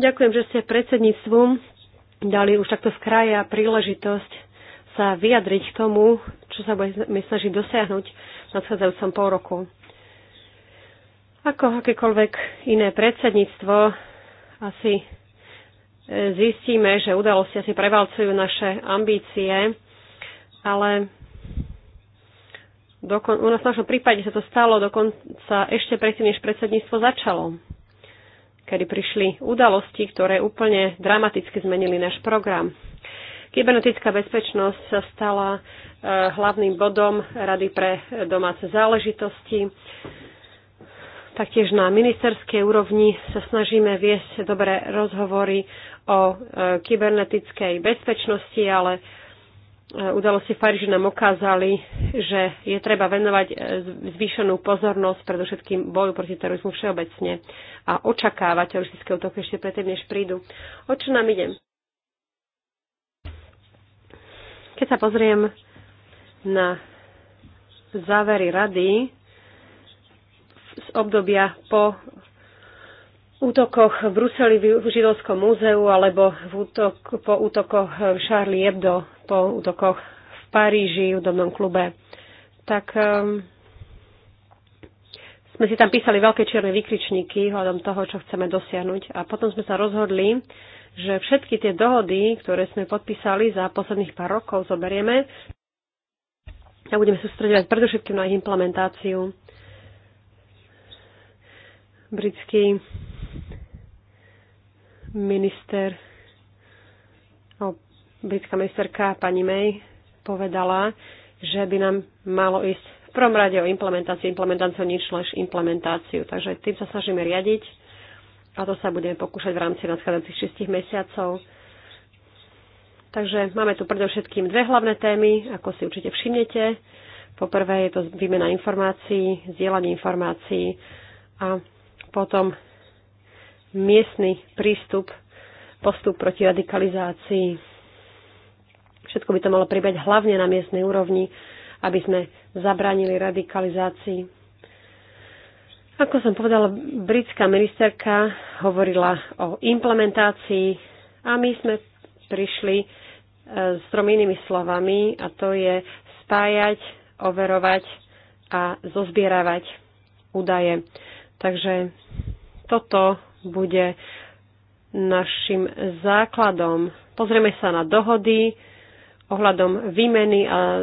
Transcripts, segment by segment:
Ďakujem, že ste predsedníctvu dali už takto z kraja príležitosť sa vyjadriť k tomu, čo sa budeme snažiť dosiahnuť v nadchádzajúcom pol roku. Ako akékoľvek iné predsedníctvo, asi e, zistíme, že udalosti asi prevalcujú naše ambície, ale dokon- u nás v našom prípade sa to stalo dokonca ešte predtým, než predsedníctvo začalo kedy prišli udalosti, ktoré úplne dramaticky zmenili náš program. Kybernetická bezpečnosť sa stala e, hlavným bodom Rady pre domáce záležitosti. Taktiež na ministerskej úrovni sa snažíme viesť dobré rozhovory o e, kybernetickej bezpečnosti, ale E, udalosti v Paríži nám ukázali, že je treba venovať e, zvýšenú pozornosť predovšetkým boju proti terorizmu všeobecne a očakávať teroristické útoky ešte predtým, než prídu. O čo nám idem? Keď sa pozriem na závery rady z obdobia po útokoch v Bruseli v Židovskom múzeu alebo v útok, po útokoch Charlie Hebdo, po útokoch v Paríži v Domnom klube, tak um, sme si tam písali veľké čierne vykričníky hľadom toho, čo chceme dosiahnuť. A potom sme sa rozhodli, že všetky tie dohody, ktoré sme podpísali za posledných pár rokov, zoberieme a budeme sústredovať predovšetkým na ich implementáciu. Britský Minister, no, britská ministerka pani May povedala, že by nám malo ísť v prvom rade o implementáciu, implementáciu nič než implementáciu. Takže tým sa snažíme riadiť a to sa budeme pokúšať v rámci nadchádzajúcich 6 mesiacov. Takže máme tu predovšetkým dve hlavné témy, ako si určite všimnete. Poprvé je to výmena informácií, zdieľanie informácií a potom miestny prístup, postup proti radikalizácii. Všetko by to malo pribať hlavne na miestnej úrovni, aby sme zabránili radikalizácii. Ako som povedala, britská ministerka hovorila o implementácii a my sme prišli e, s tromi inými slovami a to je spájať, overovať a zozbieravať údaje. Takže toto bude našim základom. Pozrieme sa na dohody ohľadom výmeny a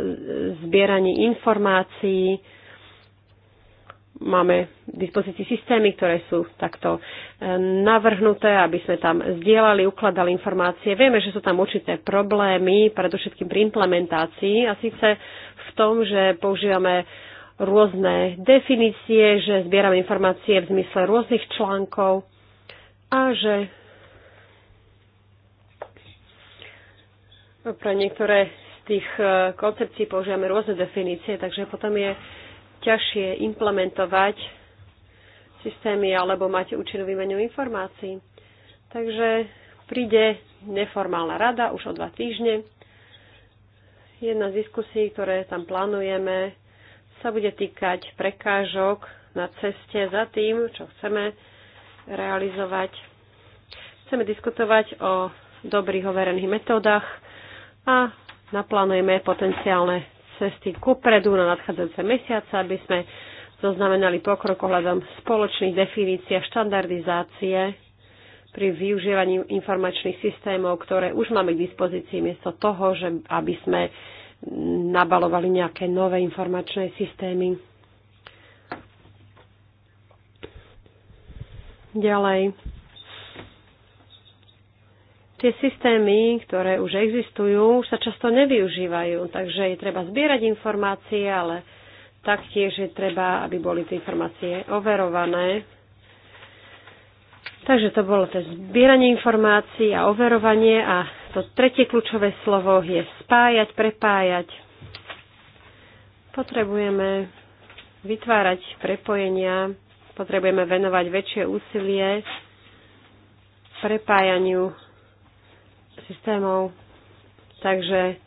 zbieraní informácií. Máme v dispozícii systémy, ktoré sú takto e, navrhnuté, aby sme tam zdieľali, ukladali informácie. Vieme, že sú tam určité problémy, predovšetkým pri implementácii a síce v tom, že používame rôzne definície, že zbierame informácie v zmysle rôznych článkov a že pre niektoré z tých e, koncepcií používame rôzne definície, takže potom je ťažšie implementovať systémy alebo mať účinnú výmenu informácií. Takže príde neformálna rada už o dva týždne. Jedna z diskusí, ktoré tam plánujeme, sa bude týkať prekážok na ceste za tým, čo chceme realizovať. Chceme diskutovať o dobrých overených metódach a naplánujeme potenciálne cesty kupredu na nadchádzajúce mesiace, aby sme zaznamenali pokrok ohľadom spoločných definícií a štandardizácie pri využívaní informačných systémov, ktoré už máme k dispozícii, miesto toho, že aby sme nabalovali nejaké nové informačné systémy. Ďalej, tie systémy, ktoré už existujú, už sa často nevyužívajú, takže je treba zbierať informácie, ale taktiež je treba, aby boli tie informácie overované. Takže to bolo to zbieranie informácií a overovanie a to tretie kľúčové slovo je spájať, prepájať. Potrebujeme vytvárať prepojenia Potrebujeme venovať väčšie úsilie prepájaniu systémov. Takže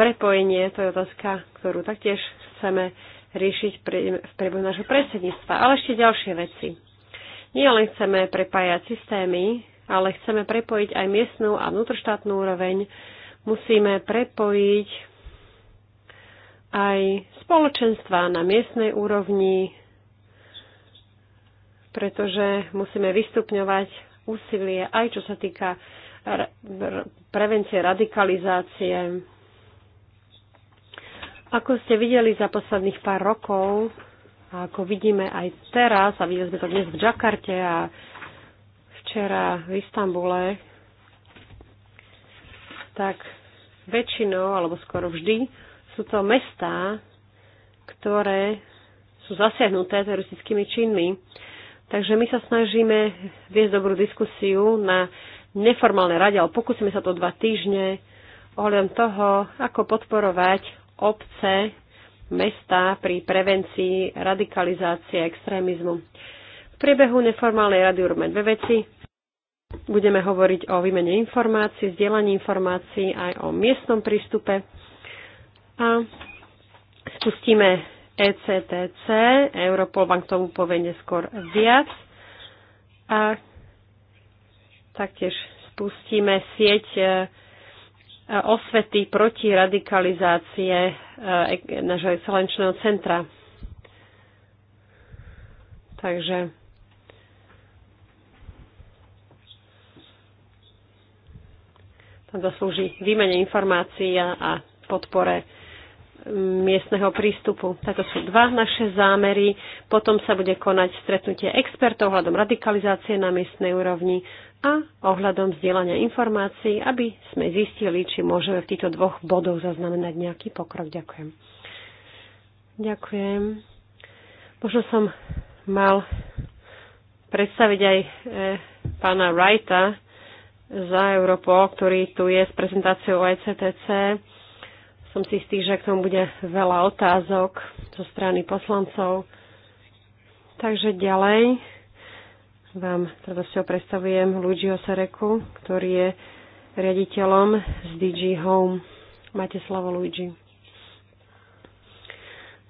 prepojenie, to je otázka, ktorú taktiež chceme riešiť v priebehu nášho predsedníctva. Ale ešte ďalšie veci. Nie len chceme prepájať systémy, ale chceme prepojiť aj miestnú a vnútroštátnu úroveň. Musíme prepojiť aj spoločenstva na miestnej úrovni, pretože musíme vystupňovať úsilie aj čo sa týka prevencie radikalizácie. Ako ste videli za posledných pár rokov, a ako vidíme aj teraz, a videli sme to dnes v Džakarte a včera v Istambule, tak väčšinou, alebo skoro vždy, sú to mestá, ktoré sú zasiahnuté teroristickými činmi. Takže my sa snažíme viesť dobrú diskusiu na neformálnej rade, ale pokúsime sa to dva týždne ohľadom toho, ako podporovať obce, mesta pri prevencii radikalizácie a extrémizmu. V priebehu neformálnej rady urobíme dve veci. Budeme hovoriť o výmene informácií, zdieľaní informácií aj o miestnom prístupe a spustíme ECTC. Europol vám k tomu povie neskôr viac. A taktiež spustíme sieť e, osvety proti radikalizácie e, nášho excelenčného centra. Takže tam zaslúži výmene informácií a podpore miestneho prístupu. Tato sú dva naše zámery. Potom sa bude konať stretnutie expertov ohľadom radikalizácie na miestnej úrovni a ohľadom vzdielania informácií, aby sme zistili, či môžeme v týchto dvoch bodoch zaznamenať nejaký pokrok. Ďakujem. Ďakujem. Možno som mal predstaviť aj e, pána Wrighta za Europol, ktorý tu je s prezentáciou OECTC. Som si istý, že k tomu bude veľa otázok zo strany poslancov. Takže ďalej vám radosťou predstavujem Luigiho Sereku, ktorý je riaditeľom z DG Home. Máte slovo, Luigi.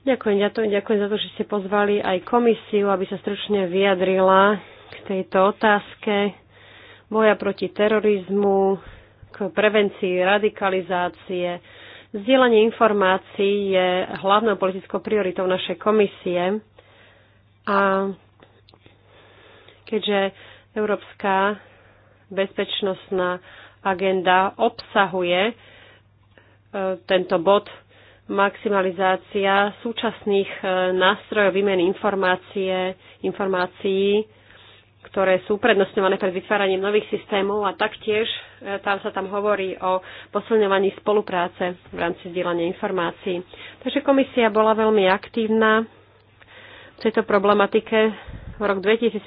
Ďakujem, ďakujem, ďakujem za to, že ste pozvali aj komisiu, aby sa stručne vyjadrila k tejto otázke boja proti terorizmu, k prevencii radikalizácie Zdieľanie informácií je hlavnou politickou prioritou našej komisie a keďže Európska bezpečnostná agenda obsahuje e, tento bod maximalizácia súčasných e, nástrojov výmeny informácie, informácií ktoré sú prednostňované pred vytváraním nových systémov a taktiež e, tam sa tam hovorí o posilňovaní spolupráce v rámci zdieľania informácií. Takže komisia bola veľmi aktívna v tejto problematike. V rok 2015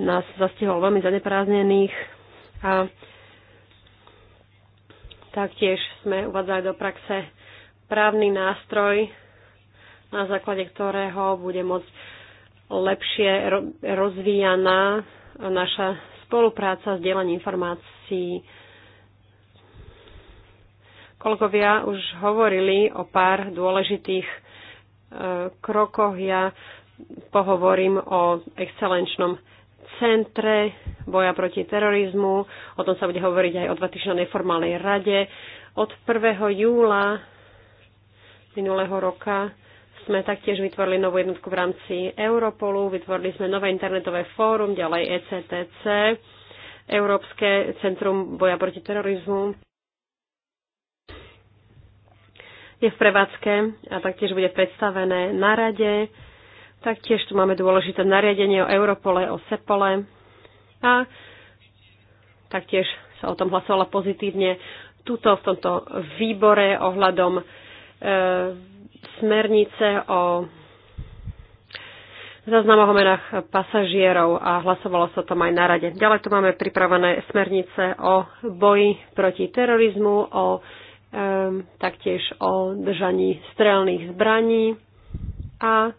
nás zastihol veľmi zanepráznených a taktiež sme uvádzali do praxe právny nástroj, na základe ktorého bude môcť lepšie rozvíjaná naša spolupráca, zdieľanie informácií. Kolegovia už hovorili o pár dôležitých e, krokoch. Ja pohovorím o excelenčnom centre boja proti terorizmu. O tom sa bude hovoriť aj o dva týždňa neformálnej rade. Od 1. júla minulého roka sme taktiež vytvorili novú jednotku v rámci Europolu, vytvorili sme nové internetové fórum, ďalej ECTC, Európske centrum boja proti terorizmu. Je v prevádzke a taktiež bude predstavené na rade. Taktiež tu máme dôležité nariadenie o Europole, o Sepole. A taktiež sa o tom hlasovala pozitívne tuto v tomto výbore ohľadom e, smernice o zaznamoch o menách pasažierov a hlasovalo sa tom aj na rade. Ďalej tu máme pripravené smernice o boji proti terorizmu, o um, taktiež o držaní strelných zbraní a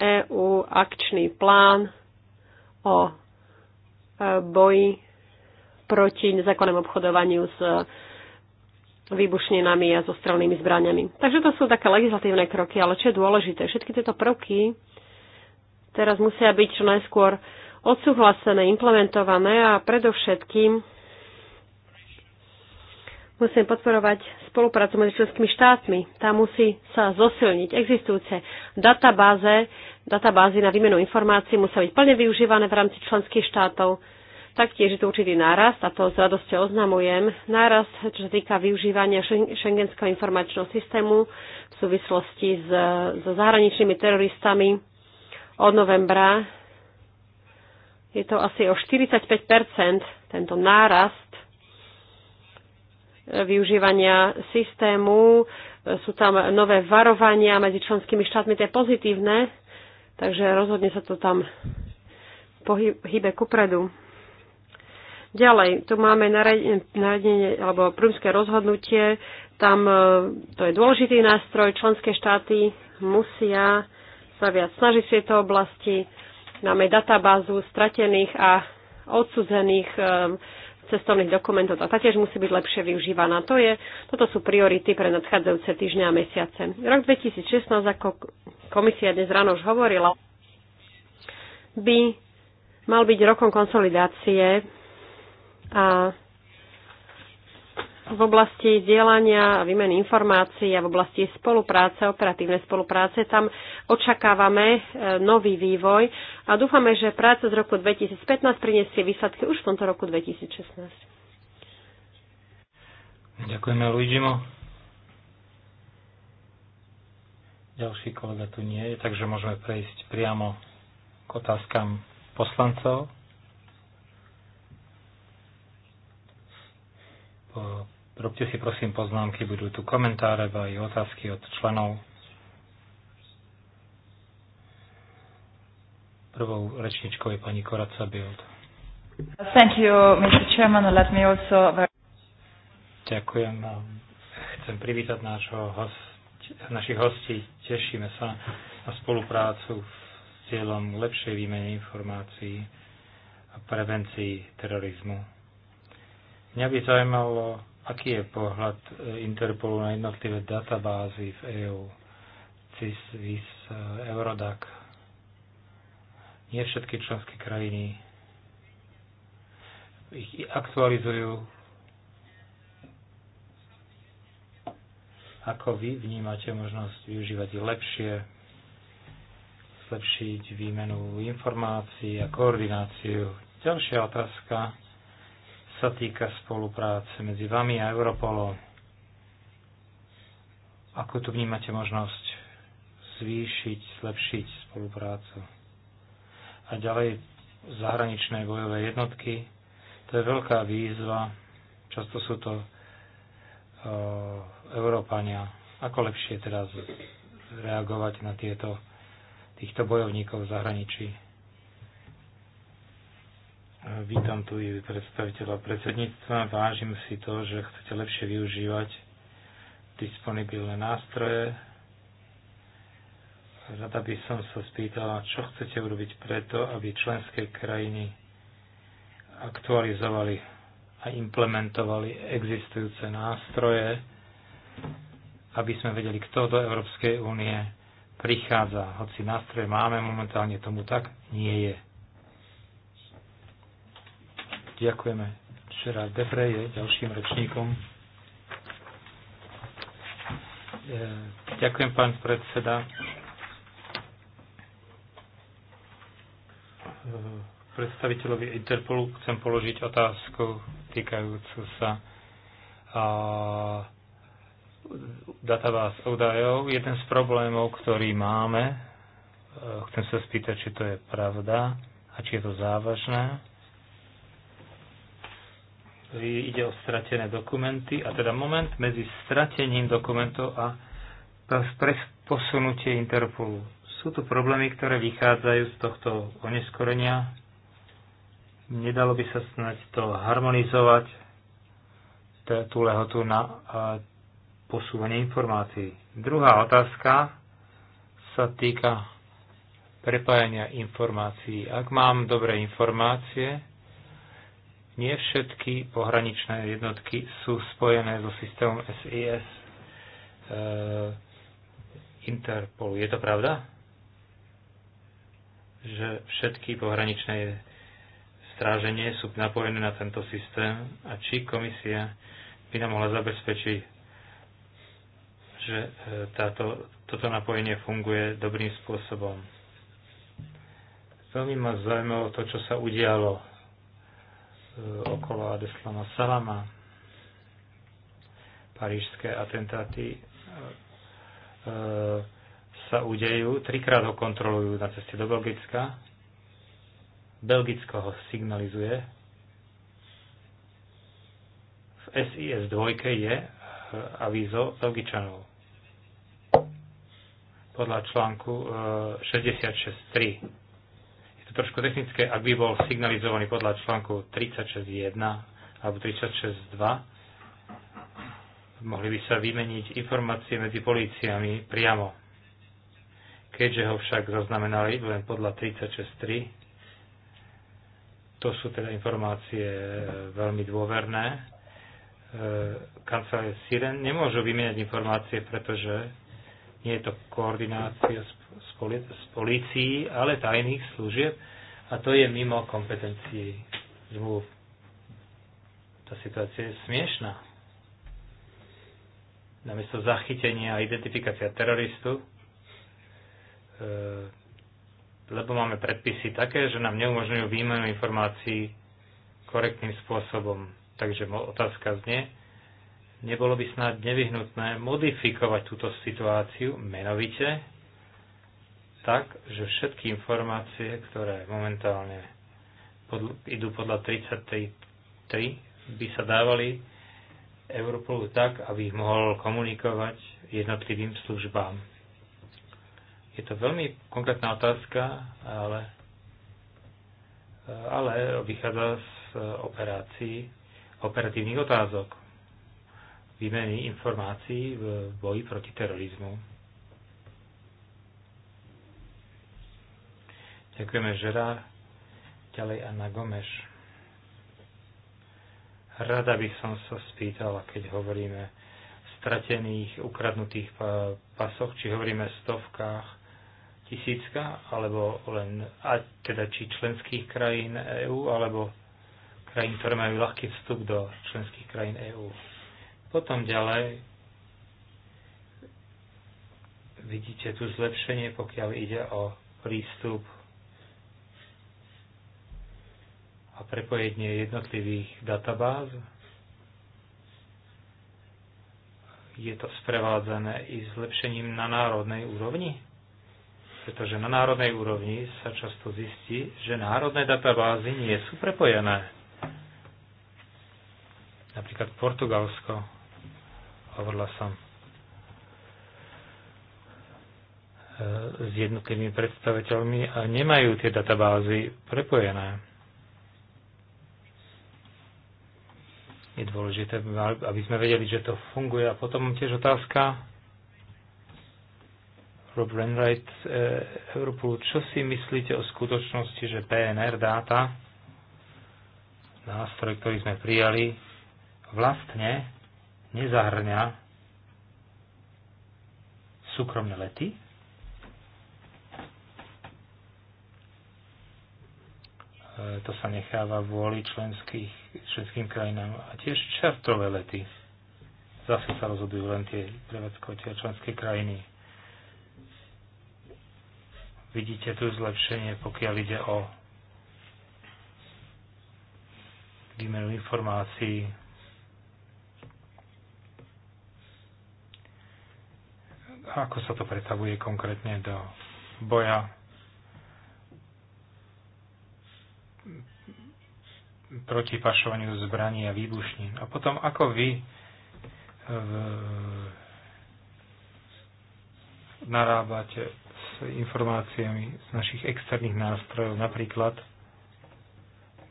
EU akčný plán o e, boji proti nezákonnému obchodovaniu s výbušninami a so strelnými zbraniami. Takže to sú také legislatívne kroky, ale čo je dôležité, všetky tieto prvky teraz musia byť čo najskôr odsúhlasené, implementované a predovšetkým musím podporovať spoluprácu medzi členskými štátmi. Tá musí sa zosilniť existujúce databáze, databázy na výmenu informácií musia byť plne využívané v rámci členských štátov Taktiež je tu určitý nárast, a to s radosťou oznamujem, nárast, čo sa týka využívania šengenského informačného systému v súvislosti s, s zahraničnými teroristami od novembra. Je to asi o 45 tento nárast e, využívania systému. E, sú tam nové varovania medzi členskými štátmi, to je pozitívne, takže rozhodne sa to tam pohybe kupredu. Ďalej, tu máme naradenie alebo prúmské rozhodnutie. Tam e, to je dôležitý nástroj. Členské štáty musia sa viac snažiť v tejto oblasti. Máme databázu stratených a odsudzených e, cestovných dokumentov a taktiež musí byť lepšie využívaná. To je, toto sú priority pre nadchádzajúce týždňa a mesiace. Rok 2016, ako komisia dnes ráno už hovorila, by mal byť rokom konsolidácie a v oblasti dielania a výmeny informácií a v oblasti spolupráce, operatívnej spolupráce, tam očakávame e, nový vývoj a dúfame, že práca z roku 2015 priniesie výsledky už v tomto roku 2016. Ďakujeme Luigimo. Ďalší kolega tu nie je, takže môžeme prejsť priamo k otázkam poslancov. Robte si prosím poznámky, budú tu komentáre aj otázky od členov. Prvou rečničkou je pani Koraca Bild. Thank you, Mr. Chairman. Let me also... Ďakujem. Chcem privítať nášho host, našich hostí. Tešíme sa na spoluprácu s cieľom lepšej výmeny informácií a prevencii terorizmu Mňa by zaujímalo, aký je pohľad eh, Interpolu na jednotlivé databázy v EÚ. CIS, VIS, eh, Eurodac. Nie všetky členské krajiny ich aktualizujú. Ako vy vnímate možnosť využívať lepšie, zlepšiť výmenu informácií a koordináciu? Ďalšia otázka sa týka spolupráce medzi vami a Europolom. Ako tu vnímate možnosť zvýšiť, zlepšiť spoluprácu? A ďalej zahraničné bojové jednotky. To je veľká výzva. Často sú to uh, Európania. Ako lepšie teraz reagovať na tieto, týchto bojovníkov v zahraničí? Vítam tu i predstaviteľa predsedníctva. Vážim si to, že chcete lepšie využívať disponibilné nástroje. Rada by som sa spýtala, čo chcete urobiť preto, aby členské krajiny aktualizovali a implementovali existujúce nástroje, aby sme vedeli, kto do Európskej únie prichádza. Hoci nástroje máme, momentálne tomu tak nie je Ďakujeme. Gerard Depre je ďalším rečníkom. E, ďakujem, pán predseda. E, predstaviteľovi Interpolu chcem položiť otázku týkajúcu sa a, databáz údajov. Jeden z problémov, ktorý máme, e, chcem sa spýtať, či to je pravda a či je to závažné ide o stratené dokumenty a teda moment medzi stratením dokumentov a posunutie Interpolu. Sú tu problémy, ktoré vychádzajú z tohto oneskorenia. Nedalo by sa snať to harmonizovať, tú lehotu na posúvanie informácií. Druhá otázka sa týka prepájania informácií. Ak mám dobré informácie, nie všetky pohraničné jednotky sú spojené so systémom SIS e, Interpolu. Je to pravda? Že všetky pohraničné stráženie sú napojené na tento systém a či komisia by nám mohla zabezpečiť, že e, táto, toto napojenie funguje dobrým spôsobom. Veľmi ma zaujímalo to, čo sa udialo E, okolo Adeslama Salama. Parížské atentáty e, e, sa udejú, trikrát ho kontrolujú na ceste do Belgicka. Belgicko ho signalizuje. V SIS 2 je avízo Belgičanov. Podľa článku 66.3 to trošku technické, ak by bol signalizovaný podľa článku 36.1 alebo 36.2, mohli by sa vymeniť informácie medzi políciami priamo. Keďže ho však zaznamenali len podľa 36.3, to sú teda informácie e, veľmi dôverné, e, kancelárie Siren nemôžu vymeniať informácie, pretože nie je to koordinácia s z, poli- z ale tajných služieb a to je mimo kompetencií zmluv. Tá situácia je smiešná. Namiesto zachytenia a identifikácia teroristu, e, lebo máme predpisy také, že nám neumožňujú výmenu informácií korektným spôsobom. Takže otázka znie, nebolo by snáď nevyhnutné modifikovať túto situáciu menovite tak, že všetky informácie, ktoré momentálne pod, idú podľa 33, by sa dávali Europolu tak, aby ich mohol komunikovať jednotlivým službám. Je to veľmi konkrétna otázka, ale, ale vychádza z operácií, operatívnych otázok výmeny informácií v boji proti terorizmu. Ďakujeme Žerár. Ďalej Anna Gomeš. Rada by som sa spýtala, keď hovoríme o stratených, ukradnutých pasoch, či hovoríme o stovkách, tisícka, alebo len, a teda či členských krajín EÚ, alebo krajín, ktoré majú ľahký vstup do členských krajín EÚ. Potom ďalej vidíte tu zlepšenie, pokiaľ ide o prístup a prepojenie jednotlivých databáz. Je to sprevádzané i zlepšením na národnej úrovni? Pretože na národnej úrovni sa často zistí, že národné databázy nie sú prepojené. Napríklad Portugalsko, hovorila som e, s jednotlivými predstaviteľmi a nemajú tie databázy prepojené. Je dôležité, aby sme vedeli, že to funguje. A potom tiež otázka Rob Renright z eh, Europolu. Čo si myslíte o skutočnosti, že PNR dáta, nástroj, ktorý sme prijali, vlastne nezahrňa súkromné lety? Eh, to sa necháva vôli členských členským krajinám a tiež čertové lety. Zase sa rozhodujú len tie Grécko, tie členské krajiny. Vidíte tu zlepšenie, pokiaľ ide o výmenu informácií. A ako sa to pretavuje konkrétne do boja proti pašovaniu zbraní a výbušnín. A potom ako vy v, e, narábate s informáciami z našich externých nástrojov. Napríklad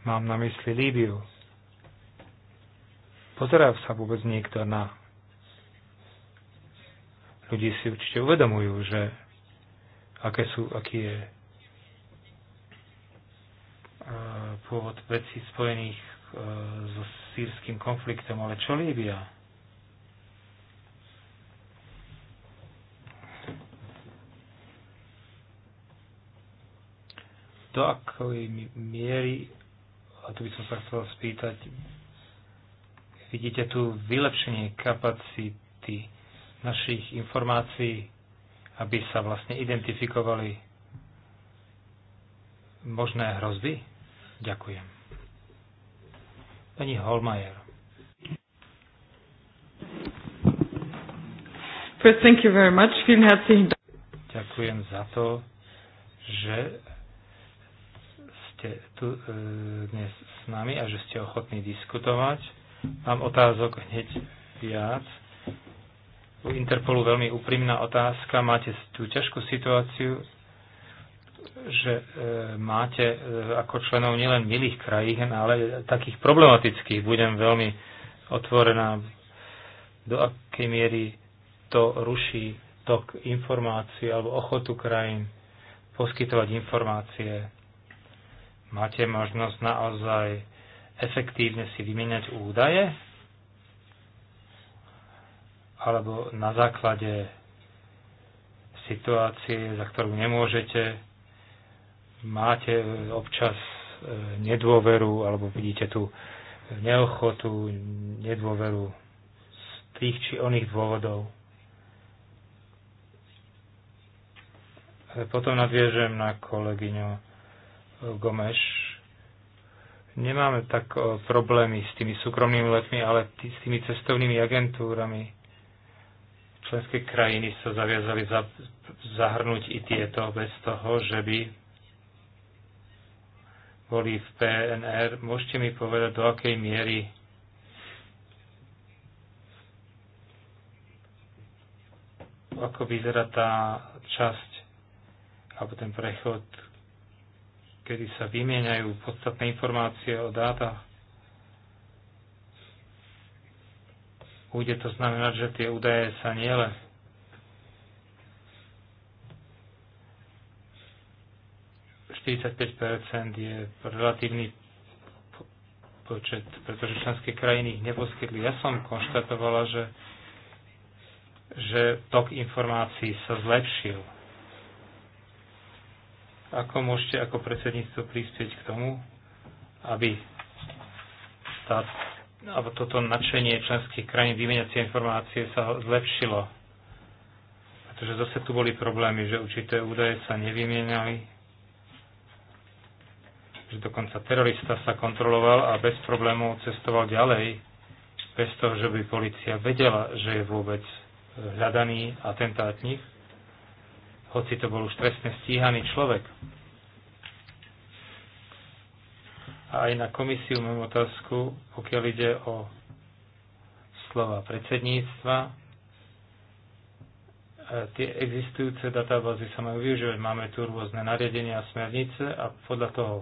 mám na mysli Líbiu. Pozerá sa vôbec niekto na ľudí si určite uvedomujú, že aké sú, aký je pôvod vecí spojených e, so sírským konfliktom, ale čo Líbia? Do akej miery, a tu by som sa chcel spýtať, vidíte tu vylepšenie kapacity našich informácií, aby sa vlastne identifikovali možné hrozby? Ďakujem. Pani Holmajer. First, thank you very much. Vielen herzlichen Dank. Ďakujem za to, že ste tu e, dnes s nami a že ste ochotní diskutovať. Mám otázok hneď viac. U Interpolu veľmi úprimná otázka. Máte tú ťažkú situáciu že e, máte e, ako členov nielen milých krajín, ale takých problematických. Budem veľmi otvorená, do akej miery to ruší tok informácií alebo ochotu krajín poskytovať informácie. Máte možnosť naozaj efektívne si vymeniať údaje? Alebo na základe situácie, za ktorú nemôžete máte občas e, nedôveru, alebo vidíte tu neochotu, nedôveru z tých či oných dôvodov. E, potom nadviežem na kolegyňu e, Gomeš. Nemáme tak problémy s tými súkromnými letmi, ale tý, s tými cestovnými agentúrami. Členské krajiny sa zaviazali za, zahrnúť i tieto bez toho, že by boli v PNR. Môžete mi povedať, do akej miery ako vyzerá tá časť alebo ten prechod, kedy sa vymieňajú podstatné informácie o dátach. Bude to znamenať, že tie údaje sa nielen 45 je relatívny počet, pretože členské krajiny ich neposkytli. Ja som konštatovala, že, že tok informácií sa zlepšil. Ako môžete ako predsedníctvo prispieť k tomu, aby, tá, alebo toto nadšenie členských krajín vymeniacie informácie sa zlepšilo? Pretože zase tu boli problémy, že určité údaje sa nevymienali, že dokonca terorista sa kontroloval a bez problémov cestoval ďalej, bez toho, že by policia vedela, že je vôbec e, hľadaný atentátnik, hoci to bol už trestne stíhaný človek. A aj na komisiu mám otázku, pokiaľ ide o slova predsedníctva. E, tie existujúce databázy sa majú využívať. Máme tu rôzne nariadenia a smernice a podľa toho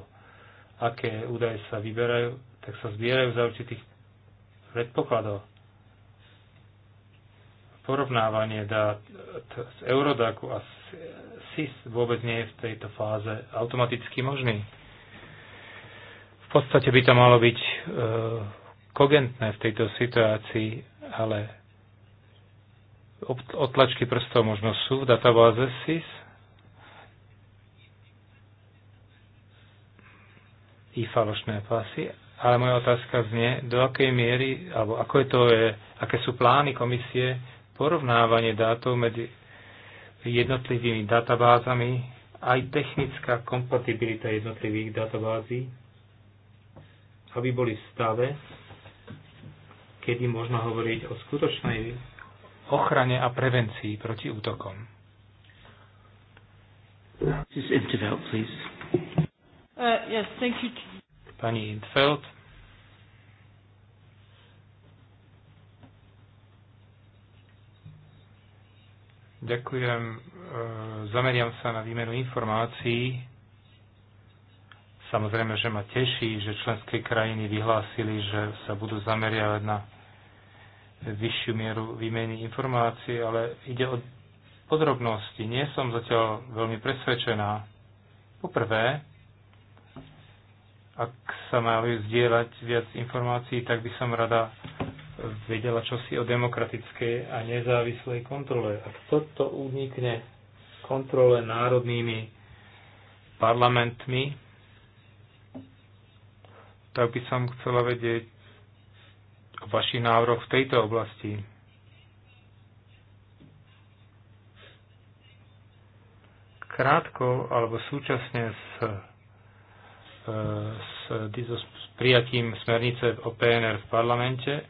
aké údaje sa vyberajú, tak sa zbierajú za určitých predpokladov. Porovnávanie dát z Eurodaku a SIS vôbec nie je v tejto fáze automaticky možný. V podstate by to malo byť e, kogentné v tejto situácii, ale otlačky prstov možno sú v databáze SIS, i falošné pasy. Ale moja otázka znie, do akej miery, alebo ako je to, je, aké sú plány komisie porovnávanie dátov medzi jednotlivými databázami, aj technická kompatibilita jednotlivých databází, aby boli v stave, kedy možno hovoriť o skutočnej ochrane a prevencii proti útokom. Mrs. Intervelt, please. Uh, yes, thank you. Pani Infeld. Ďakujem. Uh, zameriam sa na výmenu informácií. Samozrejme, že ma teší, že členské krajiny vyhlásili, že sa budú zameriavať na vyššiu mieru výmeny informácií, ale ide o podrobnosti. Nie som zatiaľ veľmi presvedčená. Poprvé, ak sa majú zdieľať viac informácií, tak by som rada vedela čosi o demokratickej a nezávislej kontrole. Ak toto unikne kontrole národnými parlamentmi, tak by som chcela vedieť o vašich návrhoch v tejto oblasti. Krátko alebo súčasne s s, s prijatím smernice o PNR v parlamente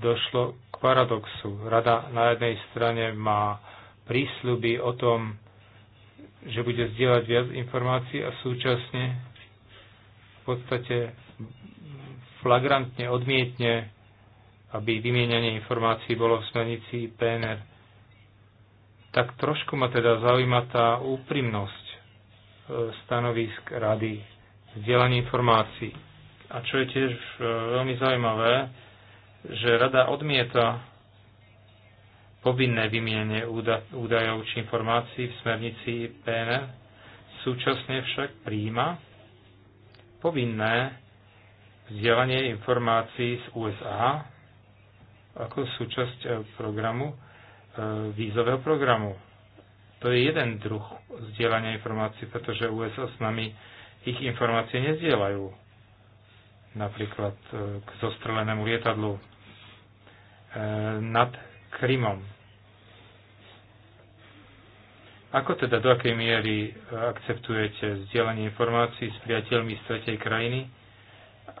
došlo k paradoxu. Rada na jednej strane má prísľuby o tom, že bude zdieľať viac informácií a súčasne v podstate flagrantne odmietne, aby vymienanie informácií bolo v smernici PNR. Tak trošku ma teda zaujíma tá úprimnosť e, stanovisk rady zdieľanie informácií. A čo je tiež e, veľmi zaujímavé, že rada odmieta povinné vymienenie údajov či informácií v smernici PNR, súčasne však príjima povinné vzdielanie informácií z USA ako súčasť e, programu, e, vízového programu. To je jeden druh vzdielania informácií, pretože USA s nami ich informácie nezdielajú. Napríklad e, k zostrelenému lietadlu e, nad Krymom. Ako teda do akej miery e, akceptujete zdieľanie informácií s priateľmi z tretej krajiny,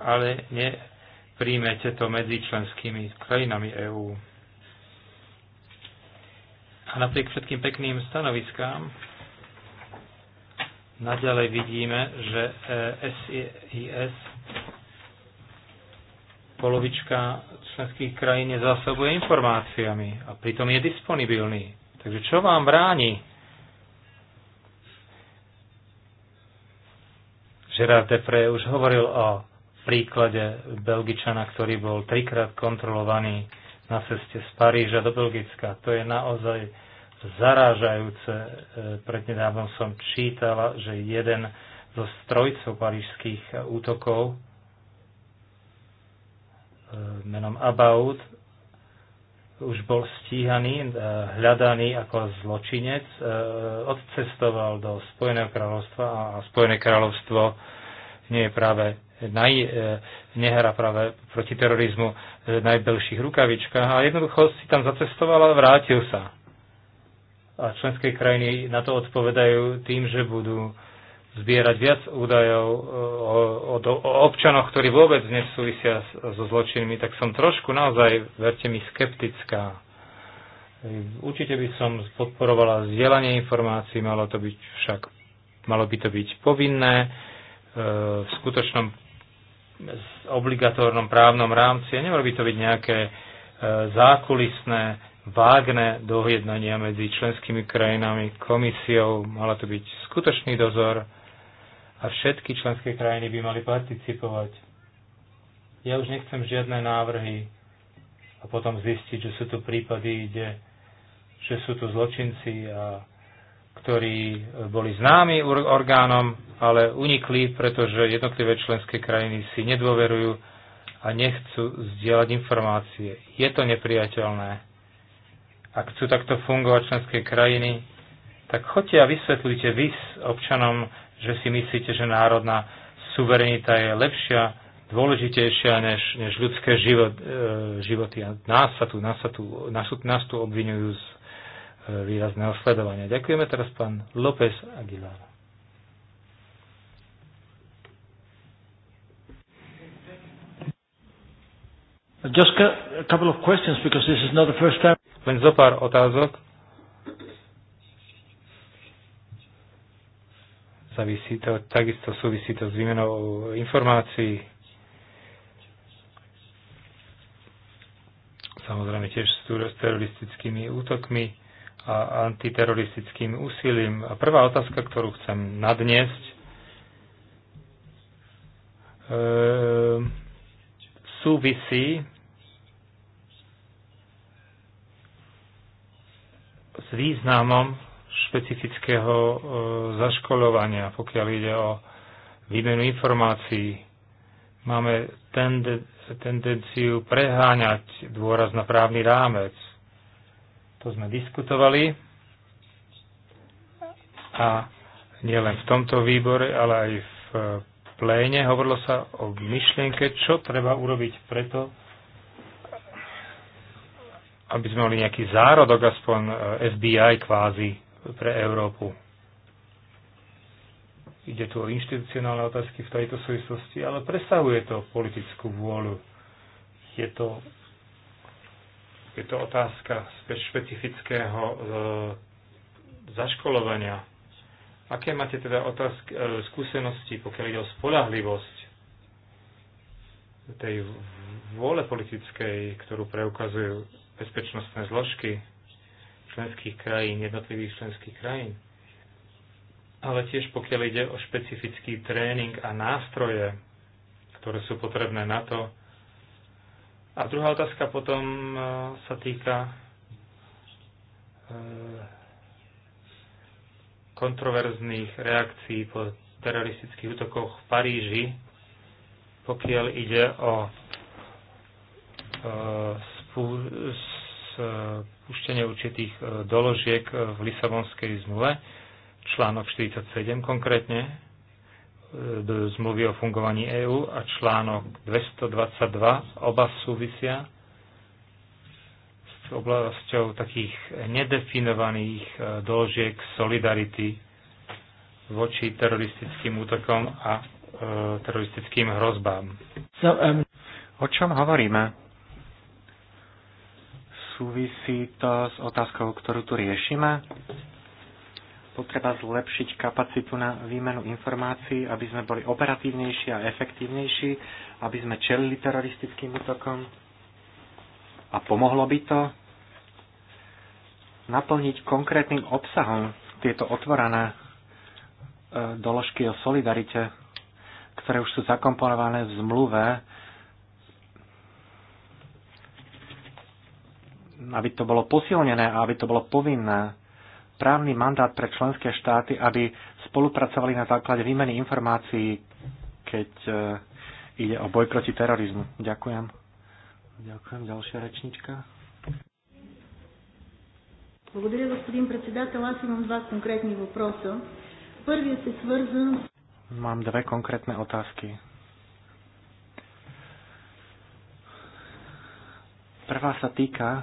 ale nepríjmete to medzi členskými krajinami EÚ? A napriek všetkým pekným stanoviskám, Naďalej vidíme, že SIS e, polovička členských krajín nezásobuje informáciami a pritom je disponibilný. Takže čo vám bráni? Gerard Depré už hovoril o príklade Belgičana, ktorý bol trikrát kontrolovaný na ceste z Paríža do Belgicka. To je naozaj zarážajúce. E, Prednedávno som čítala, že jeden zo strojcov parížských útokov e, menom Abaud už bol stíhaný, e, hľadaný ako zločinec, odcestoval do Spojeného kráľovstva a Spojené kráľovstvo nie je práve naj, nehra práve proti terorizmu v najbelších rukavičkách a jednoducho si tam zacestoval a vrátil sa a členské krajiny na to odpovedajú tým, že budú zbierať viac údajov e, o, o, o občanoch, ktorí vôbec nesúvisia so zločinmi, tak som trošku naozaj, verte mi, skeptická. E, určite by som podporovala zdieľanie informácií, malo to byť však malo by to byť povinné e, v skutočnom obligatórnom právnom rámci a nemalo by to byť nejaké zákulisné vágne dojednania medzi členskými krajinami, komisiou, mala to byť skutočný dozor a všetky členské krajiny by mali participovať. Ja už nechcem žiadne návrhy a potom zistiť, že sú tu prípady, kde, že sú tu zločinci, a, ktorí boli známi orgánom, ale unikli, pretože jednotlivé členské krajiny si nedôverujú a nechcú zdieľať informácie. Je to nepriateľné ak chcú takto fungovať členské krajiny, tak choďte a vysvetlite vy s občanom, že si myslíte, že národná suverenita je lepšia, dôležitejšia než, než ľudské život, e, životy. A nás, sa tu, nás, sa tu, nás, nás tu obvinujú z e, výrazného sledovania. Ďakujeme teraz pán López Aguilar. Just a couple of questions because this is not the first time. Len zo pár otázok. Závisí to, takisto súvisí to s výmenou informácií. Samozrejme tiež s teroristickými útokmi a antiteroristickým úsilím. A prvá otázka, ktorú chcem nadniesť, e, súvisí významom špecifického e, zaškolovania, pokiaľ ide o výmenu informácií. Máme tende, tendenciu preháňať dôraz na právny rámec. To sme diskutovali a nielen v tomto výbore, ale aj v pléne hovorilo sa o myšlienke, čo treba urobiť preto, aby sme mali nejaký zárodok, aspoň e, FBI kvázi pre Európu. Ide tu o inštitucionálne otázky v tejto súvislosti, ale presahuje to politickú vôľu. Je to, je to otázka špecifického e, zaškolovania. Aké máte teda otázky, e, skúsenosti, pokiaľ ide o spolahlivosť tej vôle politickej, ktorú preukazujú bezpečnostné zložky členských krajín, jednotlivých členských krajín, ale tiež pokiaľ ide o špecifický tréning a nástroje, ktoré sú potrebné na to. A druhá otázka potom e, sa týka e, kontroverzných reakcií po teroristických útokoch v Paríži, pokiaľ ide o e, spúštenie určitých e, doložiek e, v Lisabonskej zmluve, článok 47 konkrétne, e, zmluvy o fungovaní EÚ a článok 222 oba súvisia s oblasťou takých nedefinovaných doložiek solidarity voči teroristickým útokom a teroristickým hrozbám. So, um, o čom hovoríme? súvisí to s otázkou, ktorú tu riešime. Potreba zlepšiť kapacitu na výmenu informácií, aby sme boli operatívnejší a efektívnejší, aby sme čelili teroristickým útokom. A pomohlo by to naplniť konkrétnym obsahom tieto otvorené e, doložky o solidarite, ktoré už sú zakomponované v zmluve aby to bolo posilnené a aby to bolo povinné. Právny mandát pre členské štáty, aby spolupracovali na základe výmeny informácií, keď e, ide o boj proti terorizmu. Ďakujem. Ďakujem. Ďalšia rečnička. Благодаря, господин председател. Аз имам два конкретни въпроса. Първият се свързан... Мам две конкретни otázky. Първа са тика...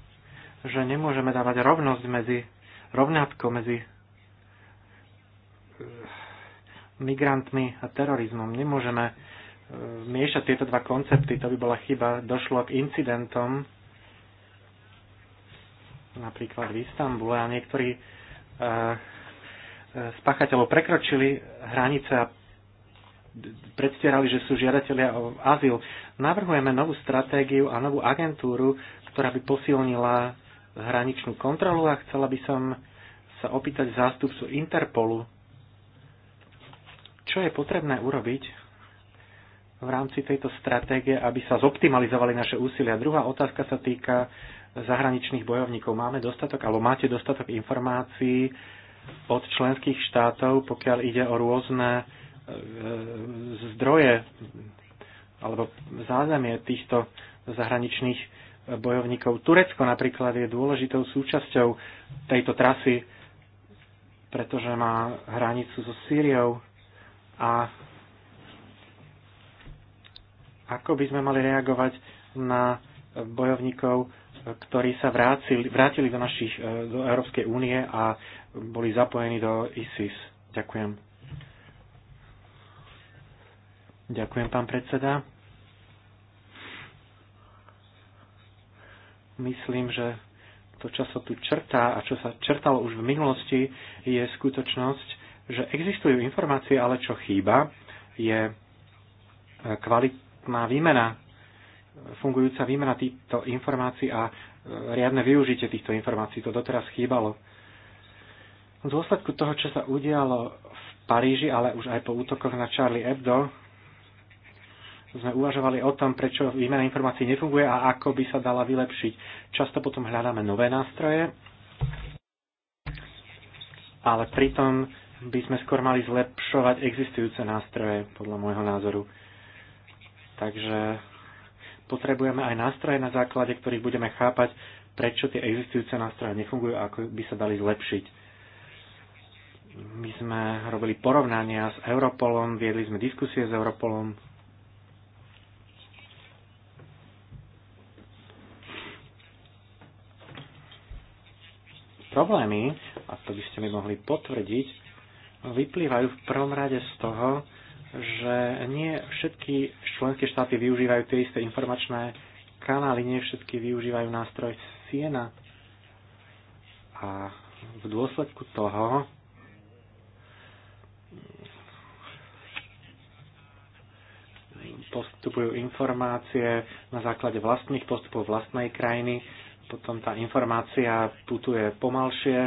že nemôžeme dávať rovnosť medzi, rovnátko medzi eh, migrantmi a terorizmom. Nemôžeme eh, miešať tieto dva koncepty, to by bola chyba. Došlo k incidentom, napríklad v Istambule, a niektorí eh, spachateľov prekročili hranice a predstierali, že sú žiadatelia o azyl. Navrhujeme novú stratégiu a novú agentúru, ktorá by posilnila hraničnú kontrolu a chcela by som sa opýtať zástupcu Interpolu, čo je potrebné urobiť v rámci tejto stratégie, aby sa zoptimalizovali naše úsilia. Druhá otázka sa týka zahraničných bojovníkov. Máme dostatok, alebo máte dostatok informácií od členských štátov, pokiaľ ide o rôzne e, zdroje alebo zázemie týchto zahraničných bojovníkov. Turecko napríklad je dôležitou súčasťou tejto trasy, pretože má hranicu so Sýriou a ako by sme mali reagovať na bojovníkov, ktorí sa vrátili, vrátili do, našich, e, do Európskej únie a boli zapojení do ISIS. Ďakujem. Ďakujem, pán predseda. Myslím, že to, čo sa tu črtá a čo sa črtalo už v minulosti, je skutočnosť, že existujú informácie, ale čo chýba, je e, kvalitná výmena, fungujúca výmena týchto informácií a e, riadne využitie týchto informácií. To doteraz chýbalo. V dôsledku toho, čo sa udialo v Paríži, ale už aj po útokoch na Charlie Hebdo, sme uvažovali o tom, prečo výmena informácií nefunguje a ako by sa dala vylepšiť. Často potom hľadáme nové nástroje, ale pritom by sme skôr mali zlepšovať existujúce nástroje, podľa môjho názoru. Takže potrebujeme aj nástroje, na základe ktorých budeme chápať, prečo tie existujúce nástroje nefungujú a ako by sa dali zlepšiť. My sme robili porovnania s Europolom, viedli sme diskusie s Europolom, Problémy, a to by ste mi mohli potvrdiť, vyplývajú v prvom rade z toho, že nie všetky členské štáty využívajú tie isté informačné kanály, nie všetky využívajú nástroj Siena. A v dôsledku toho postupujú informácie na základe vlastných postupov vlastnej krajiny potom tá informácia putuje pomalšie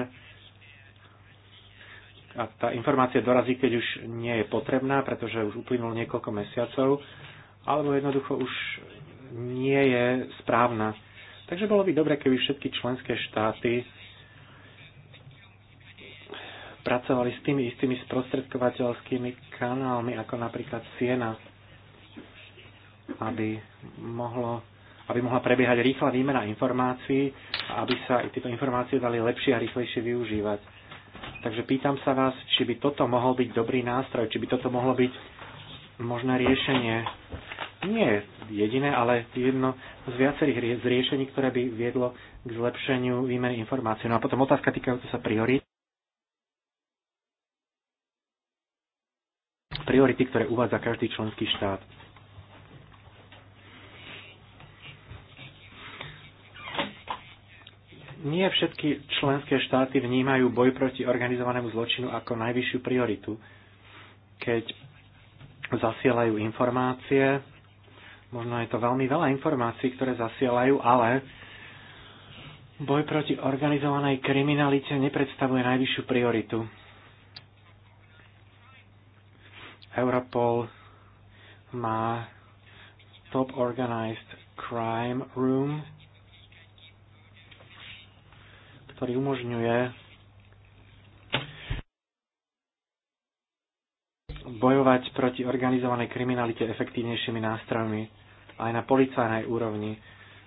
a tá informácia dorazí, keď už nie je potrebná, pretože už uplynulo niekoľko mesiacov, alebo jednoducho už nie je správna. Takže bolo by dobre, keby všetky členské štáty pracovali s tými istými sprostredkovateľskými kanálmi, ako napríklad Siena, aby mohlo aby mohla prebiehať rýchla výmena informácií a aby sa tieto informácie dali lepšie a rýchlejšie využívať. Takže pýtam sa vás, či by toto mohol byť dobrý nástroj, či by toto mohlo byť možné riešenie. Nie jediné, ale jedno z viacerých riešení, ktoré by viedlo k zlepšeniu výmeny informácií. No a potom otázka týkajúca sa priorít. Priority, ktoré uvádza každý členský štát. Nie všetky členské štáty vnímajú boj proti organizovanému zločinu ako najvyššiu prioritu, keď zasielajú informácie. Možno je to veľmi veľa informácií, ktoré zasielajú, ale boj proti organizovanej kriminalite nepredstavuje najvyššiu prioritu. Europol má Top Organized Crime Room, ktorý umožňuje bojovať proti organizovanej kriminalite efektívnejšími nástrojmi aj na policajnej úrovni.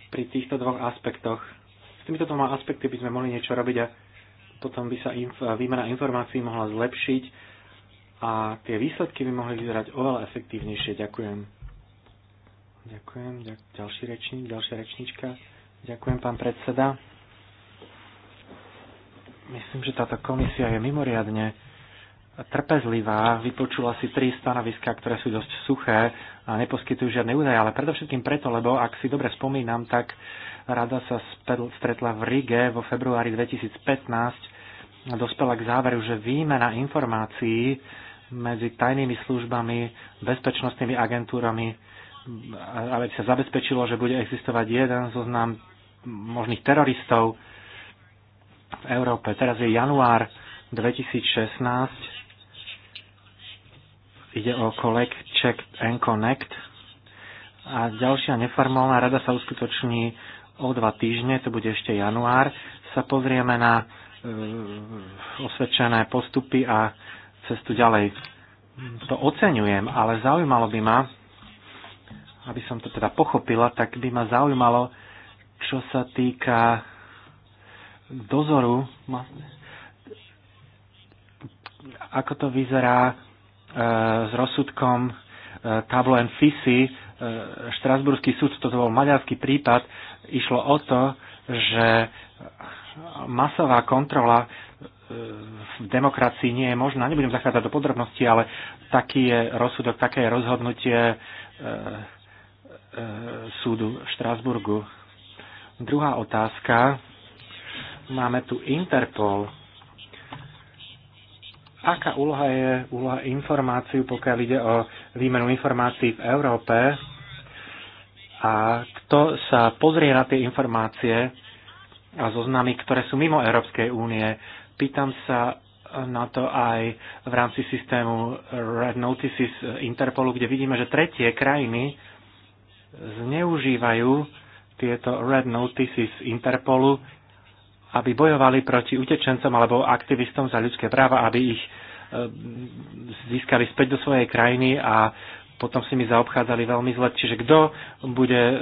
Pri týchto dvoch aspektoch, s týmito dvoma aspekty by sme mohli niečo robiť a potom by sa inf- výmena informácií mohla zlepšiť a tie výsledky by mohli vyzerať oveľa efektívnejšie. Ďakujem. Ďakujem. Ďalší rečník, ďalšia rečníčka. Ďakujem, pán predseda. Myslím, že táto komisia je mimoriadne trpezlivá, vypočula si tri stanoviská, ktoré sú dosť suché a neposkytujú žiadne údaje, ale predovšetkým preto, lebo ak si dobre spomínam, tak rada sa stretla v Rige vo februári 2015 a dospela k záveru, že výmena informácií medzi tajnými službami, bezpečnostnými agentúrami, aby sa zabezpečilo, že bude existovať jeden zoznam možných teroristov, v Európe. Teraz je január 2016. Ide o Collect, Check and Connect. A ďalšia neformálna rada sa uskutoční o dva týždne, to bude ešte január. Sa pozrieme na e, osvedčené postupy a cestu ďalej. To oceňujem, ale zaujímalo by ma, aby som to teda pochopila, tak by ma zaujímalo, čo sa týka dozoru, ako to vyzerá e, s rozsudkom e, Tablo and Fisi, e, Štrasburský súd, toto bol maďarský prípad, išlo o to, že masová kontrola v demokracii nie je možná. Nebudem zachádzať do podrobností, ale taký je rozsudok, také je rozhodnutie súdu v Štrasburgu. Druhá otázka Máme tu Interpol. Aká úloha je úloha informáciu, pokiaľ ide o výmenu informácií v Európe? A kto sa pozrie na tie informácie a zoznamy, ktoré sú mimo Európskej únie? Pýtam sa, na to aj v rámci systému Red Notices Interpolu, kde vidíme, že tretie krajiny zneužívajú tieto Red Notices Interpolu aby bojovali proti utečencom alebo aktivistom za ľudské práva, aby ich e, získali späť do svojej krajiny a potom si mi zaobchádzali veľmi zle. Čiže kto bude e,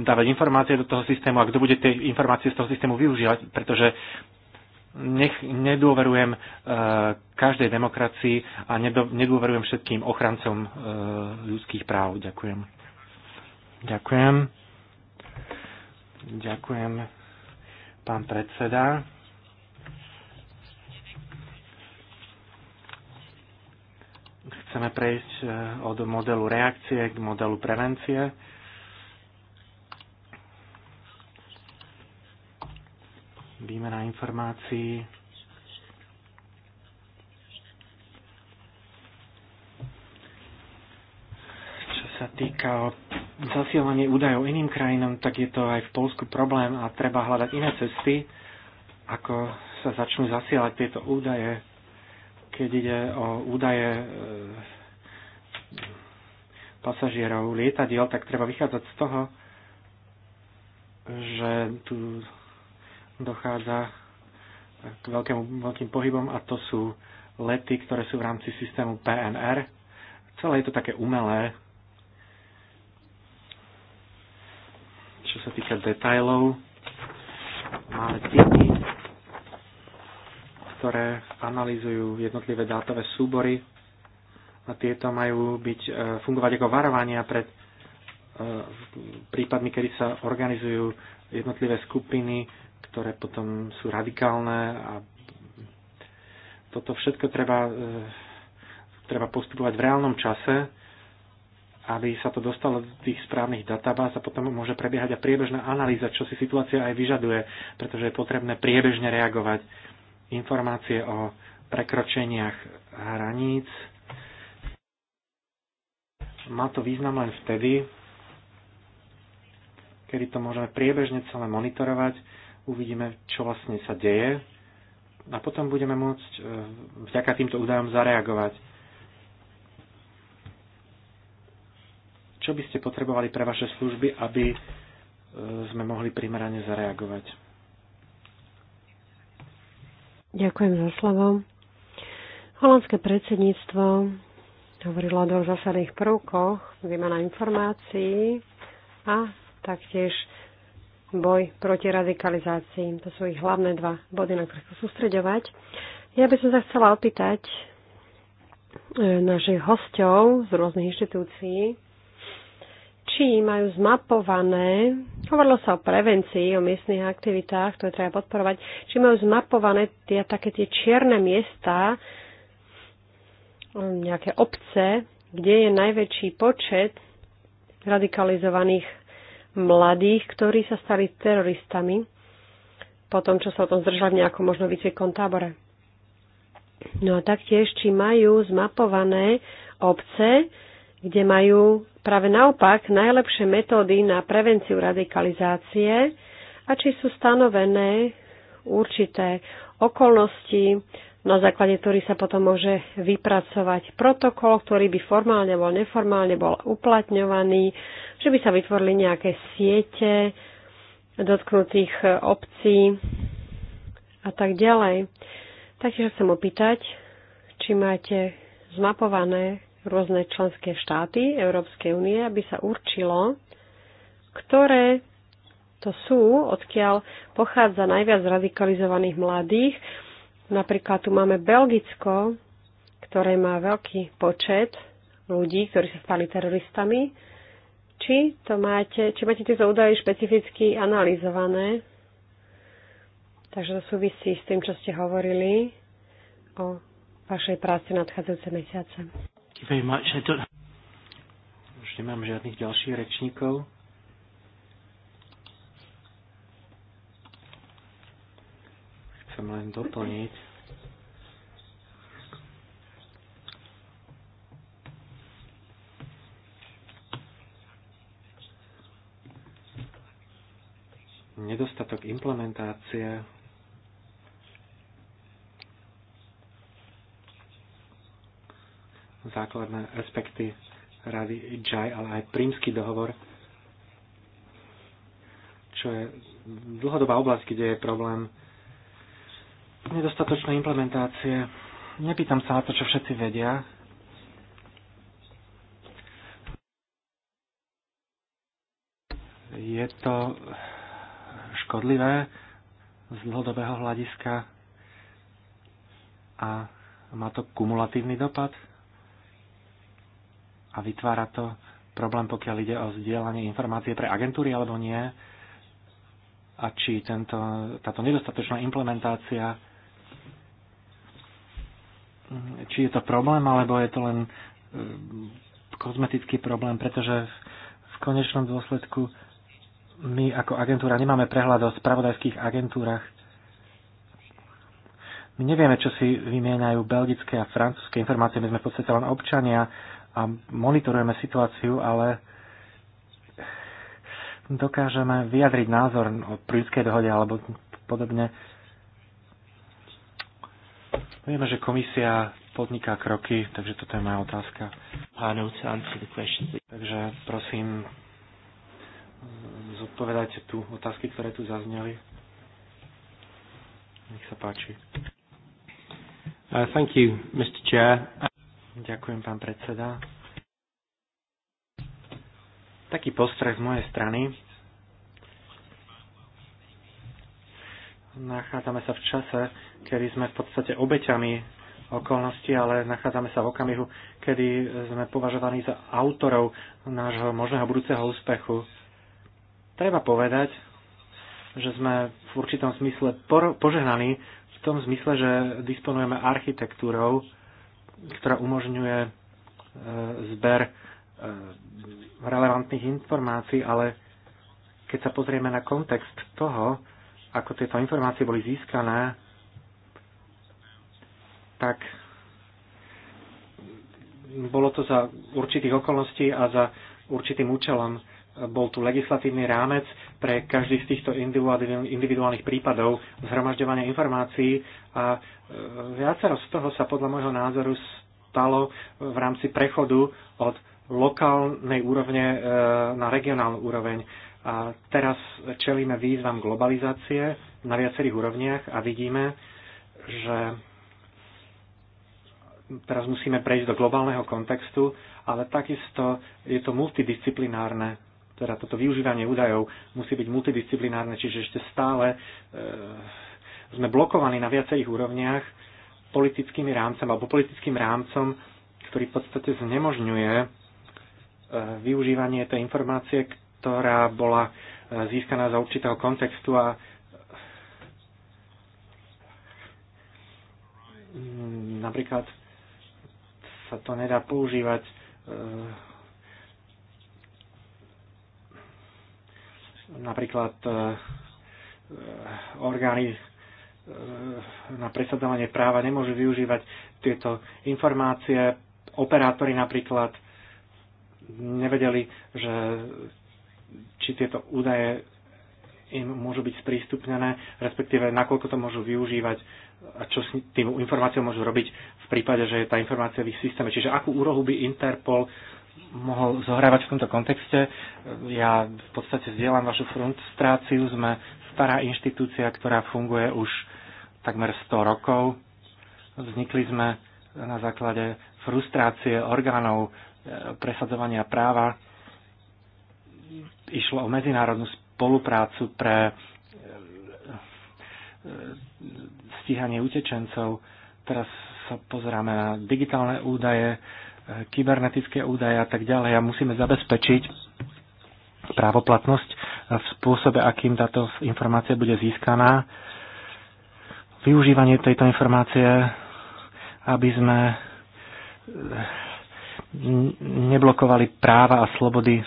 dávať informácie do toho systému a kto bude tie informácie z toho systému využívať, pretože nech, nedôverujem e, každej demokracii a nedo, nedôverujem všetkým ochrancom e, ľudských práv. Ďakujem. Ďakujem. Ďakujem pán predseda. Chceme prejsť e, od modelu reakcie k modelu prevencie. Výmena informácií. Čo sa týka od zasielanie údajov iným krajinám, tak je to aj v Polsku problém a treba hľadať iné cesty, ako sa začnú zasielať tieto údaje, keď ide o údaje e, pasažierov lietadiel, tak treba vychádzať z toho, že tu dochádza k veľkým, veľkým pohybom a to sú lety, ktoré sú v rámci systému PNR. Celé je to také umelé, sa týka detajlov, máme typy, ktoré analýzujú jednotlivé dátové súbory a tieto majú byť, e, fungovať ako varovania pred e, prípadmi, kedy sa organizujú jednotlivé skupiny, ktoré potom sú radikálne a toto všetko treba, e, treba postupovať v reálnom čase aby sa to dostalo do tých správnych databáz a potom môže prebiehať a priebežná analýza, čo si situácia aj vyžaduje, pretože je potrebné priebežne reagovať. Informácie o prekročeniach hraníc. Má to význam len vtedy, kedy to môžeme priebežne celé monitorovať, uvidíme, čo vlastne sa deje a potom budeme môcť eh, vďaka týmto údajom zareagovať Čo by ste potrebovali pre vaše služby, aby e, sme mohli primerane zareagovať? Ďakujem za slovo. Holandské predsedníctvo hovorilo o dvoch zásadných prvkoch, výmena informácií a taktiež boj proti radikalizácii. To sú ich hlavné dva body, na ktoré sa sústreďovať. Ja by som sa chcela opýtať e, našich hostov z rôznych inštitúcií, či majú zmapované, hovorilo sa o prevencii, o miestnych aktivitách, ktoré treba podporovať, či majú zmapované tie, také tie čierne miesta, um, nejaké obce, kde je najväčší počet radikalizovaných mladých, ktorí sa stali teroristami po tom, čo sa o tom zdržali v nejakom možno výcvikom tábore. No a taktiež, či majú zmapované obce, kde majú práve naopak najlepšie metódy na prevenciu radikalizácie a či sú stanovené určité okolnosti, na základe ktorých sa potom môže vypracovať protokol, ktorý by formálne bol neformálne bol uplatňovaný, že by sa vytvorili nejaké siete dotknutých obcí a tak ďalej. Takže chcem opýtať, či máte zmapované rôzne členské štáty Európskej únie, aby sa určilo, ktoré to sú, odkiaľ pochádza najviac radikalizovaných mladých. Napríklad tu máme Belgicko, ktoré má veľký počet ľudí, ktorí sa stali teroristami. Či, to máte, či máte tieto údaje špecificky analyzované? Takže to súvisí s tým, čo ste hovorili o vašej práci nadchádzajúce mesiace you very much. I don't... Už nemám žiadnych ďalších rečníkov. Chcem len doplniť. Nedostatok implementácie základné aspekty rady JAI, ale aj prímsky dohovor, čo je dlhodobá oblasť, kde je problém nedostatočnej implementácie. Nepýtam sa na to, čo všetci vedia. Je to škodlivé z dlhodobého hľadiska a má to kumulatívny dopad a vytvára to problém, pokiaľ ide o zdieľanie informácie pre agentúry alebo nie a či tento, táto nedostatočná implementácia či je to problém, alebo je to len e, kozmetický problém, pretože v konečnom dôsledku my ako agentúra nemáme prehľad o spravodajských agentúrach. My nevieme, čo si vymieňajú belgické a francúzske informácie, my sme v podstate len občania a monitorujeme situáciu, ale dokážeme vyjadriť názor o prírodskej dohode alebo podobne. Vieme, že komisia podniká kroky, takže toto je moja otázka. Takže prosím, zodpovedajte tu otázky, ktoré tu zazneli. Nech sa páči. Uh, thank you, Mr. Chair. Ďakujem, pán predseda. Taký postreh z mojej strany. Nachádzame sa v čase, kedy sme v podstate obeťami okolnosti, ale nachádzame sa v okamihu, kedy sme považovaní za autorov nášho možného budúceho úspechu. Treba povedať, že sme v určitom zmysle požehnaní v tom zmysle, že disponujeme architektúrou, ktorá umožňuje e, zber e, relevantných informácií, ale keď sa pozrieme na kontext toho, ako tieto informácie boli získané, tak bolo to za určitých okolností a za určitým účelom bol tu legislatívny rámec pre každý z týchto individuálnych prípadov zhromažďovania informácií a e, viacero z toho sa podľa môjho názoru stalo v rámci prechodu od lokálnej úrovne e, na regionálnu úroveň. A teraz čelíme výzvam globalizácie na viacerých úrovniach a vidíme, že teraz musíme prejsť do globálneho kontextu, ale takisto je to multidisciplinárne teda toto využívanie údajov musí byť multidisciplinárne, čiže ešte stále e, sme blokovaní na viacerých úrovniach politickými rámcom alebo politickým rámcom, ktorý v podstate znemožňuje e, využívanie tej informácie, ktorá bola e, získaná za určitého kontextu a mm, napríklad sa to nedá používať e, napríklad e, e, orgány e, na presadzovanie práva nemôžu využívať tieto informácie. Operátori napríklad nevedeli, že či tieto údaje im môžu byť sprístupnené, respektíve nakoľko to môžu využívať a čo s tým informáciou môžu robiť v prípade, že je tá informácia v ich systéme. Čiže akú úrohu by Interpol mohol zohrávať v tomto kontexte. Ja v podstate zdieľam vašu frustráciu. Sme stará inštitúcia, ktorá funguje už takmer 100 rokov. Vznikli sme na základe frustrácie orgánov e, presadzovania práva. Išlo o medzinárodnú spoluprácu pre e, e, stíhanie utečencov. Teraz sa pozeráme na digitálne údaje, kybernetické údaje a tak ďalej a musíme zabezpečiť právoplatnosť v spôsobe, akým táto informácia bude získaná, využívanie tejto informácie, aby sme eh, neblokovali práva a slobody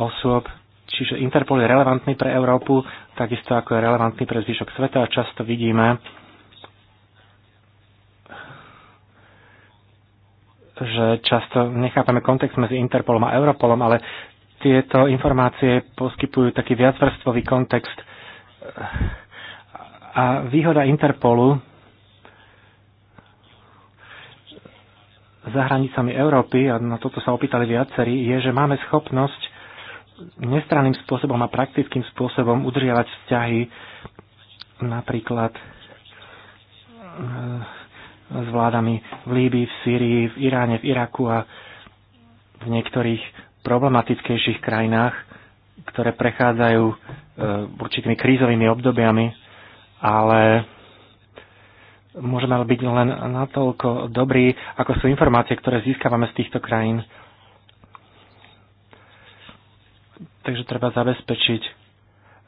osôb. Čiže Interpol je relevantný pre Európu, takisto ako je relevantný pre zvyšok sveta a často vidíme, že často nechápame kontext medzi Interpolom a Europolom, ale tieto informácie poskytujú taký viacvrstvový kontext. A výhoda Interpolu za hranicami Európy, a na toto sa opýtali viacerí, je, že máme schopnosť nestranným spôsobom a praktickým spôsobom udržiavať vzťahy napríklad s vládami v Líbii, v Sýrii, v Iráne, v Iraku a v niektorých problematickejších krajinách, ktoré prechádzajú e, určitými krízovými obdobiami, ale môžeme byť len natoľko dobrí, ako sú informácie, ktoré získavame z týchto krajín. Takže treba zabezpečiť,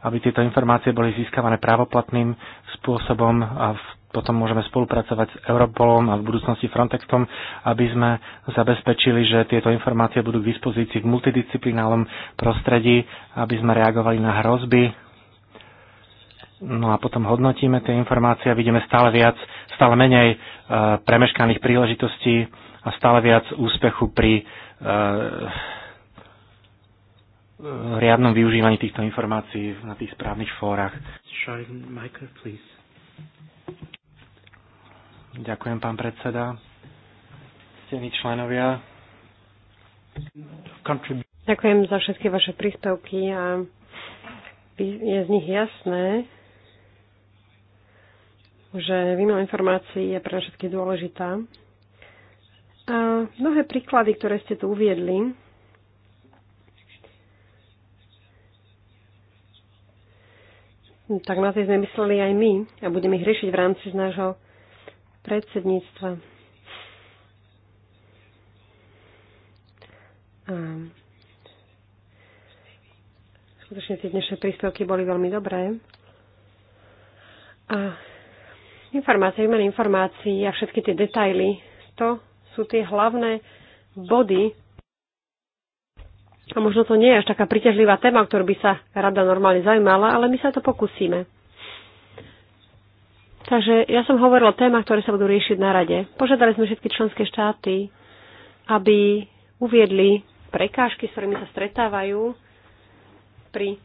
aby tieto informácie boli získavané právoplatným spôsobom a v potom môžeme spolupracovať s Europolom a v budúcnosti Frontextom, aby sme zabezpečili, že tieto informácie budú k dispozícii v multidisciplinálnom prostredí, aby sme reagovali na hrozby. No a potom hodnotíme tie informácie a vidíme stále viac, stále menej e, premeškaných príležitostí a stále viac úspechu pri e, e riadnom využívaní týchto informácií na tých správnych fórach. Michael, please. Ďakujem, pán predseda. Stení členovia. Ďakujem za všetky vaše príspevky a je z nich jasné, že výmena informácií je pre všetky dôležitá. A mnohé príklady, ktoré ste tu uviedli, tak na tie sme mysleli aj my a budeme ich riešiť v rámci z nášho predsedníctva. A skutočne tie dnešné príspevky boli veľmi dobré. A informácie, výmen informácií a všetky tie detaily, to sú tie hlavné body. A možno to nie je až taká príťažlivá téma, ktorú by sa rada normálne zaujímala, ale my sa to pokúsime. Takže ja som hovorila o témach, ktoré sa budú riešiť na rade. Požiadali sme všetky členské štáty, aby uviedli prekážky, s ktorými sa stretávajú pri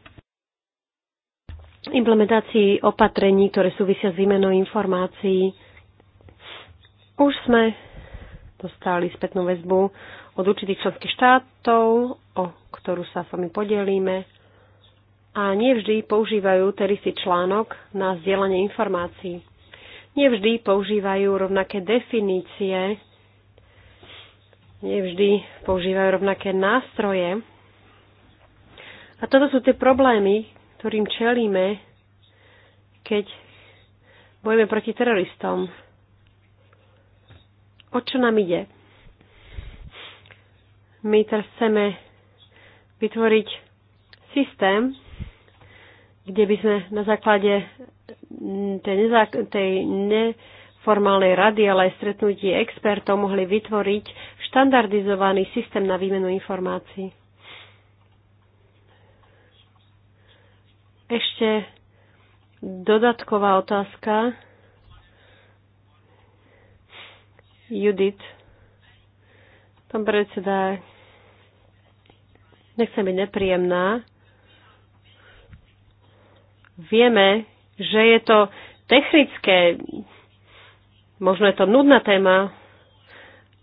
implementácii opatrení, ktoré súvisia s výmenou informácií. Už sme dostali spätnú väzbu od určitých členských štátov, o ktorú sa s vami podelíme a nevždy používajú ten istý článok na zdieľanie informácií nevždy používajú rovnaké definície, nevždy používajú rovnaké nástroje. A toto sú tie problémy, ktorým čelíme, keď bojujeme proti teroristom. O čo nám ide? My teraz chceme vytvoriť systém, kde by sme na základe tej, tej neformálnej rady, ale aj stretnutí expertov mohli vytvoriť štandardizovaný systém na výmenu informácií. Ešte dodatková otázka. Judith. Pán predseda, nechcem byť nepríjemná. Vieme, že je to technické, možno je to nudná téma,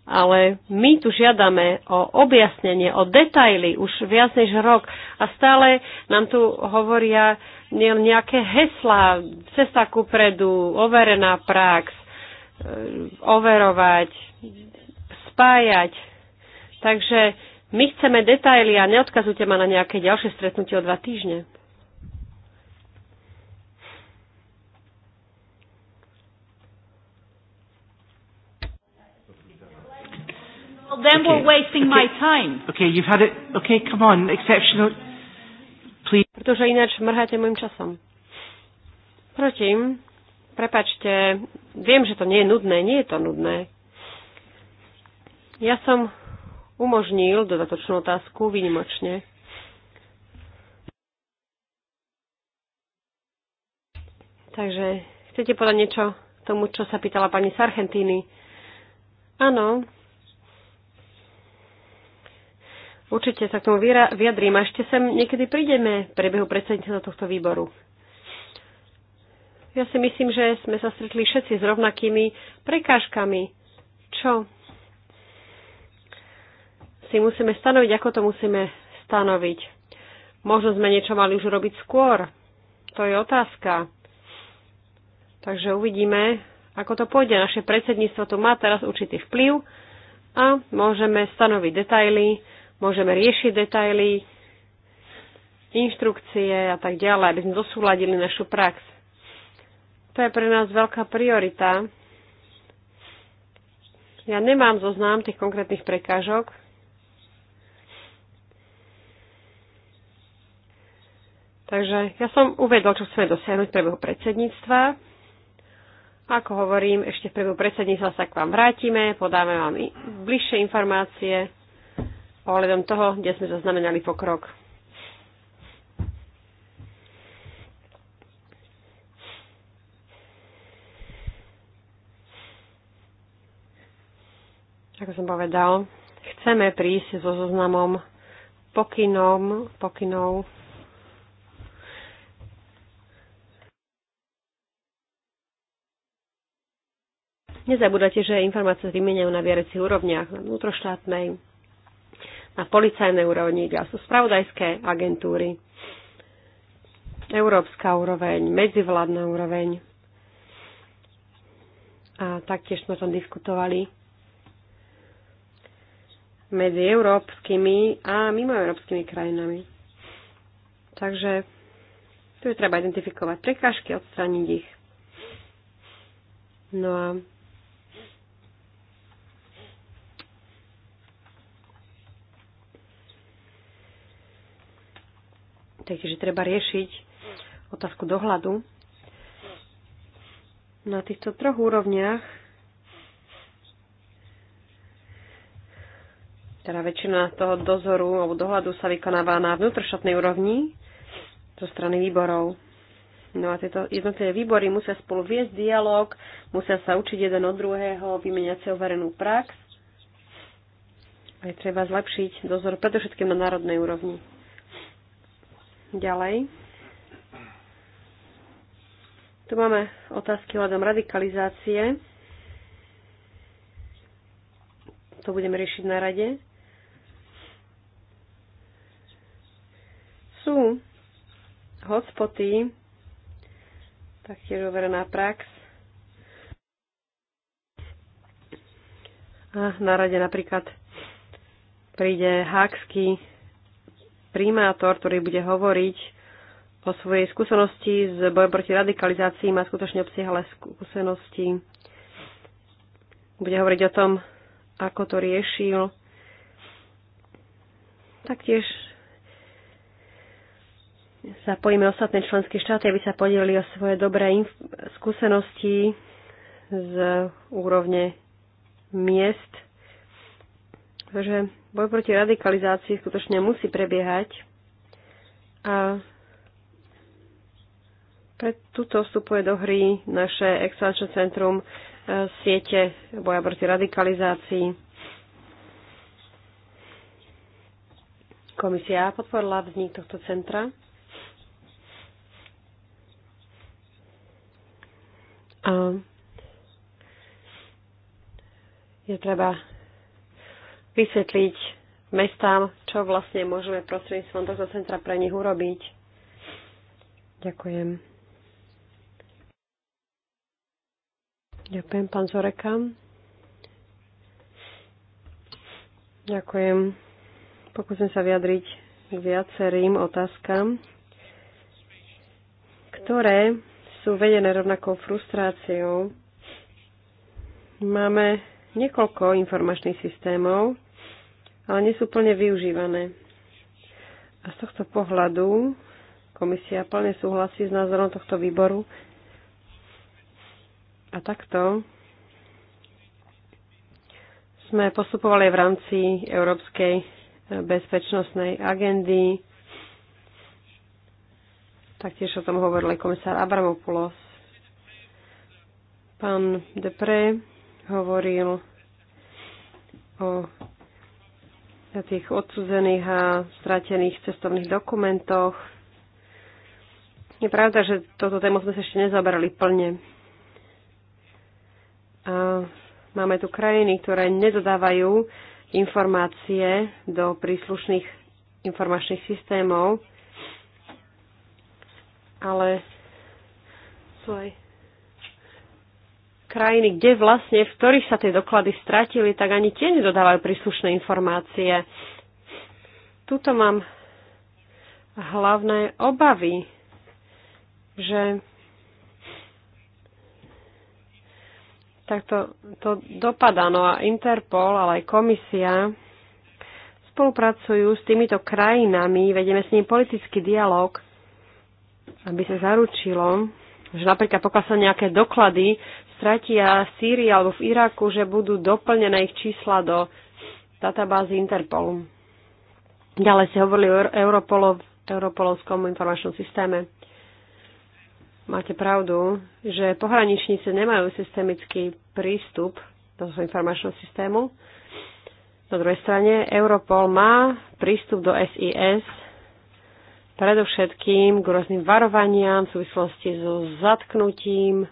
ale my tu žiadame o objasnenie, o detaily už viac než rok a stále nám tu hovoria nejaké heslá, cesta ku predu, overená prax, e, overovať, spájať. Takže my chceme detaily a neodkazujte ma na nejaké ďalšie stretnutie o dva týždne. then okay. we're wasting okay. my time. Okay, you've had it. Okay, come on, exceptional. Please. Pretože ináč mrháte môjim časom. Proti. Prepačte, viem, že to nie je nudné. Nie je to nudné. Ja som umožnil dodatočnú otázku výnimočne. Takže chcete povedať niečo tomu, čo sa pýtala pani Sargentini? Áno, Určite sa k tomu vyjadrím a ešte sem niekedy prídeme v priebehu predsedníctva tohto výboru. Ja si myslím, že sme sa stretli všetci s rovnakými prekážkami. Čo? Si musíme stanoviť, ako to musíme stanoviť. Možno sme niečo mali už robiť skôr. To je otázka. Takže uvidíme, ako to pôjde. Naše predsedníctvo tu má teraz určitý vplyv a môžeme stanoviť detaily môžeme riešiť detaily, inštrukcie a tak ďalej, aby sme zosúladili našu prax. To je pre nás veľká priorita. Ja nemám zoznam tých konkrétnych prekážok. Takže ja som uvedol, čo chceme dosiahnuť v priebehu predsedníctva. Ako hovorím, ešte v priebehu predsedníctva sa k vám vrátime, podáme vám bližšie informácie ohľadom toho, kde sme zaznamenali pokrok. Ako som povedal, chceme prísť so zoznamom pokynom, pokynov Nezabúdajte, že informácie vymieňajú na viarecich úrovniach, na vnútroštátnej, na policajné úrovni, kde sú spravodajské agentúry, európska úroveň, medzivládna úroveň. A taktiež sme tam diskutovali medzi európskymi a mimoeurópskymi krajinami. Takže tu je treba identifikovať prekážky, odstrániť ich. No a Takže treba riešiť otázku dohľadu. Na týchto troch úrovniach teda väčšina toho dozoru alebo dohľadu sa vykonáva na vnútroštátnej úrovni zo strany výborov. No a tieto jednotlivé výbory musia spolu viesť dialog, musia sa učiť jeden od druhého, vymeniať si overenú prax. A je treba zlepšiť dozor predovšetkým na národnej úrovni. Ďalej. Tu máme otázky hľadom radikalizácie. To budeme riešiť na rade. Sú hotspoty, taktiež overená prax. A na rade napríklad príde hákský primátor, ktorý bude hovoriť o svojej skúsenosti s bojom proti radikalizácii, má skutočne obsiahle skúsenosti. Bude hovoriť o tom, ako to riešil. Taktiež zapojíme ostatné členské štáty, aby sa podelili o svoje dobré skúsenosti z úrovne miest pretože boj proti radikalizácii skutočne musí prebiehať a pre tuto vstupuje do hry naše excelenčné centrum e, siete boja proti radikalizácii. Komisia podporila vznik tohto centra. A je treba vysvetliť mestám, čo vlastne môžeme prostredníctvom tohto centra pre nich urobiť. Ďakujem. Ďakujem, pán Zoreka. Ďakujem. Pokúsim sa vyjadriť k viacerým otázkam, ktoré sú vedené rovnakou frustráciou. Máme niekoľko informačných systémov, ale nie sú plne využívané. A z tohto pohľadu komisia plne súhlasí s názorom tohto výboru. A takto sme postupovali v rámci Európskej bezpečnostnej agendy. Taktiež o tom hovoril aj komisár Abramopoulos. Pán Depre hovoril o tých odsudzených a stratených cestovných dokumentoch. Je pravda, že toto tému sme sa ešte nezabrali plne. A máme tu krajiny, ktoré nedodávajú informácie do príslušných informačných systémov, ale sú aj krajiny, kde vlastne, v ktorých sa tie doklady stratili, tak ani tie nedodávajú príslušné informácie. Tuto mám hlavné obavy, že takto to dopadá. No a Interpol, ale aj komisia spolupracujú s týmito krajinami, vedeme s nimi politický dialog, aby sa zaručilo, že napríklad pokiaľ sa nejaké doklady stratia v Sýrii alebo v Iraku, že budú doplnené ich čísla do databázy Interpolu. Ďalej si hovorili o Europolo, Europolovskom informačnom systéme. Máte pravdu, že pohraničníci nemajú systemický prístup do informačného systému. Na druhej strane Europol má prístup do SIS, predovšetkým k rôznym varovaniam v súvislosti so zatknutím,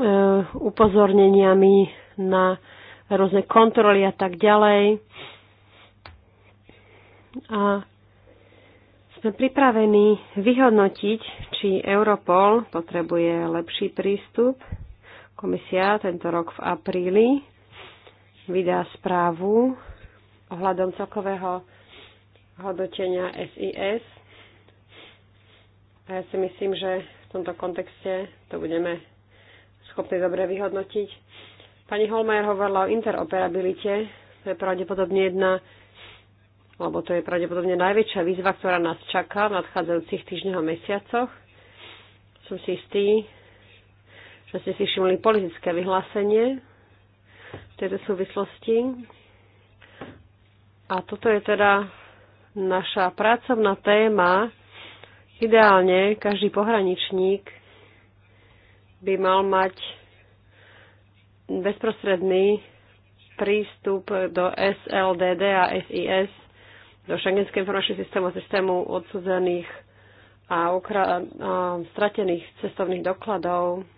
E, upozorneniami na rôzne kontroly a tak ďalej. A sme pripravení vyhodnotiť, či Europol potrebuje lepší prístup. Komisia tento rok v apríli vydá správu ohľadom celkového hodnotenia SIS. A ja si myslím, že v tomto kontexte to budeme schopní dobre vyhodnotiť. Pani Holmajer hovorila o interoperabilite. To je pravdepodobne jedna, alebo to je pravdepodobne najväčšia výzva, ktorá nás čaká v nadchádzajúcich týždňoch a mesiacoch. Som si istý, že ste si všimli politické vyhlásenie v tejto súvislosti. A toto je teda naša pracovná téma. Ideálne každý pohraničník by mal mať bezprostredný prístup do SLDD a SIS, do Schengenského informačného systému a systému odsudzených a, ukra- a stratených cestovných dokladov.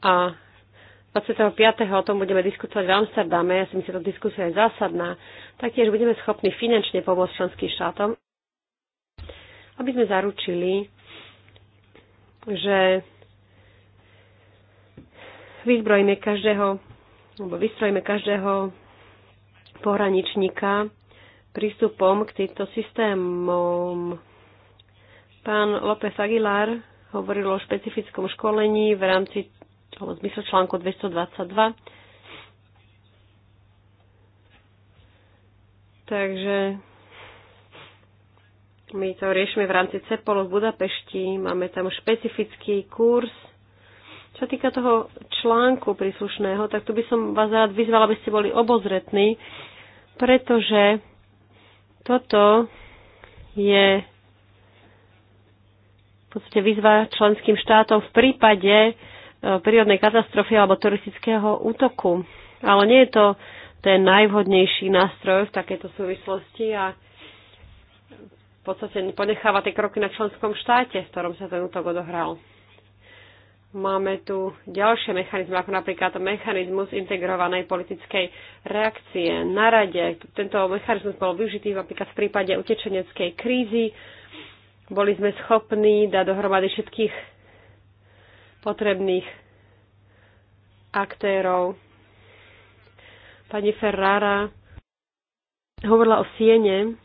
A 25. o tom budeme diskutovať v Amsterdame, ja si myslím, že tá diskusia je zásadná. Taktiež budeme schopní finančne pomôcť členským štátom, aby sme zaručili, že vyzbrojíme každého, alebo vystrojíme každého pohraničníka prístupom k týmto systémom. Pán López Aguilar hovoril o špecifickom školení v rámci alebo zmysle článku 222. Takže my to riešime v rámci CEPOLu v Budapešti, máme tam špecifický kurz. Čo týka toho článku príslušného, tak tu by som vás rád vyzvala, aby ste boli obozretní, pretože toto je v podstate výzva členským štátom v prípade e, prírodnej katastrofy alebo turistického útoku. Ale nie je to ten najvhodnejší nástroj v takejto súvislosti a v podstate ponecháva tie kroky na členskom štáte, v ktorom sa ten útok odohral. Máme tu ďalšie mechanizmy, ako napríklad mechanizmus integrovanej politickej reakcie na rade. Tento mechanizmus bol využitý napríklad v prípade utečeneckej krízy. Boli sme schopní dať dohromady všetkých potrebných aktérov. Pani Ferrara hovorila o Siene,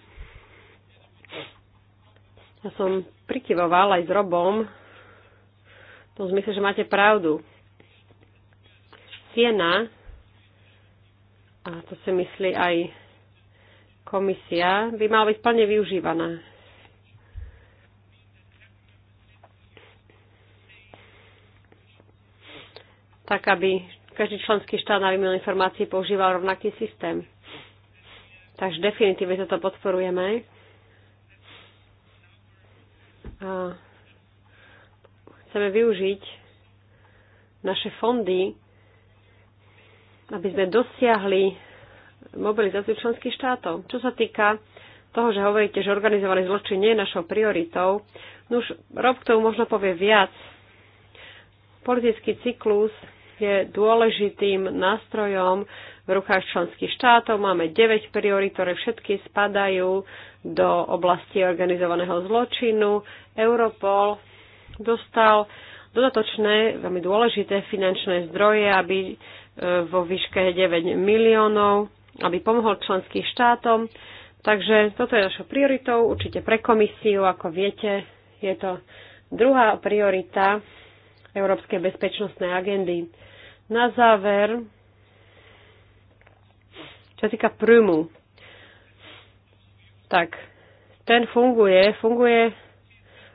ja som prikyvoval aj s Robom, v tom zmysle, že máte pravdu. Siena, a to si myslí aj komisia, by mala byť plne využívaná. Tak, aby každý členský štát na výmenu informácií používal rovnaký systém. Takže definitívne toto podporujeme. A chceme využiť naše fondy, aby sme dosiahli mobilizáciu členských štátov. Čo sa týka toho, že hovoríte, že organizovaný zločin nie je našou prioritou, no už Rob k tomu možno povie viac. Politický cyklus je dôležitým nástrojom v rukách členských štátov. Máme 9 priorit, ktoré všetky spadajú do oblasti organizovaného zločinu. Europol dostal dodatočné, veľmi dôležité finančné zdroje, aby e, vo výške 9 miliónov, aby pomohol členským štátom. Takže toto je našou prioritou, určite pre komisiu, ako viete, je to druhá priorita Európskej bezpečnostnej agendy. Na záver čo sa týka prúmu, tak ten funguje, funguje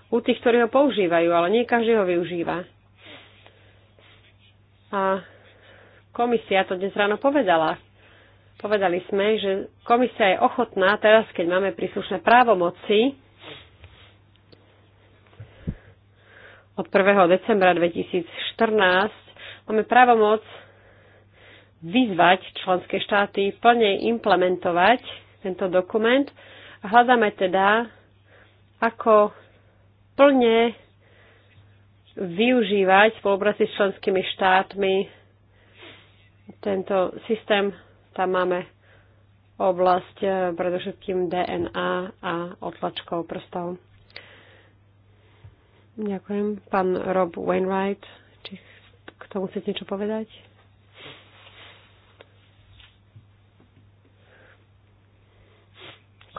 u tých, ktorí ho používajú, ale nie každý ho využíva. A komisia to dnes ráno povedala. Povedali sme, že komisia je ochotná teraz, keď máme príslušné právomoci, od 1. decembra 2014 máme právomoc vyzvať členské štáty plne implementovať tento dokument a hľadáme teda, ako plne využívať v spolupráci s členskými štátmi tento systém. Tam máme oblasť eh, predovšetkým DNA a otlačkov prstov. Ďakujem. Pán Rob Wainwright, či k tomu chcete niečo povedať?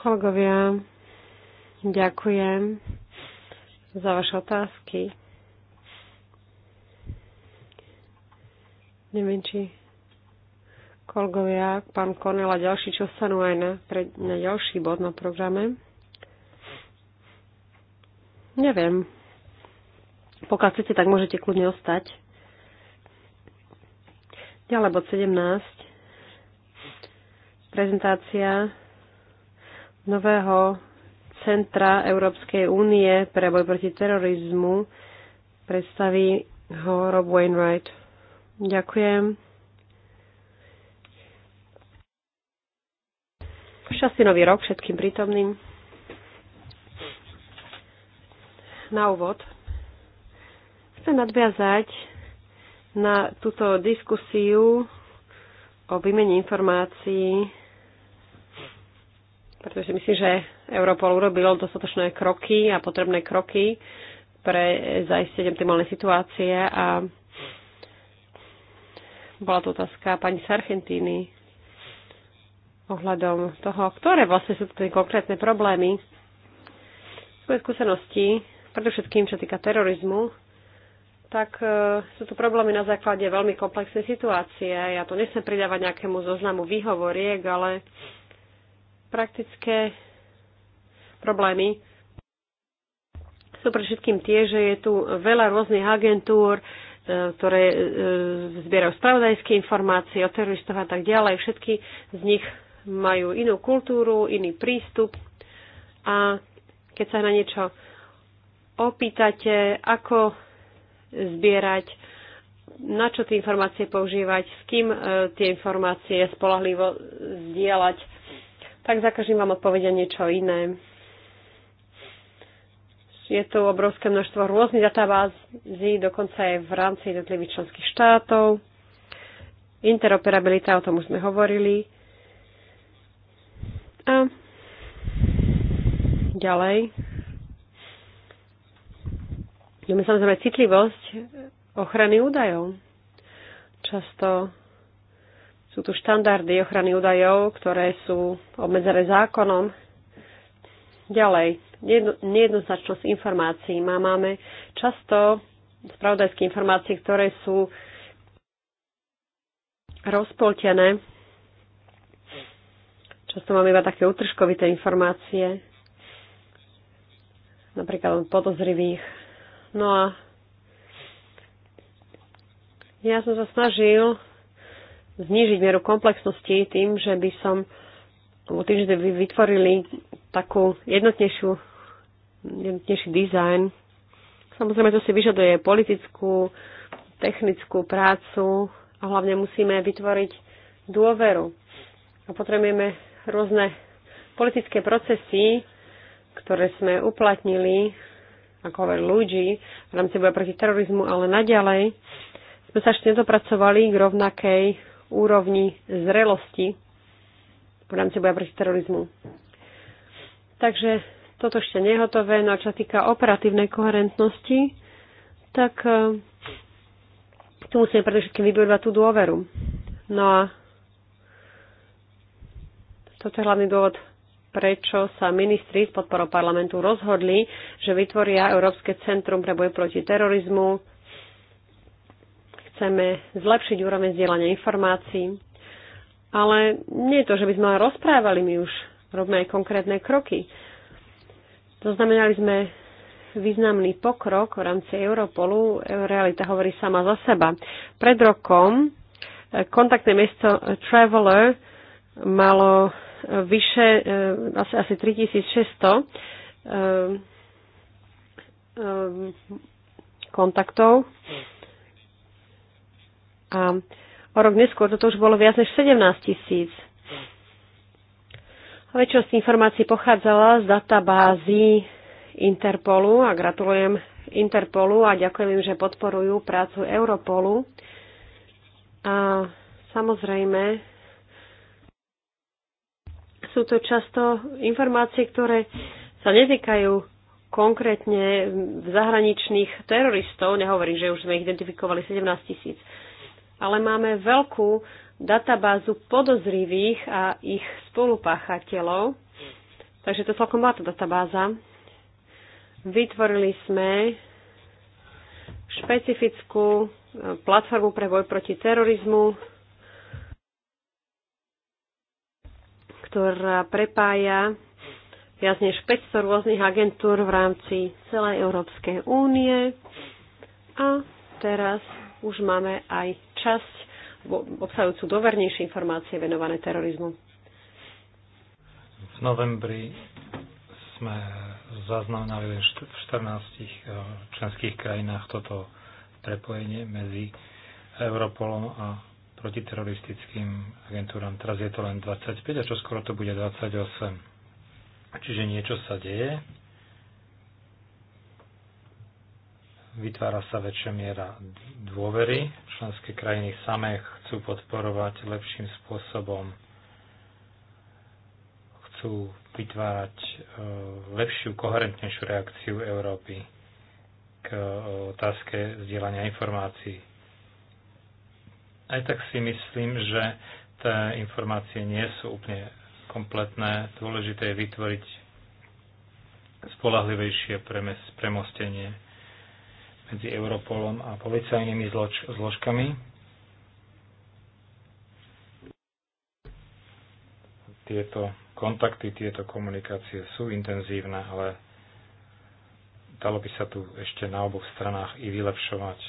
Kolegovia, ďakujem za vaše otázky. Neviem, či kolegovia, pán Konel a ďalší, čo stanú aj na, pre, na ďalší bod na programe. Neviem. Pokiaľ chcete, tak môžete kľudne ostať. Ďalej bod 17. Prezentácia nového Centra Európskej únie pre boj proti terorizmu predstaví ho Rob Wainwright. Ďakujem. Šťastný nový rok všetkým prítomným. Na úvod chcem nadviazať na túto diskusiu o výmene informácií pretože myslím, že Europol urobil dostatočné kroky a potrebné kroky pre zaistenie optimálnej situácie a bola to otázka pani Sargentini ohľadom toho, ktoré vlastne sú tie konkrétne problémy. Svoje skúsenosti, predovšetkým čo týka terorizmu, tak e, sú tu problémy na základe veľmi komplexnej situácie. Ja to nechcem pridávať nejakému zoznamu výhovoriek, ale praktické problémy sú pre všetkým tie, že je tu veľa rôznych agentúr, e, ktoré e, zbierajú spravodajské informácie o teroristoch a tak ďalej. Všetky z nich majú inú kultúru, iný prístup a keď sa na niečo opýtate, ako zbierať, na čo tie informácie používať, s kým e, tie informácie spolahlivo zdieľať, tak za každým vám odpovedia niečo iné. Je tu obrovské množstvo rôznych databází, dokonca aj v rámci jednotlivých členských štátov. Interoperabilita, o tom už sme hovorili. A ďalej. No, Máme samozrejme citlivosť ochrany údajov. Často sú tu štandardy ochrany údajov, ktoré sú obmedzené zákonom. Ďalej, nejednoznačnosť informácií. Má, máme často spravodajské informácie, ktoré sú rozpoltené. Často máme iba také utržkovité informácie, napríklad od podozrivých. No a ja som sa snažil znížiť mieru komplexnosti tým, že by som tým, že by vytvorili takú jednotnejšiu, jednotnejší dizajn. Samozrejme, to si vyžaduje politickú, technickú prácu a hlavne musíme vytvoriť dôveru. A potrebujeme rôzne politické procesy, ktoré sme uplatnili, ako hovorí Luigi, v rámci boja proti terorizmu, ale naďalej sme sa ešte nedopracovali k rovnakej úrovni zrelosti v rámci boja proti terorizmu. Takže toto ešte nehotové, no čo sa týka operatívnej koherentnosti, tak e, tu musíme predovšetkým vybudovať tú dôveru. No a toto je hlavný dôvod, prečo sa ministri s podporou parlamentu rozhodli, že vytvoria Európske centrum pre boj proti terorizmu, chceme zlepšiť úroveň vzdielania informácií. Ale nie je to, že by sme len rozprávali, my už robíme aj konkrétne kroky. Zaznamenali sme významný pokrok v rámci Europolu. Realita hovorí sama za seba. Pred rokom eh, kontaktné miesto Traveler malo eh, vyše eh, asi, asi 3600 kontaktov. A o rok neskôr toto už bolo viac než 17 tisíc. A väčšina informácií pochádzala z databázy Interpolu a gratulujem Interpolu a ďakujem im, že podporujú prácu Europolu. A samozrejme, sú to často informácie, ktoré sa netýkajú konkrétne zahraničných teroristov, nehovorím, že už sme identifikovali 17 tisíc, ale máme veľkú databázu podozrivých a ich spolupáchateľov. Takže to celkom celkom tá databáza. Vytvorili sme špecifickú e, platformu pre boj proti terorizmu, ktorá prepája viac než 500 rôznych agentúr v rámci celej Európskej únie. A teraz už máme aj časť obsahujúcu dovernejšie informácie venované terorizmu. V novembri sme zaznamenali v 14 eh, členských krajinách toto prepojenie medzi Europolom a protiteroristickým agentúram. Teraz je to len 25 a čo skoro to bude 28. Čiže niečo sa deje vytvára sa väčšia miera dôvery. Členské krajiny samé chcú podporovať lepším spôsobom, chcú vytvárať e, lepšiu, koherentnejšiu reakciu Európy k e, otázke vzdielania informácií. Aj tak si myslím, že tie informácie nie sú úplne kompletné. Dôležité je vytvoriť spolahlivejšie premostenie medzi Europolom a policajnými zlož- zložkami. Tieto kontakty, tieto komunikácie sú intenzívne, ale dalo by sa tu ešte na oboch stranách i vylepšovať.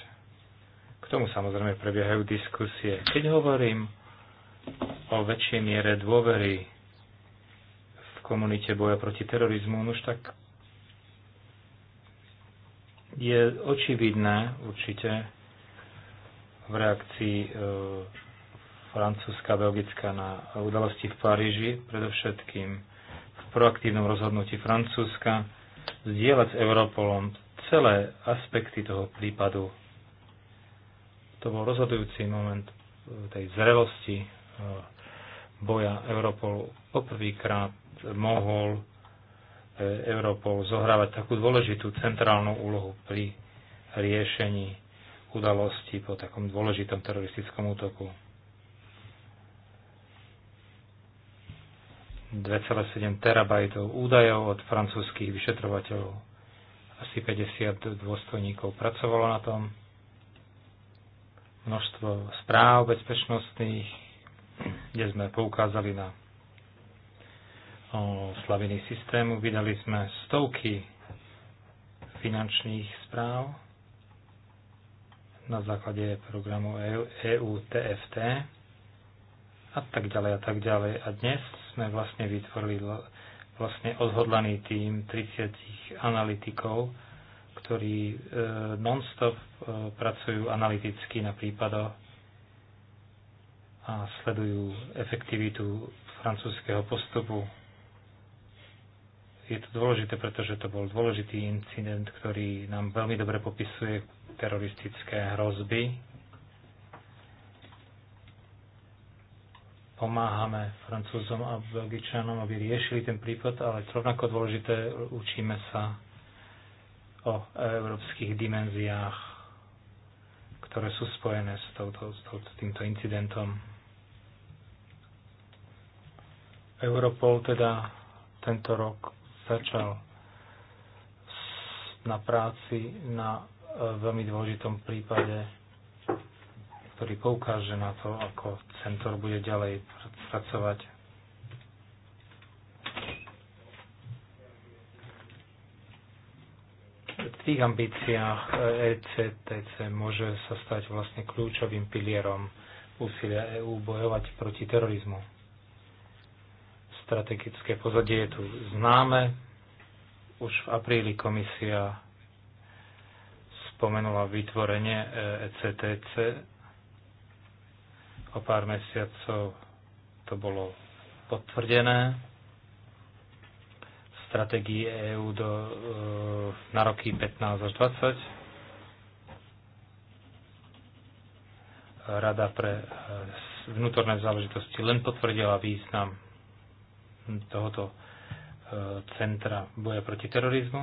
K tomu samozrejme prebiehajú diskusie. Keď hovorím o väčšej miere dôvery v komunite boja proti terorizmu, no už tak je očividné určite v reakcii e, Francúzska, Belgická na udalosti v Paríži, predovšetkým v proaktívnom rozhodnutí Francúzska, zdieľať s Europolom celé aspekty toho prípadu. To bol rozhodujúci moment e, tej zrelosti e, boja Európol poprvýkrát mohol Europol zohrávať takú dôležitú centrálnu úlohu pri riešení udalosti po takom dôležitom teroristickom útoku. 2,7 terabajtov údajov od francúzských vyšetrovateľov. Asi 50 dôstojníkov pracovalo na tom. Množstvo správ bezpečnostných, kde sme poukázali na slaviny systému. Vydali sme stovky finančných správ na základe programu EU-TFT e a tak ďalej a tak ďalej. A dnes sme vlastne vytvorili vlastne odhodlaný tím 30 analytikov, ktorí e, non-stop e, pracujú analyticky na prípadoch a sledujú efektivitu francúzského postupu je to dôležité, pretože to bol dôležitý incident, ktorý nám veľmi dobre popisuje teroristické hrozby. Pomáhame Francúzom a Belgičanom, aby riešili ten prípad, ale rovnako dôležité učíme sa o európskych dimenziách, ktoré sú spojené s, touto, s, touto, týmto incidentom. Europol teda tento rok začal na práci na e, veľmi dôležitom prípade, ktorý poukáže na to, ako centor bude ďalej pracovať. V tých ambíciách ECTC e môže sa stať vlastne kľúčovým pilierom úsilia EÚ bojovať proti terorizmu. Strategické pozadie je tu známe. Už v apríli komisia spomenula vytvorenie ECTC. E o pár mesiacov to bolo potvrdené v EÚ e do, e, na roky 15 až 20. Rada pre vnútorné záležitosti len potvrdila význam tohoto e, centra boja proti terorizmu.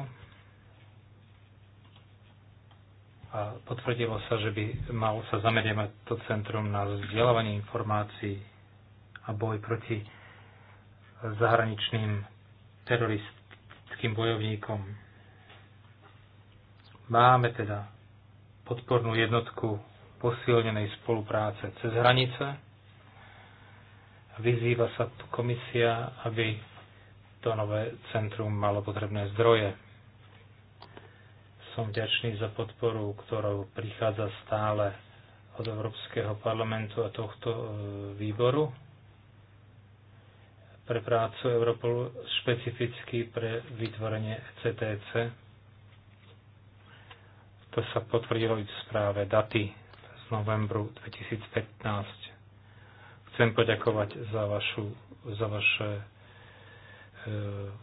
A potvrdilo sa, že by mal sa zameriavať to centrum na vzdelávanie informácií a boj proti zahraničným teroristickým bojovníkom. Máme teda podpornú jednotku posilnenej spolupráce cez hranice, Vyzýva sa tu komisia, aby to nové centrum malo potrebné zdroje. Som vďačný za podporu, ktorou prichádza stále od Európskeho parlamentu a tohto e, výboru pre prácu Europolu špecificky pre vytvorenie CTC. E to sa potvrdilo i v správe daty z novembru 2015. Chcem poďakovať za, vašu, za vaše e,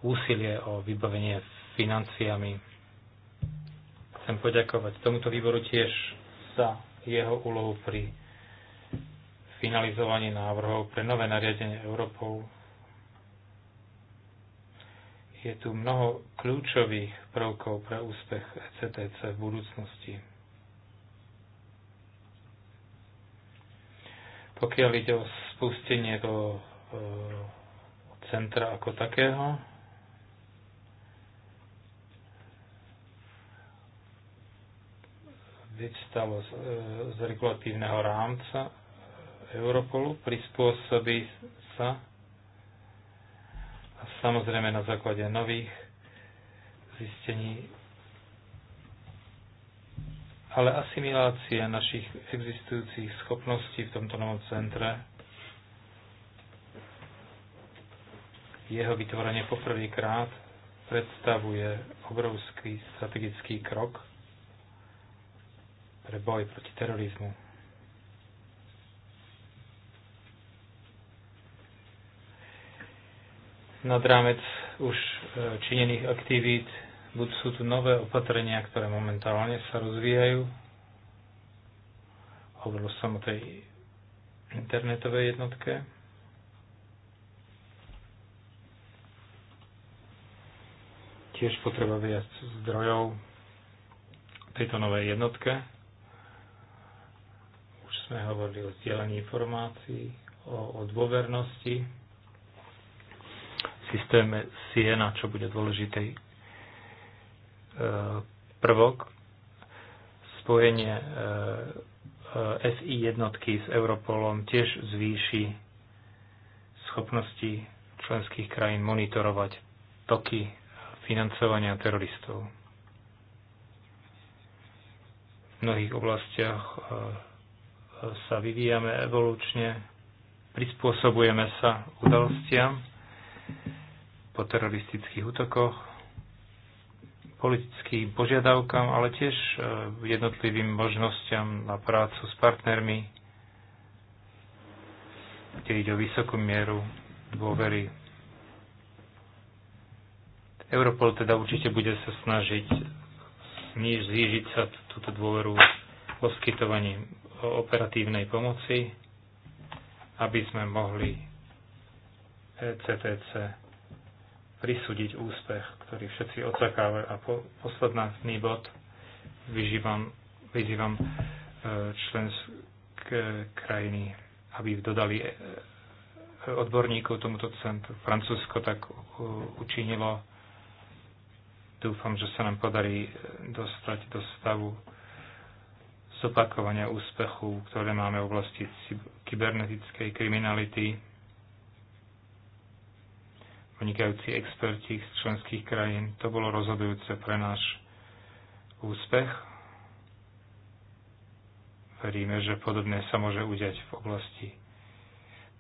úsilie o vybavenie financiami. Chcem poďakovať tomuto výboru tiež za jeho úlohu pri finalizovaní návrhov pre nové nariadenie Európou. Je tu mnoho kľúčových prvkov pre úspech ECTC v budúcnosti. Pokiaľ ide o spustenie do e, centra ako takého, vystalo z, e, z regulatívneho rámca Europolu, prispôsobí sa a samozrejme na základe nových zistení ale asimilácia našich existujúcich schopností v tomto novom centre, jeho vytvorenie poprvýkrát predstavuje obrovský strategický krok pre boj proti terorizmu. Nad rámec už e, činených aktivít Buď sú tu nové opatrenia, ktoré momentálne sa rozvíjajú. Hovoril som o tej internetovej jednotke. Tiež potreba viac zdrojov tejto novej jednotke. Už sme hovorili o zdieľaní informácií, o, o dôvernosti, systéme Siena, čo bude dôležitý E, prvok spojenie e, e, SI jednotky s Europolom tiež zvýši schopnosti členských krajín monitorovať toky financovania teroristov. V mnohých oblastiach sa vyvíjame evolučne, prispôsobujeme sa udalostiam po teroristických útokoch, politickým požiadavkám, ale tiež e, jednotlivým možnosťam na prácu s partnermi, kde ide o vysokú mieru dôvery. Europol teda určite bude sa snažiť znížiť sa túto dôveru poskytovaním operatívnej pomoci, aby sme mohli CTC e prisúdiť úspech, ktorý všetci očakávajú. A po, posledný bod vyžívam, vyzývam e, členské krajiny, aby dodali e, e, odborníkov tomuto centru. Francúzsko tak učinilo. Dúfam, že sa nám podarí dostať do stavu zopakovania úspechu, ktoré máme v oblasti kybernetickej kriminality vynikajúci experti z členských krajín. To bolo rozhodujúce pre náš úspech. Veríme, že podobné sa môže udiať v oblasti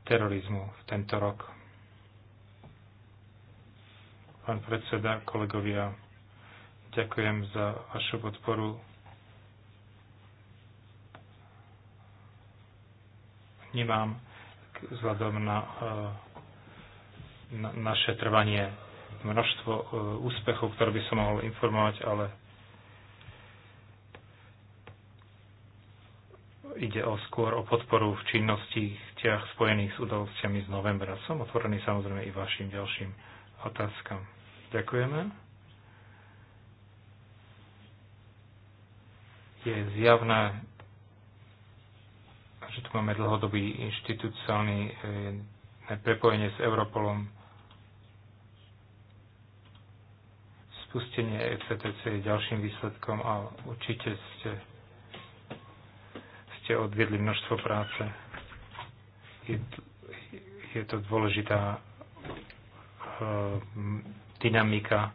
terorizmu v tento rok. Pán predseda, kolegovia, ďakujem za vašu podporu. Nemám vzhľadom na uh, na, naše trvanie množstvo e, úspechov, ktoré by som mohol informovať, ale ide o skôr o podporu v činnostiach spojených s udalostiami z novembra. Som otvorený samozrejme i vašim ďalším otázkam. Ďakujeme. Je zjavné, že tu máme dlhodobý inštitúciálny e, prepojenie s Europolom Spustenie ECTC je ďalším výsledkom a určite ste, ste odviedli množstvo práce. Je, je to dôležitá e, dynamika e,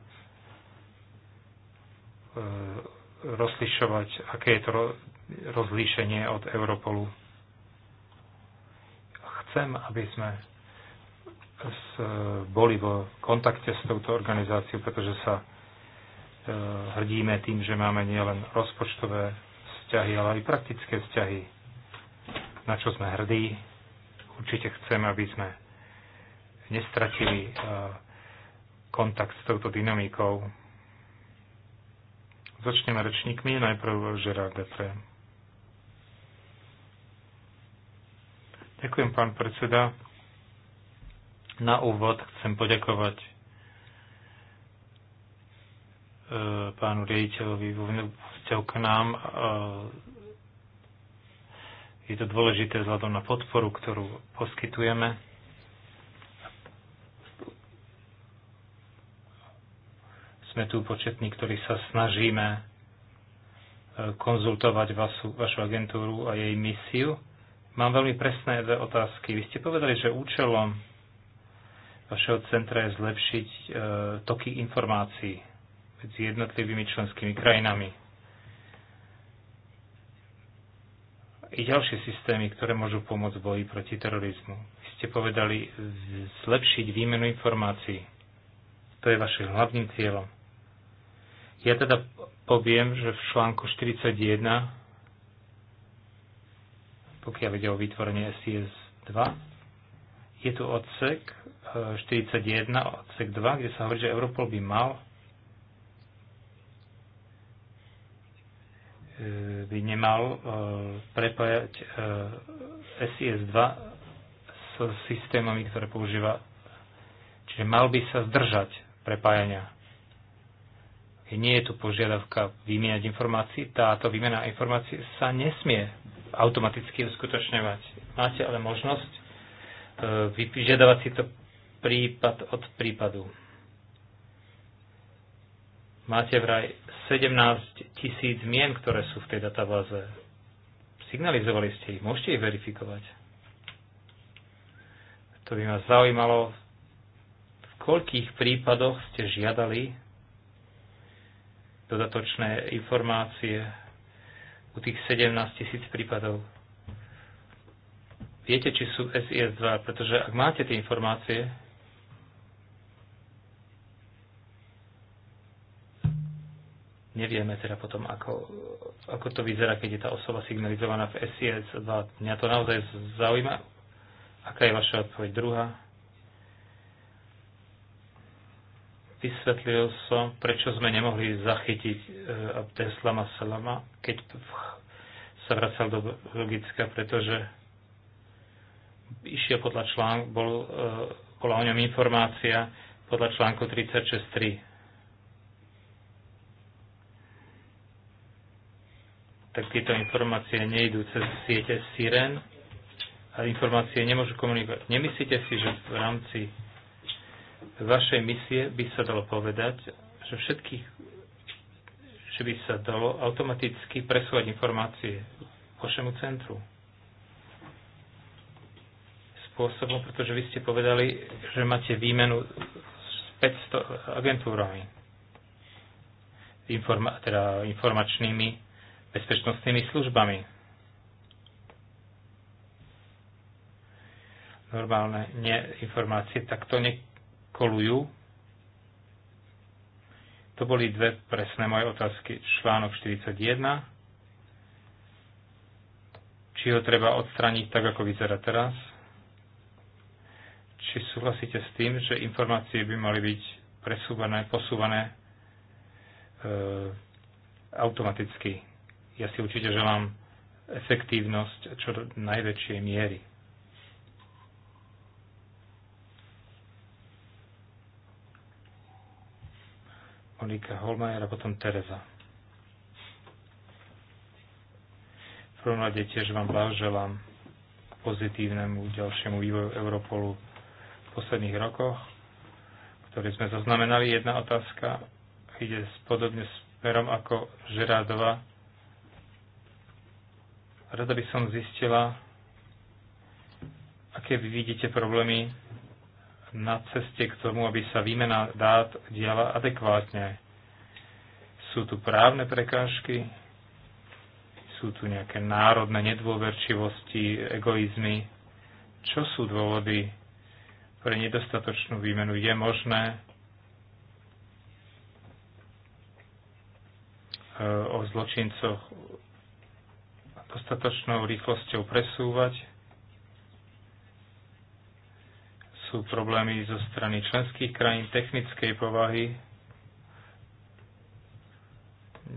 rozlišovať, aké je to rozlíšenie od Europolu. Chcem, aby sme boli v kontakte s touto organizáciou, pretože sa Eh, hrdíme tým, že máme nielen rozpočtové vzťahy, ale aj praktické vzťahy, na čo sme hrdí. Určite chcem, aby sme nestratili eh, kontakt s touto dynamikou. Začneme rečníkmi, najprv Žerard Depre. Ďakujem, pán predseda. Na úvod chcem poďakovať E, pánu riaditeľovi vo vzťahu k nám. E, je to dôležité vzhľadom na podporu, ktorú poskytujeme. Sme tu početní, ktorí sa snažíme e, konzultovať vašu, vašu agentúru a jej misiu. Mám veľmi presné dve otázky. Vy ste povedali, že účelom vašeho centra je zlepšiť e, toky informácií medzi jednotlivými členskými krajinami. I ďalšie systémy, ktoré môžu pomôcť v boji proti terorizmu. Vy ste povedali zlepšiť výmenu informácií. To je vašim hlavným cieľom. Ja teda poviem, že v článku 41, pokiaľ ide o vytvorenie SIS 2, je tu odsek 41, e, odsek 2, kde sa hovorí, že Europol by mal Eh, by nemal eh, prepájať eh, SIS-2 s systémami, ktoré používa. Čiže mal by sa zdržať prepájania. Keď nie je tu požiadavka vymieňať informácií, táto výmena informácií sa nesmie automaticky uskutočňovať. Máte ale možnosť vyžiadavať si to prípad od prípadu. Máte vraj 17 tisíc mien, ktoré sú v tej databáze. Signalizovali ste ich, môžete ich verifikovať. To by ma zaujímalo, v koľkých prípadoch ste žiadali dodatočné informácie u tých 17 tisíc prípadov. Viete, či sú SIS-2, pretože ak máte tie informácie, Nevieme teda potom, ako, ako to vyzerá, keď je tá osoba signalizovaná v SIS 2. Mňa to naozaj zaujíma. Aká je vaša odpoveď druhá? Vysvetlil som, prečo sme nemohli zachytiť e, Abdeslama Salama, keď sa vracal do logická, pretože išiel podľa článku, bol, e, bola o ňom informácia podľa článku 36.3 tak tieto informácie nejdú cez siete SIREN a informácie nemôžu komunikovať. Nemyslíte si, že v rámci vašej misie by sa dalo povedať, že všetkých že by sa dalo automaticky presúvať informácie vašemu centru. Spôsobom, pretože vy ste povedali, že máte výmenu s 500 agentúrami, informa- teda informačnými bezpečnostnými službami. Normálne nie, informácie takto nekolujú. To boli dve presné moje otázky. Článok 41. Či ho treba odstraniť tak, ako vyzerá teraz? Či súhlasíte s tým, že informácie by mali byť presúvané, posúvané e, automaticky ja si určite želám efektívnosť čo do najväčšej miery. Monika Holmajer a potom Tereza. V prvom rade tiež vám blahoželám pozitívnemu ďalšiemu vývoju Europolu v posledných rokoch, ktorý sme zaznamenali. Jedna otázka ide podobne smerom ako Žerádova Rada by som zistila, aké vy vidíte problémy na ceste k tomu, aby sa výmena dát diala adekvátne. Sú tu právne prekážky, sú tu nejaké národné nedôverčivosti, egoizmy. Čo sú dôvody pre nedostatočnú výmenu? Je možné e, o zločincoch dostatočnou rýchlosťou presúvať. Sú problémy zo strany členských krajín technickej povahy.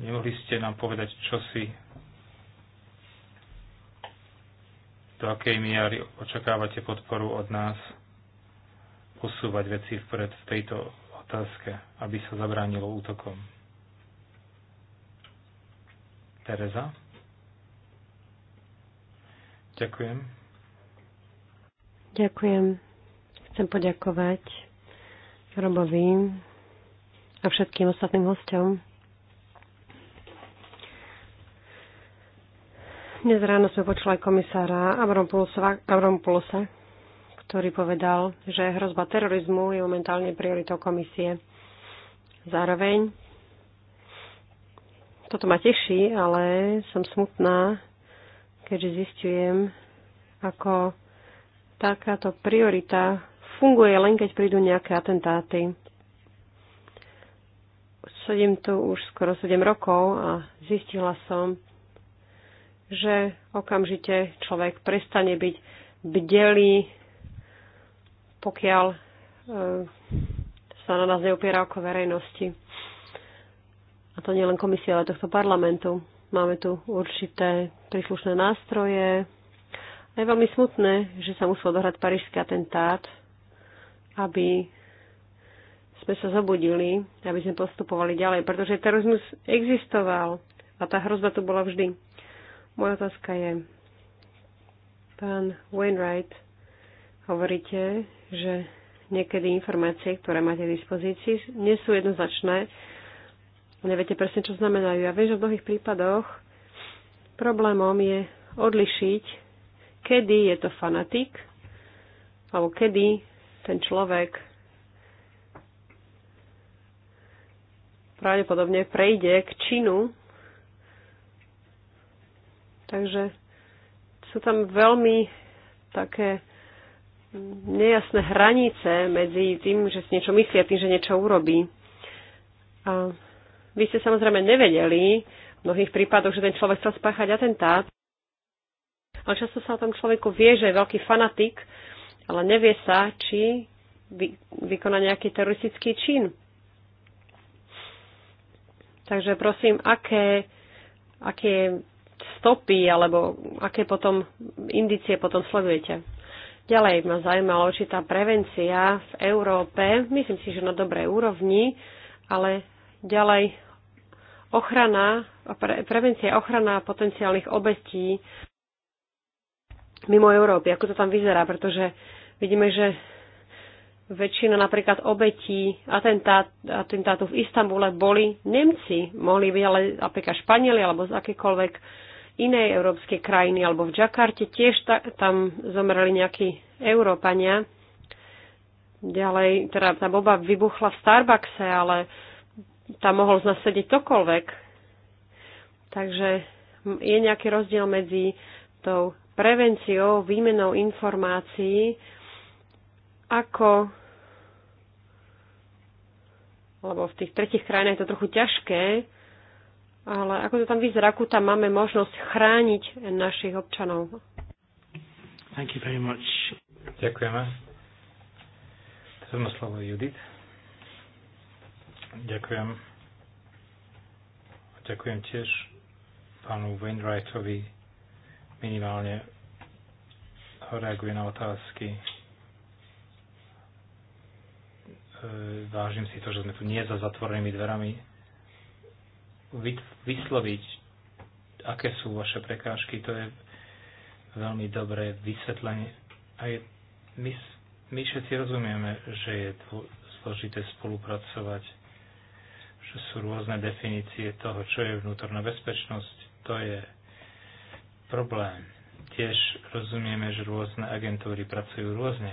Nemohli ste nám povedať, čo si do akej miary očakávate podporu od nás posúvať veci vpred v tejto otázke, aby sa zabránilo útokom. Tereza? Ďakujem. Ďakujem. Chcem poďakovať Robovi a všetkým ostatným hostom. Dnes ráno sme počuli aj komisára Avrompulosa, ktorý povedal, že hrozba terorizmu je momentálne prioritou komisie. Zároveň toto ma teší, ale som smutná, keďže zistujem, ako takáto priorita funguje len keď prídu nejaké atentáty. Sedím tu už skoro 7 rokov a zistila som, že okamžite človek prestane byť bdelý, pokiaľ e, sa na nás neupiera oko verejnosti. A to nie len komisia, ale tohto parlamentu. Máme tu určité príslušné nástroje. A je veľmi smutné, že sa musel dohrať parížský atentát, aby sme sa zobudili, aby sme postupovali ďalej, pretože terorizmus existoval a tá hrozba tu bola vždy. Moja otázka je, pán Wainwright, hovoríte, že niekedy informácie, ktoré máte v dispozícii, nie sú jednoznačné neviete presne, čo znamenajú. Ja viem, že v mnohých prípadoch problémom je odlišiť, kedy je to fanatik, alebo kedy ten človek pravdepodobne prejde k činu. Takže sú tam veľmi také nejasné hranice medzi tým, že si niečo myslí a tým, že niečo urobí. A vy ste samozrejme nevedeli v mnohých prípadoch, že ten človek chcel spáchať atentát, ale často sa o tom človeku vie, že je veľký fanatik, ale nevie sa, či vy, vykoná nejaký teroristický čin. Takže prosím, aké, aké stopy alebo aké potom indicie potom sledujete. Ďalej ma zaujímala určitá prevencia v Európe. Myslím si, že na dobrej úrovni, ale ďalej ochrana, pre, prevencia ochrana potenciálnych obetí mimo Európy, ako to tam vyzerá, pretože vidíme, že väčšina napríklad obetí atentát, atentátu v Istambule boli Nemci. Mohli byť ale napríklad Španieli alebo z akékoľvek inej európskej krajiny alebo v Džakarte tiež ta, tam zomreli nejakí Európania. Ďalej, teda tá boba vybuchla v Starbuckse, ale tam mohol z nás sedieť Takže je nejaký rozdiel medzi tou prevenciou, výmenou informácií, ako lebo v tých tretich krajinách je to trochu ťažké, ale ako to tam vyzerá, akú tam máme možnosť chrániť našich občanov. Thank you very much. Ďakujeme. Teraz má slovo Judith. Ďakujem. Ďakujem tiež pánu Wainwrightovi minimálne reaguje na otázky. E, vážim si to, že sme tu nie za zatvorenými dverami. Vysloviť, aké sú vaše prekážky, to je veľmi dobré vysvetlenie. Aj my, my všetci rozumieme, že je dô, zložité spolupracovať že sú rôzne definície toho, čo je vnútorná bezpečnosť. To je problém. Tiež rozumieme, že rôzne agentúry pracujú rôzne.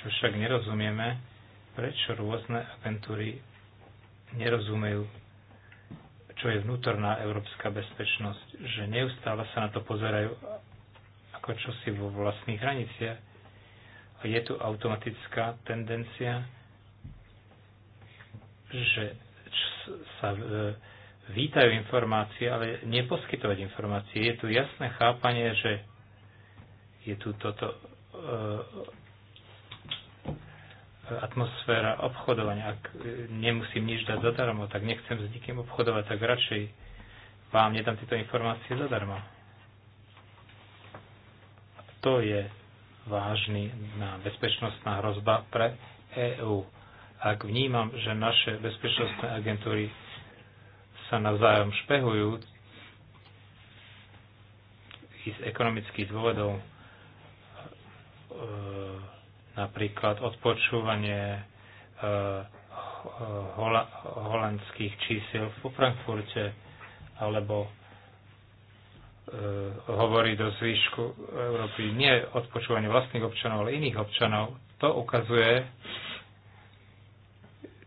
Čo však nerozumieme, prečo rôzne agentúry nerozumejú, čo je vnútorná európska bezpečnosť, že neustále sa na to pozerajú ako čosi vo vlastných hraniciach. A je tu automatická tendencia že sa e, vítajú informácie, ale neposkytovať informácie. Je tu jasné chápanie, že je tu toto e, atmosféra obchodovania. Ak e, nemusím nič dať zadarmo, tak nechcem s nikým obchodovať, tak radšej vám nedám tieto informácie zadarmo. To je na bezpečnostná hrozba pre EÚ ak vnímam, že naše bezpečnostné agentúry sa navzájom špehujú i z ekonomických dôvodov, e, napríklad odpočúvanie e, hola, holandských čísiel v Frankfurte alebo e, hovorí do zvyšku Európy nie odpočúvanie vlastných občanov, ale iných občanov. To ukazuje,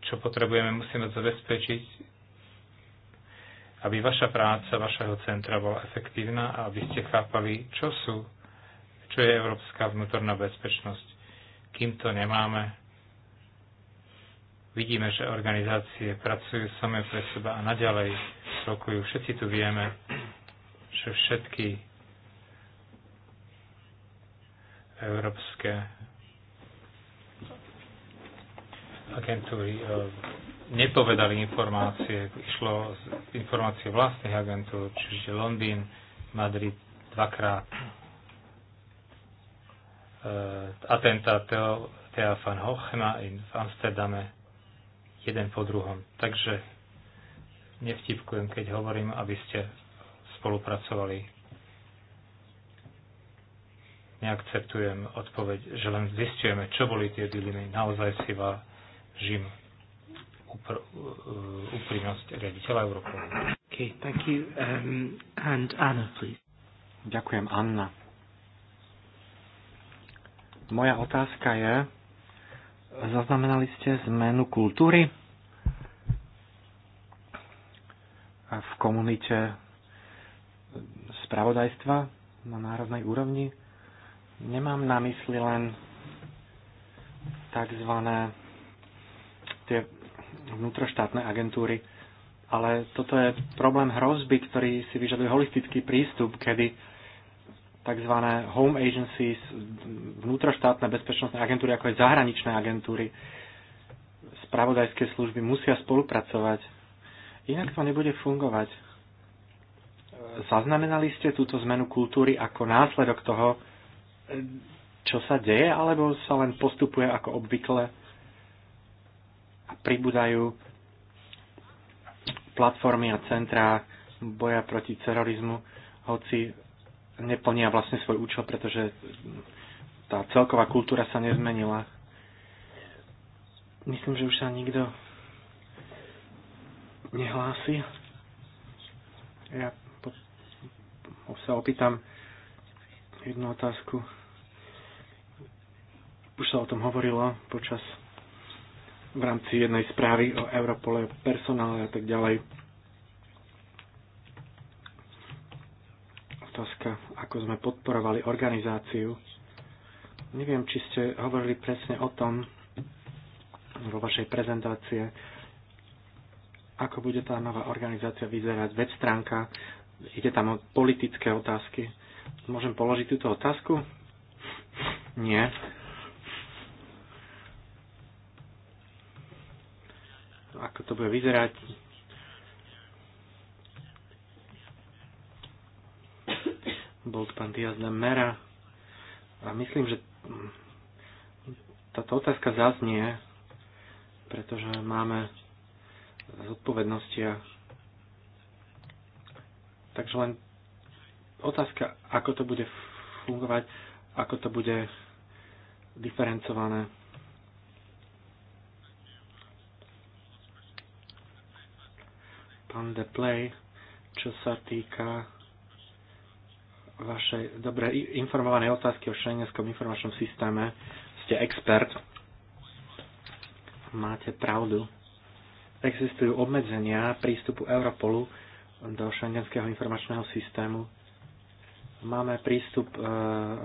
čo potrebujeme, musíme zabezpečiť, aby vaša práca, vašeho centra bola efektívna a aby ste chápali, čo sú, čo je európska vnútorná bezpečnosť. Kým to nemáme, vidíme, že organizácie pracujú samé pre seba a naďalej rokujú. Všetci tu vieme, že všetky európske agentúry e, nepovedali informácie, išlo z informácie vlastných agentúr, čiže Londýn, Madrid dvakrát, e, atentát Thea van Hochna v Amsterdame jeden po druhom. Takže nevtipkujem, keď hovorím, aby ste spolupracovali. Neakceptujem odpoveď, že len zistujeme, čo boli tie dilemy. Naozaj si vás žim upr- uh, riaditeľa Európolu. Okay, thank you. Um, and Anna, please. Ďakujem, Anna. Moja otázka je, zaznamenali ste zmenu kultúry v komunite spravodajstva na národnej úrovni? Nemám na mysli len takzvané tie vnútroštátne agentúry. Ale toto je problém hrozby, ktorý si vyžaduje holistický prístup, kedy tzv. home agencies, vnútroštátne bezpečnostné agentúry, ako aj zahraničné agentúry, spravodajské služby musia spolupracovať. Inak to nebude fungovať. Zaznamenali ste túto zmenu kultúry ako následok toho, čo sa deje, alebo sa len postupuje ako obvykle pribúdajú platformy a centrá boja proti terorizmu, hoci neplnia vlastne svoj účel, pretože tá celková kultúra sa nezmenila. Myslím, že už sa nikto nehlási. Ja sa opýtam jednu otázku. Už sa o tom hovorilo počas v rámci jednej správy o Europole, personále a tak ďalej. Otázka, ako sme podporovali organizáciu. Neviem, či ste hovorili presne o tom vo vašej prezentácie, ako bude tá nová organizácia vyzerať, web stránka, ide tam o politické otázky. Môžem položiť túto otázku? Nie. ako to bude vyzerať. Bol pán Diaz de Mera a myslím, že táto otázka zaznie, pretože máme zodpovednosti a takže len otázka, ako to bude fungovať, ako to bude diferencované. pán play, čo sa týka vašej dobre informovanej otázky o šengenskom informačnom systéme. Ste expert. Máte pravdu. Existujú obmedzenia prístupu Europolu do šengenského informačného systému. Máme prístup e,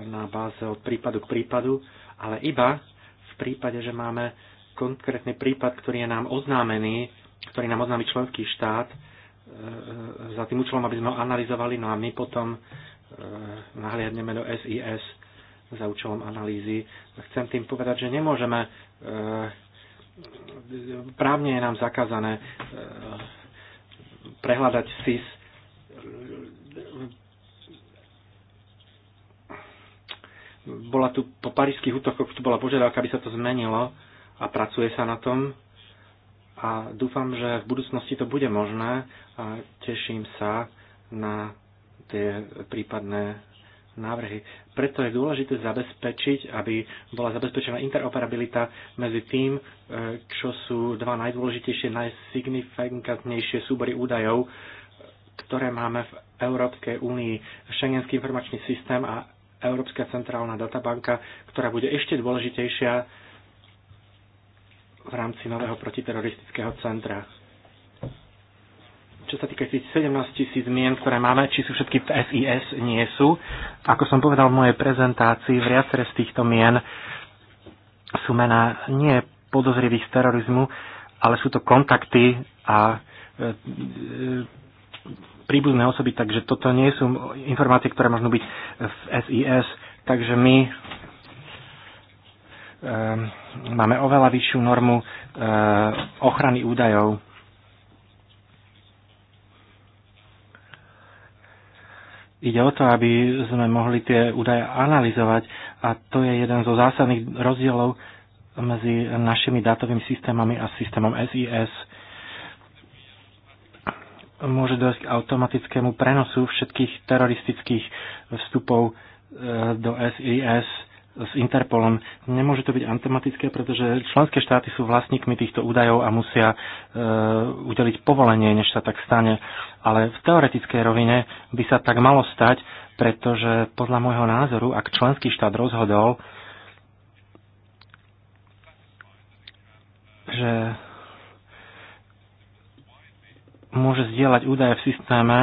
na báze od prípadu k prípadu, ale iba v prípade, že máme konkrétny prípad, ktorý je nám oznámený ktorý nám oznámi členský štát e, e, za tým účelom, aby sme ho analyzovali, no a my potom e, nahliadneme do SIS za účelom analýzy. Chcem tým povedať, že nemôžeme, právne je nám zakázané prehľadať SIS bola tu po parížských útokoch, tu bola požiadavka, aby sa to zmenilo a pracuje sa na tom a dúfam, že v budúcnosti to bude možné a teším sa na tie prípadné návrhy. Preto je dôležité zabezpečiť, aby bola zabezpečená interoperabilita medzi tým, e, čo sú dva najdôležitejšie, najsignifikantnejšie súbory údajov, ktoré máme v Európskej únii. Schengenský informačný systém a Európska centrálna databanka, ktorá bude ešte dôležitejšia v rámci nového protiteroristického centra. Čo sa týka tých 17 tisíc mien, ktoré máme, či sú všetky v SIS, nie sú. Ako som povedal v mojej prezentácii, v viacere z týchto mien sú mená nie podozrivých z terorizmu, ale sú to kontakty a e, e, príbuzné osoby, takže toto nie sú informácie, ktoré možno byť v SIS, takže my Ehm, máme oveľa vyššiu normu ehm, ochrany údajov. Ide o to, aby sme mohli tie údaje analyzovať a to je jeden zo zásadných rozdielov medzi našimi dátovými systémami a systémom SIS. Môže dojsť k automatickému prenosu všetkých teroristických vstupov ehm, do SIS s Interpolom. Nemôže to byť antematické, pretože členské štáty sú vlastníkmi týchto údajov a musia e, udeliť povolenie, než sa tak stane. Ale v teoretickej rovine by sa tak malo stať, pretože podľa môjho názoru, ak členský štát rozhodol, že môže zdieľať údaje v systéme,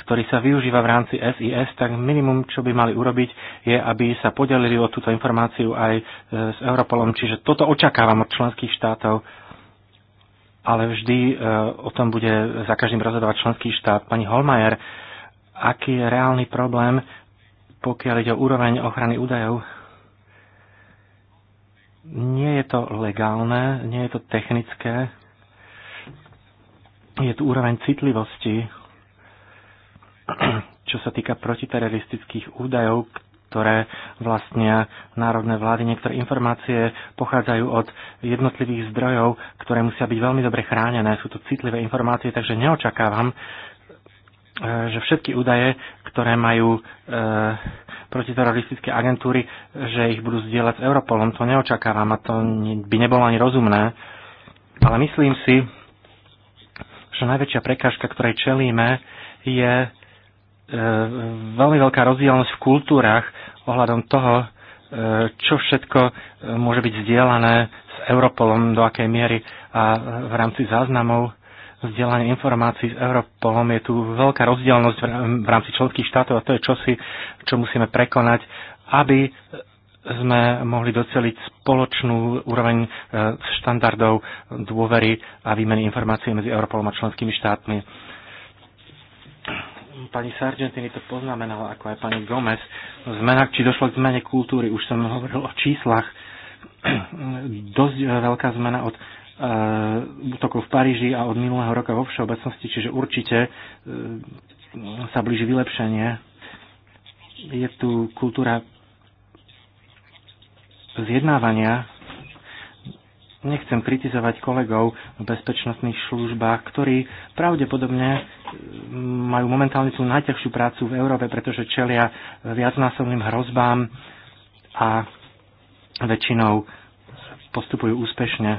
ktorý sa využíva v rámci SIS, tak minimum, čo by mali urobiť, je, aby sa podelili o túto informáciu aj e, s Europolom. Čiže toto očakávam od členských štátov, ale vždy e, o tom bude za každým rozhodovať členský štát. Pani Holmajer, aký je reálny problém, pokiaľ ide o úroveň ochrany údajov? Nie je to legálne, nie je to technické, je tu úroveň citlivosti čo sa týka protiteroristických údajov, ktoré vlastne národné vlády. Niektoré informácie pochádzajú od jednotlivých zdrojov, ktoré musia byť veľmi dobre chránené. Sú to citlivé informácie, takže neočakávam, e, že všetky údaje, ktoré majú e, protiteroristické agentúry, že ich budú zdieľať s Europolom. To neočakávam a to by nebolo ani rozumné. Ale myslím si, že najväčšia prekážka, ktorej čelíme, je E, veľmi veľká rozdielnosť v kultúrach ohľadom toho, e, čo všetko e, môže byť vzdielané s Europolom, do akej miery a v rámci záznamov vzdielanie informácií s Europolom je tu veľká rozdielnosť v rámci členských štátov a to je čosi, čo musíme prekonať, aby sme mohli doceliť spoločnú úroveň štandardov dôvery a výmeny informácií medzi Europolom a členskými štátmi pani Sargentini to poznamenala, ako aj pani Gomez, zmena, či došlo k zmene kultúry, už som hovoril o číslach, dosť e, veľká zmena od e, útokov v Paríži a od minulého roka vo všeobecnosti, čiže určite e, sa blíži vylepšenie. Je tu kultúra zjednávania nechcem kritizovať kolegov v bezpečnostných službách, ktorí pravdepodobne e, majú momentálne tú najťažšiu prácu v Európe, pretože čelia viacnásobným hrozbám a väčšinou postupujú úspešne.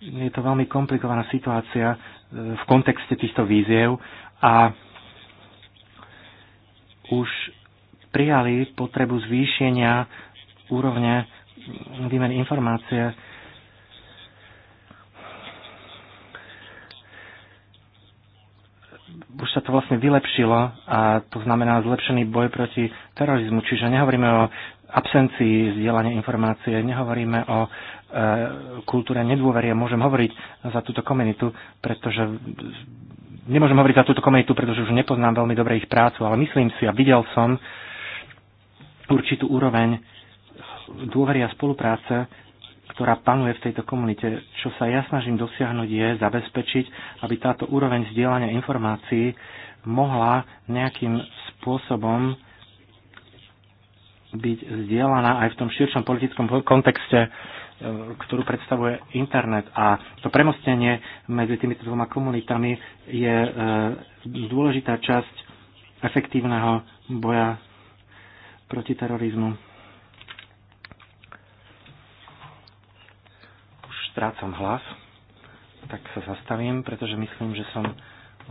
Je to veľmi komplikovaná situácia e, v kontexte týchto víziev a už prijali potrebu zvýšenia úrovne výmeny informácie už sa to vlastne vylepšilo a to znamená zlepšený boj proti terorizmu. Čiže nehovoríme o absencii vzdielania informácie, nehovoríme o e, kultúre nedôveria. Môžem hovoriť za túto komunitu, pretože nemôžem hovoriť za túto komunitu, pretože už nepoznám veľmi dobre ich prácu, ale myslím si a videl som určitú úroveň dôveria spolupráce ktorá panuje v tejto komunite. Čo sa ja snažím dosiahnuť je zabezpečiť, aby táto úroveň vzdielania informácií mohla nejakým spôsobom byť vzdielaná aj v tom širšom politickom kontexte, e, ktorú predstavuje internet. A to premostenie medzi týmito dvoma komunitami je e, dôležitá časť efektívneho boja proti terorizmu. strácam hlas, tak sa zastavím, pretože myslím, že som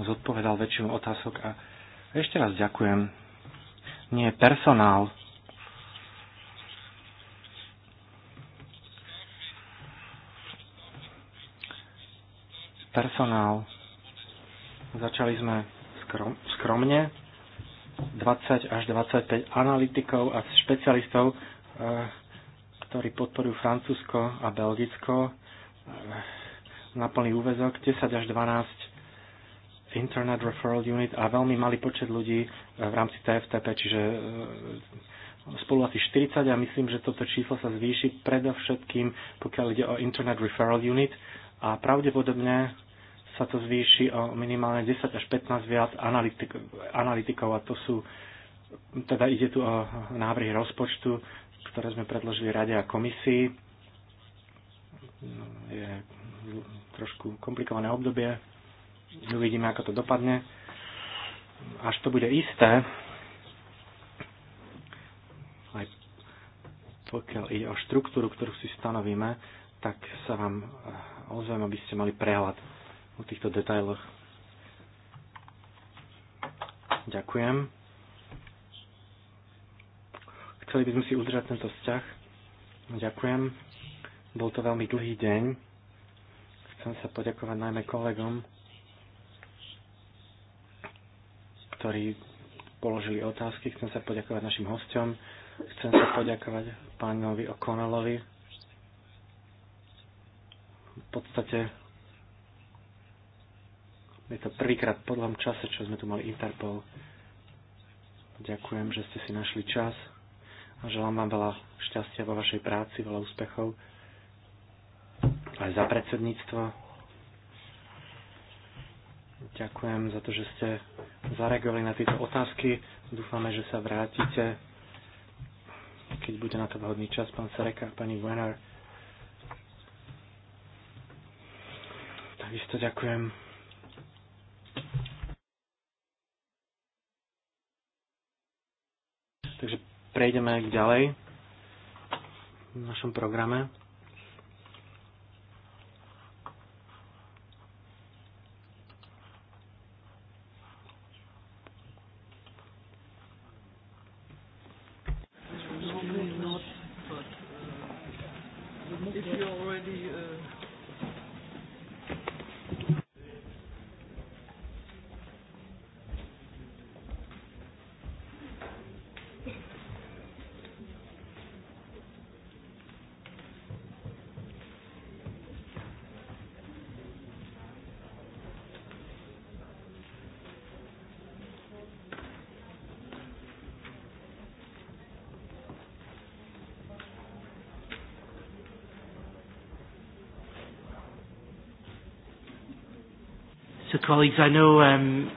zodpovedal väčšinu otázok a ešte raz ďakujem. Nie personál. Personál. Začali sme skrom, skromne. 20 až 25 analytikov a špecialistov, eh, ktorí podporujú Francúzsko a Belgicko na plný úvezok, 10 až 12 Internet Referral Unit a veľmi malý počet ľudí e, v rámci TFTP, čiže e, spolu asi 40 a myslím, že toto číslo sa zvýši predovšetkým, pokiaľ ide o Internet Referral Unit a pravdepodobne sa to zvýši o minimálne 10 až 15 viac analytik, analytikov a to sú, teda ide tu o návrhy rozpočtu, ktoré sme predložili Rade a komisii No, je trošku komplikované obdobie. Uvidíme, ako to dopadne. Až to bude isté, aj pokiaľ ide o štruktúru, ktorú si stanovíme, tak sa vám eh, ozvem, aby ste mali prehľad o týchto detailoch. Ďakujem. Chceli by sme si udržať tento vzťah. Ďakujem. Bol to veľmi dlhý deň. Chcem sa poďakovať najmä kolegom, ktorí položili otázky. Chcem sa poďakovať našim hostom. Chcem sa poďakovať pánovi O'Connellovi. V podstate je to prvýkrát po dlhom čase, čo sme tu mali Interpol. Ďakujem, že ste si našli čas a želám vám veľa šťastia vo vašej práci, veľa úspechov aj za predsedníctvo. Ďakujem za to, že ste zareagovali na tieto otázky. Dúfame, že sa vrátite, keď bude na to vhodný čas, pán Sereka a pani Wenner. Takisto ďakujem. Takže prejdeme ďalej v našom programe. colleagues, I know um,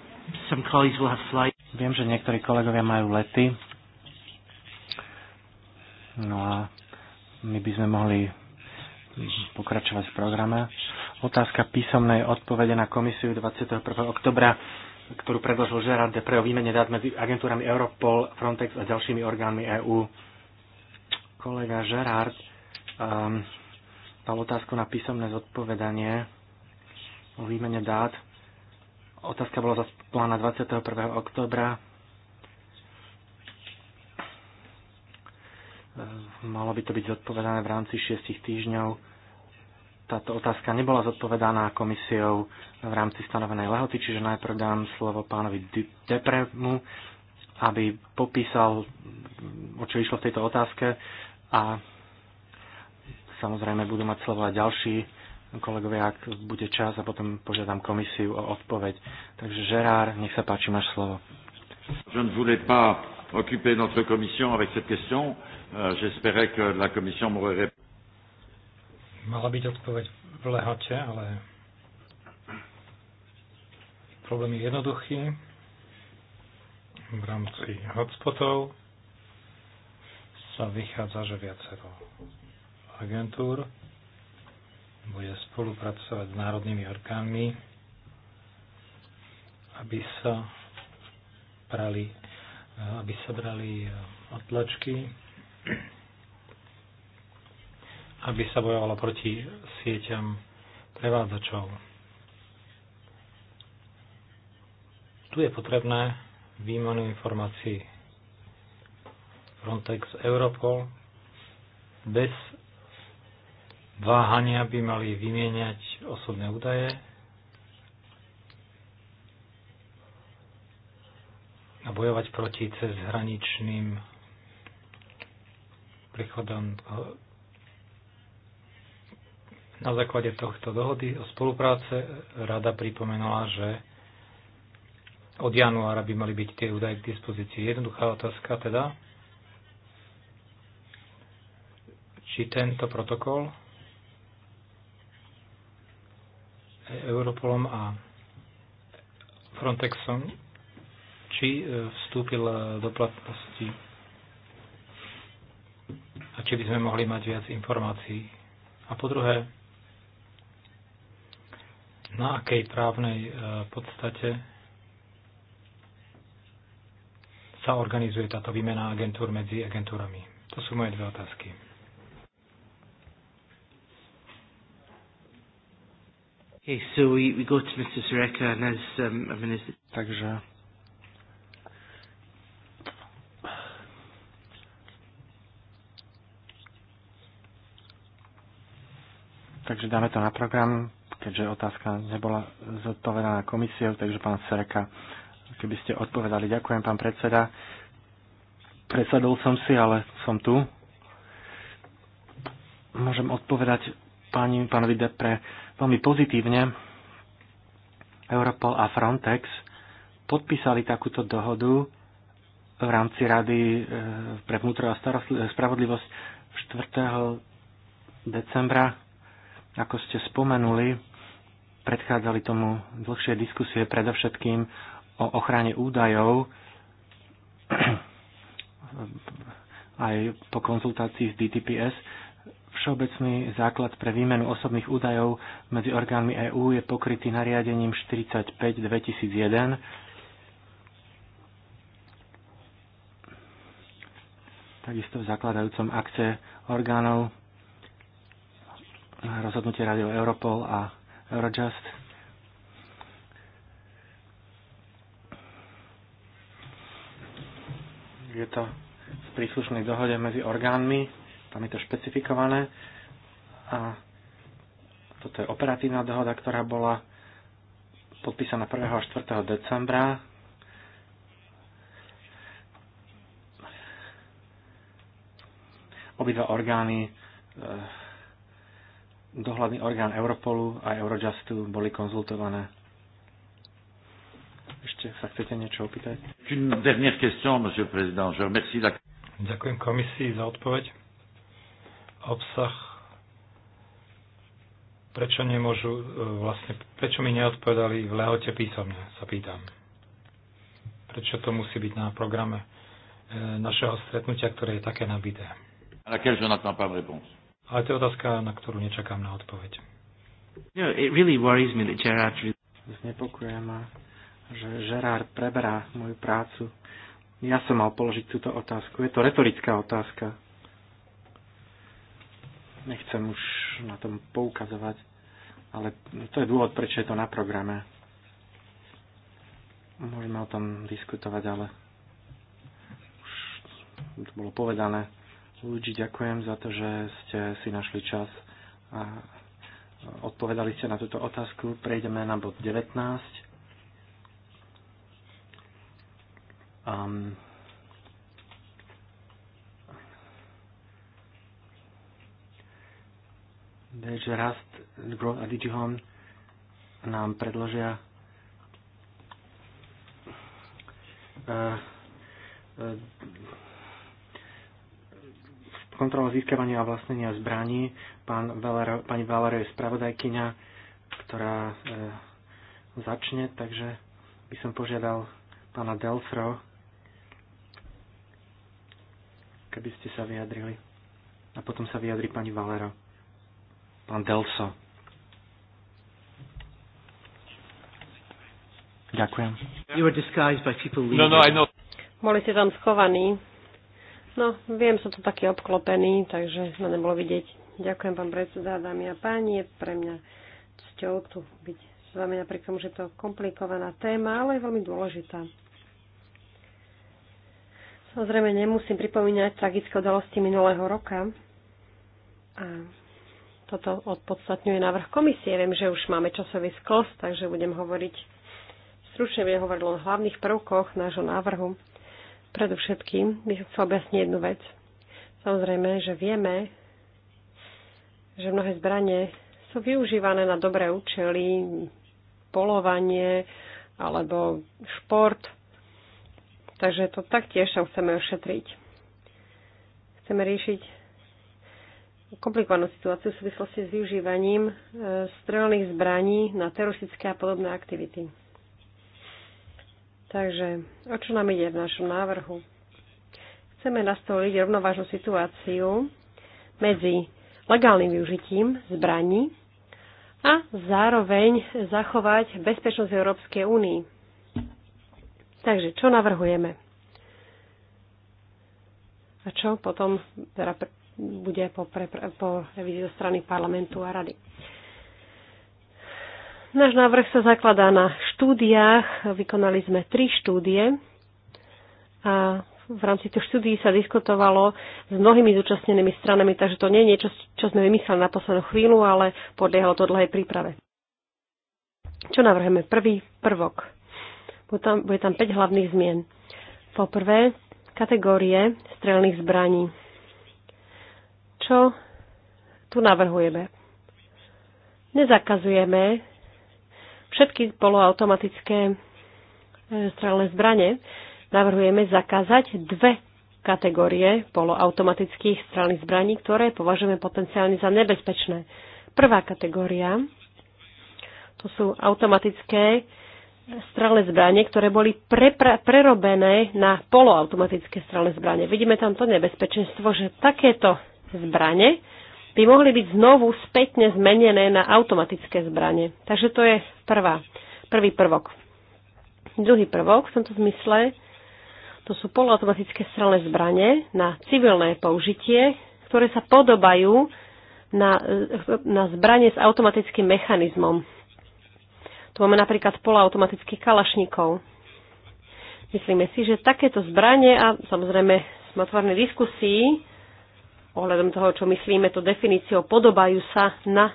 some colleagues will have flights. Viem, že niektorí kolegovia majú lety. No a my by sme mohli pokračovať v programe. Otázka písomnej odpovede na komisiu 21. oktobra, ktorú predložil Gerard Depre o výmene dát medzi agentúrami Europol, Frontex a ďalšími orgánmi EÚ. Kolega Gerard um, dal otázku na písomné zodpovedanie o výmene dát otázka bola zasplánovaná 21. oktobra. E, malo by to byť zodpovedané v rámci 6 týždňov. Táto otázka nebola zodpovedaná komisiou v rámci stanovenej lehoty, čiže najprv dám slovo pánovi Depremu, aby popísal, o čo išlo v tejto otázke a samozrejme budú mať slovo aj ďalší Kolegovia, ak bude čas a potom požiadam komisiu o odpoveď. Takže Žerár, nech sa páči, máš slovo. Je ne voulais pas occuper notre commission avec cette question. Euh, j'espérais que la commission m'aurait répondu. Mala byť odpoveď v lehote, ale problém je jednoduchý. V rámci hotspotov sa vychádza, že viacero agentúr bude spolupracovať s národnými orgánmi, aby sa brali, aby sa brali e, otlačky, aby sa bojovalo proti sieťam prevádzačov. Tu je potrebné výmenu informácií Frontex Europol bez váhania by mali vymieňať osobné údaje. a bojovať proti cezhraničným prechodom na základe tohto dohody o spolupráce rada pripomenula, že od januára by mali byť tie údaje k dispozícii. Jednoduchá otázka teda, či tento protokol Europolom a Frontexom, či e, vstúpil e, do platnosti a či by sme mohli mať viac informácií. A po druhé, na akej právnej e, podstate sa organizuje táto výmena agentúr medzi agentúrami. To sú moje dve otázky. Okay, so we, we go to Mr. Sureka and as um, I mean, Takže Takže dáme to na program, keďže otázka nebola zodpovedaná komisiou, takže pán Sereka, keby ste odpovedali, ďakujem pán predseda. Presadol som si, ale som tu. Môžem odpovedať pani, pánovi Depre veľmi pozitívne. Europol a Frontex podpísali takúto dohodu v rámci Rady e, pre vnútro a e, spravodlivosť 4. decembra. Ako ste spomenuli, predchádzali tomu dlhšie diskusie predovšetkým o ochrane údajov aj po konzultácii s DTPS. Všeobecný základ pre výmenu osobných údajov medzi orgánmi EÚ je pokrytý nariadením 45-2001 takisto v zakladajúcom akce orgánov rozhodnutie Radio Europol a Eurojust. Je to v príslušnej dohode medzi orgánmi tam je to špecifikované a toto je operatívna dohoda, ktorá bola podpísaná 1. a 4. decembra. Obidva orgány, e, dohľadný orgán Europolu a Eurojustu boli konzultované. Ešte sa chcete niečo opýtať? Ďakujem komisii za odpoveď obsah, prečo nemôžu, e, vlastne, prečo mi neodpovedali v lehote písomne, sa pýtam. Prečo to musí byť na programe e, našeho stretnutia, ktoré je také nabité. Ale to je otázka, na ktorú nečakám na odpoveď. No, it really worries me that Gerard... Znepokuje ma, že Gerard preberá moju prácu. Ja som mal položiť túto otázku. Je to retorická otázka. Nechcem už na tom poukazovať, ale to je dôvod, prečo je to na programe. Môžeme o tom diskutovať, ale už to bolo povedané. Luigi, ďakujem za to, že ste si našli čas a odpovedali ste na túto otázku. Prejdeme na bod 19. Um, Dež Rast, Growth a Digihon nám predložia eh, eh, kontrola získavania a vlastnenia zbraní. Pán pani Valero je spravodajkyňa, ktorá eh, začne, takže by som požiadal pána Delfro, keby ste sa vyjadrili. A potom sa vyjadri pani Valero. Pán Delso. Ďakujem. You were disguised by people leaving. No, no, I know. Boli ste tam schovaní. No, viem, som to taký obklopený, takže ma nebolo vidieť. Ďakujem, pán predseda, dámy a páni. Je pre mňa cťou tu byť s vami, napriek tomu, že je to komplikovaná téma, ale je veľmi dôležitá. Samozrejme, nemusím pripomínať tragické udalosti minulého roka. A toto odpodstatňuje návrh komisie. Viem, že už máme časový sklos, takže budem hovoriť stručne, budem hovoriť o hlavných prvkoch nášho návrhu. Predovšetkým by som chcel objasniť jednu vec. Samozrejme, že vieme, že mnohé zbranie sú využívané na dobré účely, polovanie alebo šport. Takže to taktiež sa chceme ošetriť. Chceme riešiť komplikovanú situáciu v súvislosti s využívaním e, strelných zbraní na teroristické a podobné aktivity. Takže o čo nám ide v našom návrhu? Chceme nastoliť rovnovážnu situáciu medzi legálnym využitím zbraní a zároveň zachovať bezpečnosť Európskej únii. Takže čo navrhujeme? A čo potom teda bude po, pre, po revízii zo strany parlamentu a rady. Náš návrh sa zakladá na štúdiách. Vykonali sme tri štúdie a v rámci tých štúdií sa diskutovalo s mnohými zúčastnenými stranami, takže to nie je niečo, čo sme vymysleli na poslednú chvíľu, ale podliehalo to dlhej príprave. Čo navrhujeme? Prvý prvok. Bude tam, bude tam 5 hlavných zmien. Po prvé, kategórie strelných zbraní. Čo tu navrhujeme? Nezakazujeme všetky poloautomatické e, strelné zbranie. Navrhujeme zakázať dve kategórie poloautomatických strelných zbraní, ktoré považujeme potenciálne za nebezpečné. Prvá kategória to sú automatické strelné zbranie, ktoré boli prepra- prerobené na poloautomatické strelné zbranie. Vidíme tam to nebezpečenstvo, že takéto zbrane by mohli byť znovu spätne zmenené na automatické zbranie. Takže to je prvá, prvý prvok. Druhý prvok v tomto zmysle to sú poloautomatické strelné zbranie na civilné použitie, ktoré sa podobajú na, na zbranie s automatickým mechanizmom. Tu máme napríklad poloautomatický kalašníkov. Myslíme si, že takéto zbranie a samozrejme sme otvorení diskusii, ohľadom toho, čo myslíme, to definíciou podobajú sa na e,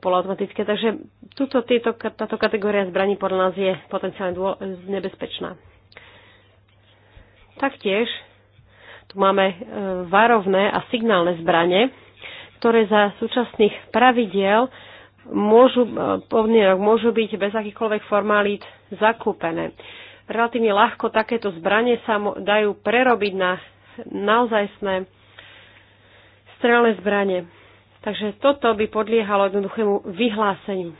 poloautomatické. Takže tuto, tieto, táto kategória zbraní podľa nás je potenciálne dô, e, nebezpečná. Taktiež tu máme e, varovné a signálne zbranie, ktoré za súčasných pravidiel môžu, podmienok môžu byť bez akýchkoľvek formálít zakúpené. Relatívne ľahko takéto zbranie sa dajú prerobiť na naozajstné strelné zbranie. Takže toto by podliehalo jednoduchému vyhláseniu.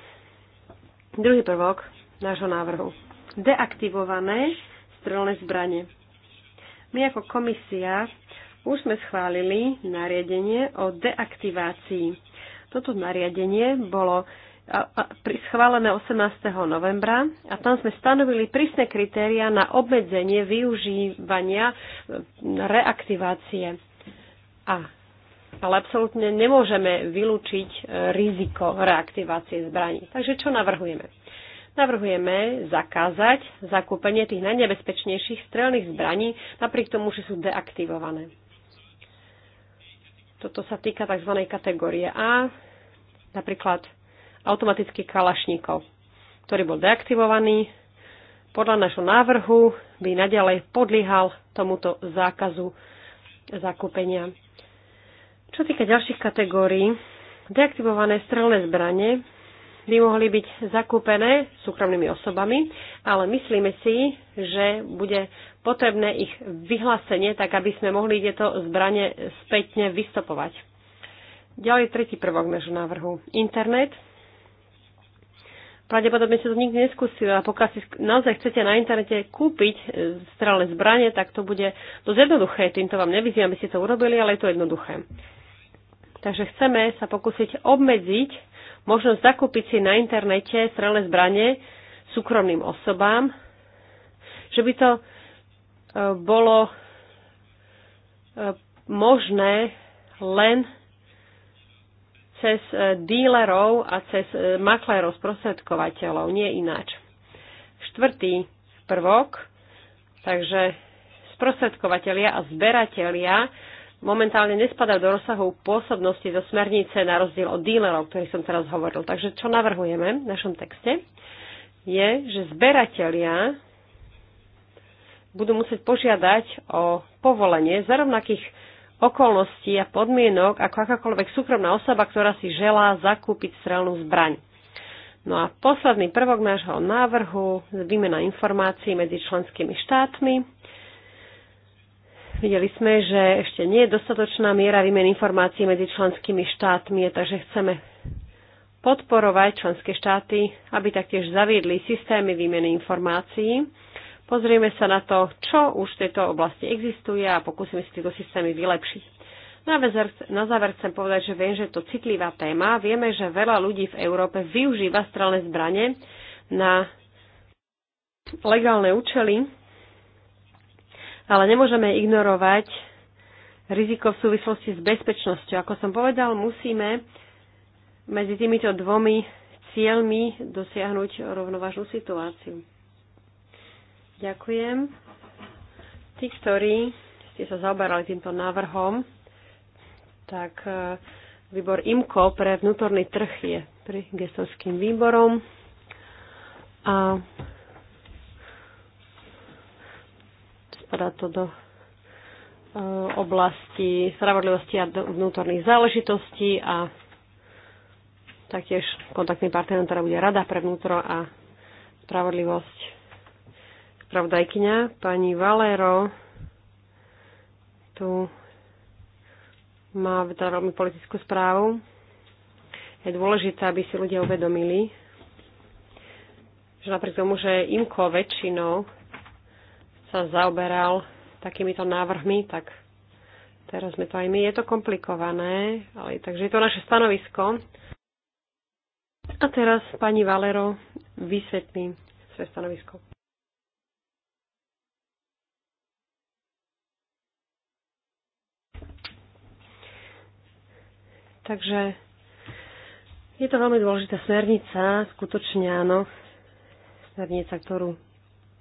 Druhý prvok nášho návrhu. Deaktivované strelné zbranie. My ako komisia už sme schválili nariadenie o deaktivácii. Toto nariadenie bolo schválené 18. novembra a tam sme stanovili prísne kritéria na obmedzenie využívania e, reaktivácie. A ale absolútne nemôžeme vylúčiť e, riziko reaktivácie zbraní. Takže čo navrhujeme? Navrhujeme zakázať zakúpenie tých najnebezpečnejších strelných zbraní, napriek tomu, že sú deaktivované. Toto sa týka tzv. kategórie A, napríklad automatický kalašníkov, ktorý bol deaktivovaný. Podľa našho návrhu by nadalej podliehal tomuto zákazu zakúpenia čo týka ďalších kategórií, deaktivované strelné zbranie by mohli byť zakúpené súkromnými osobami, ale myslíme si, že bude potrebné ich vyhlásenie, tak aby sme mohli tieto zbranie spätne vystopovať. Ďalej tretí prvok nášho návrhu. Internet. Pravdepodobne sa to nikdy neskúsil a pokiaľ si naozaj chcete na internete kúpiť e, strelné zbranie, tak to bude dosť jednoduché. Týmto vám nevyzývam, aby ste to urobili, ale je to jednoduché. Takže chceme sa pokúsiť obmedziť možnosť zakúpiť si na internete strelné zbranie súkromným osobám, že by to e, bolo e, možné len cez e, dílerov a cez maklérov, sprostredkovateľov, nie ináč. Štvrtý prvok, takže sprostredkovateľia a zberatelia momentálne nespadá do rozsahu pôsobnosti zo smernice na rozdiel od dílerov, o ktorých som teraz hovoril. Takže čo navrhujeme v našom texte je, že zberatelia budú musieť požiadať o povolenie za rovnakých okolností a podmienok ako akákoľvek súkromná osoba, ktorá si želá zakúpiť strelnú zbraň. No a posledný prvok nášho návrhu, výmena informácií medzi členskými štátmi. Videli sme, že ešte nie je dostatočná miera výmen informácií medzi členskými štátmi, takže chceme podporovať členské štáty, aby taktiež zaviedli systémy výmeny informácií. Pozrieme sa na to, čo už v tejto oblasti existuje a pokúsime si tieto systémy vylepšiť. Na záver, na záver chcem povedať, že viem, že je to citlivá téma. Vieme, že veľa ľudí v Európe využíva strelné zbranie na legálne účely ale nemôžeme ignorovať riziko v súvislosti s bezpečnosťou. Ako som povedal, musíme medzi týmito dvomi cieľmi dosiahnuť rovnovážnu situáciu. Ďakujem. Tí, ktorí ste sa zaoberali týmto návrhom, tak e, výbor IMKO pre vnútorný trh je pri gestorským výborom. A spadá to do e, oblasti spravodlivosti a vnútorných záležitostí a taktiež kontaktným partnerom, ktorá bude Rada pre vnútro a spravodlivosť. Spravodajkyňa pani Valero tu má teda veľmi politickú správu. Je dôležité, aby si ľudia uvedomili, že napriek tomu, že IMKO väčšinou sa zaoberal takýmito návrhmi, tak teraz sme to aj my. Je to komplikované, ale takže je to naše stanovisko. A teraz pani Valero vysvetlí svoje stanovisko. Takže je to veľmi dôležitá smernica, skutočne áno. Smernica, ktorú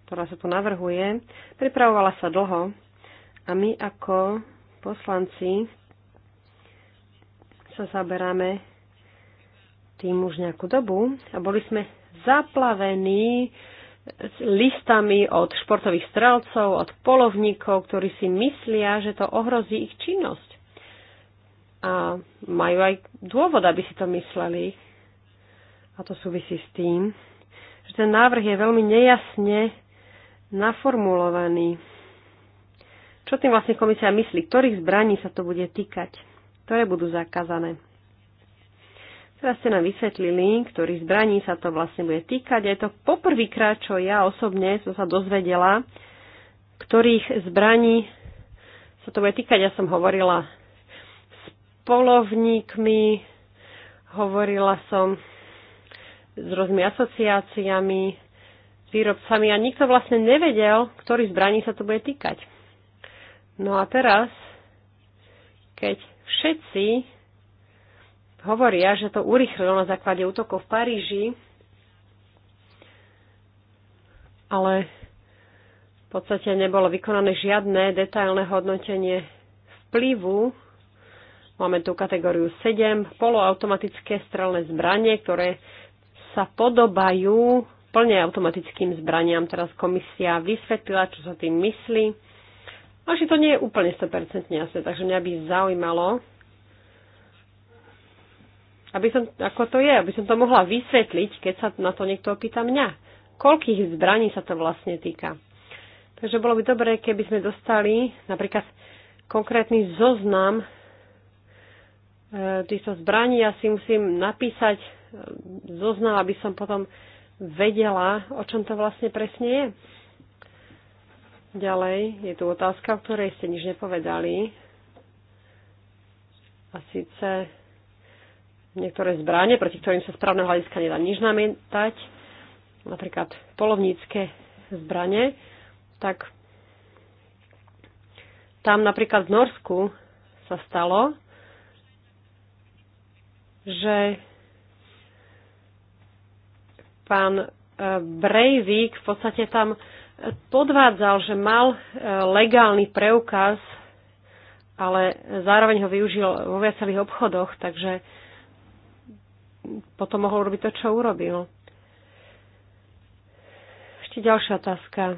ktorá sa tu navrhuje, pripravovala sa dlho a my ako poslanci sa zaberáme tým už nejakú dobu a boli sme zaplavení listami od športových strelcov, od polovníkov, ktorí si myslia, že to ohrozí ich činnosť. A majú aj dôvod, aby si to mysleli. A to súvisí s tým, že ten návrh je veľmi nejasne naformulovaný. Čo tým vlastne komisia myslí? Ktorých zbraní sa to bude týkať? Ktoré budú zakázané? Teraz ste nám vysvetlili, ktorých zbraní sa to vlastne bude týkať. je to poprvýkrát, čo ja osobne som sa dozvedela, ktorých zbraní sa to bude týkať. Ja som hovorila s polovníkmi, hovorila som s rôznymi asociáciami, výrobcami a nikto vlastne nevedel, ktorý zbraní sa to bude týkať. No a teraz, keď všetci hovoria, že to urychlilo na základe útokov v Paríži, ale v podstate nebolo vykonané žiadne detailné hodnotenie vplyvu. Máme tu kategóriu 7, poloautomatické strelné zbranie, ktoré sa podobajú plne automatickým zbraniam. Teraz komisia vysvetlila, čo sa tým myslí. Až to nie je úplne 100% jasné, takže mňa by zaujímalo, aby som, ako to je, aby som to mohla vysvetliť, keď sa na to niekto opýta mňa. Koľkých zbraní sa to vlastne týka? Takže bolo by dobré, keby sme dostali napríklad konkrétny zoznam e, týchto zbraní. Ja si musím napísať e, zoznam, aby som potom vedela, o čom to vlastne presne je. Ďalej je tu otázka, o ktorej ste nič nepovedali. A síce niektoré zbranie, proti ktorým sa správne hľadiska nedá nič namietať, napríklad polovnícke zbranie, tak tam napríklad v Norsku sa stalo, že pán e, Brejvík v podstate tam podvádzal, že mal e, legálny preukaz, ale zároveň ho využil vo viacerých obchodoch, takže potom mohol robiť to, čo urobil. Ešte ďalšia otázka.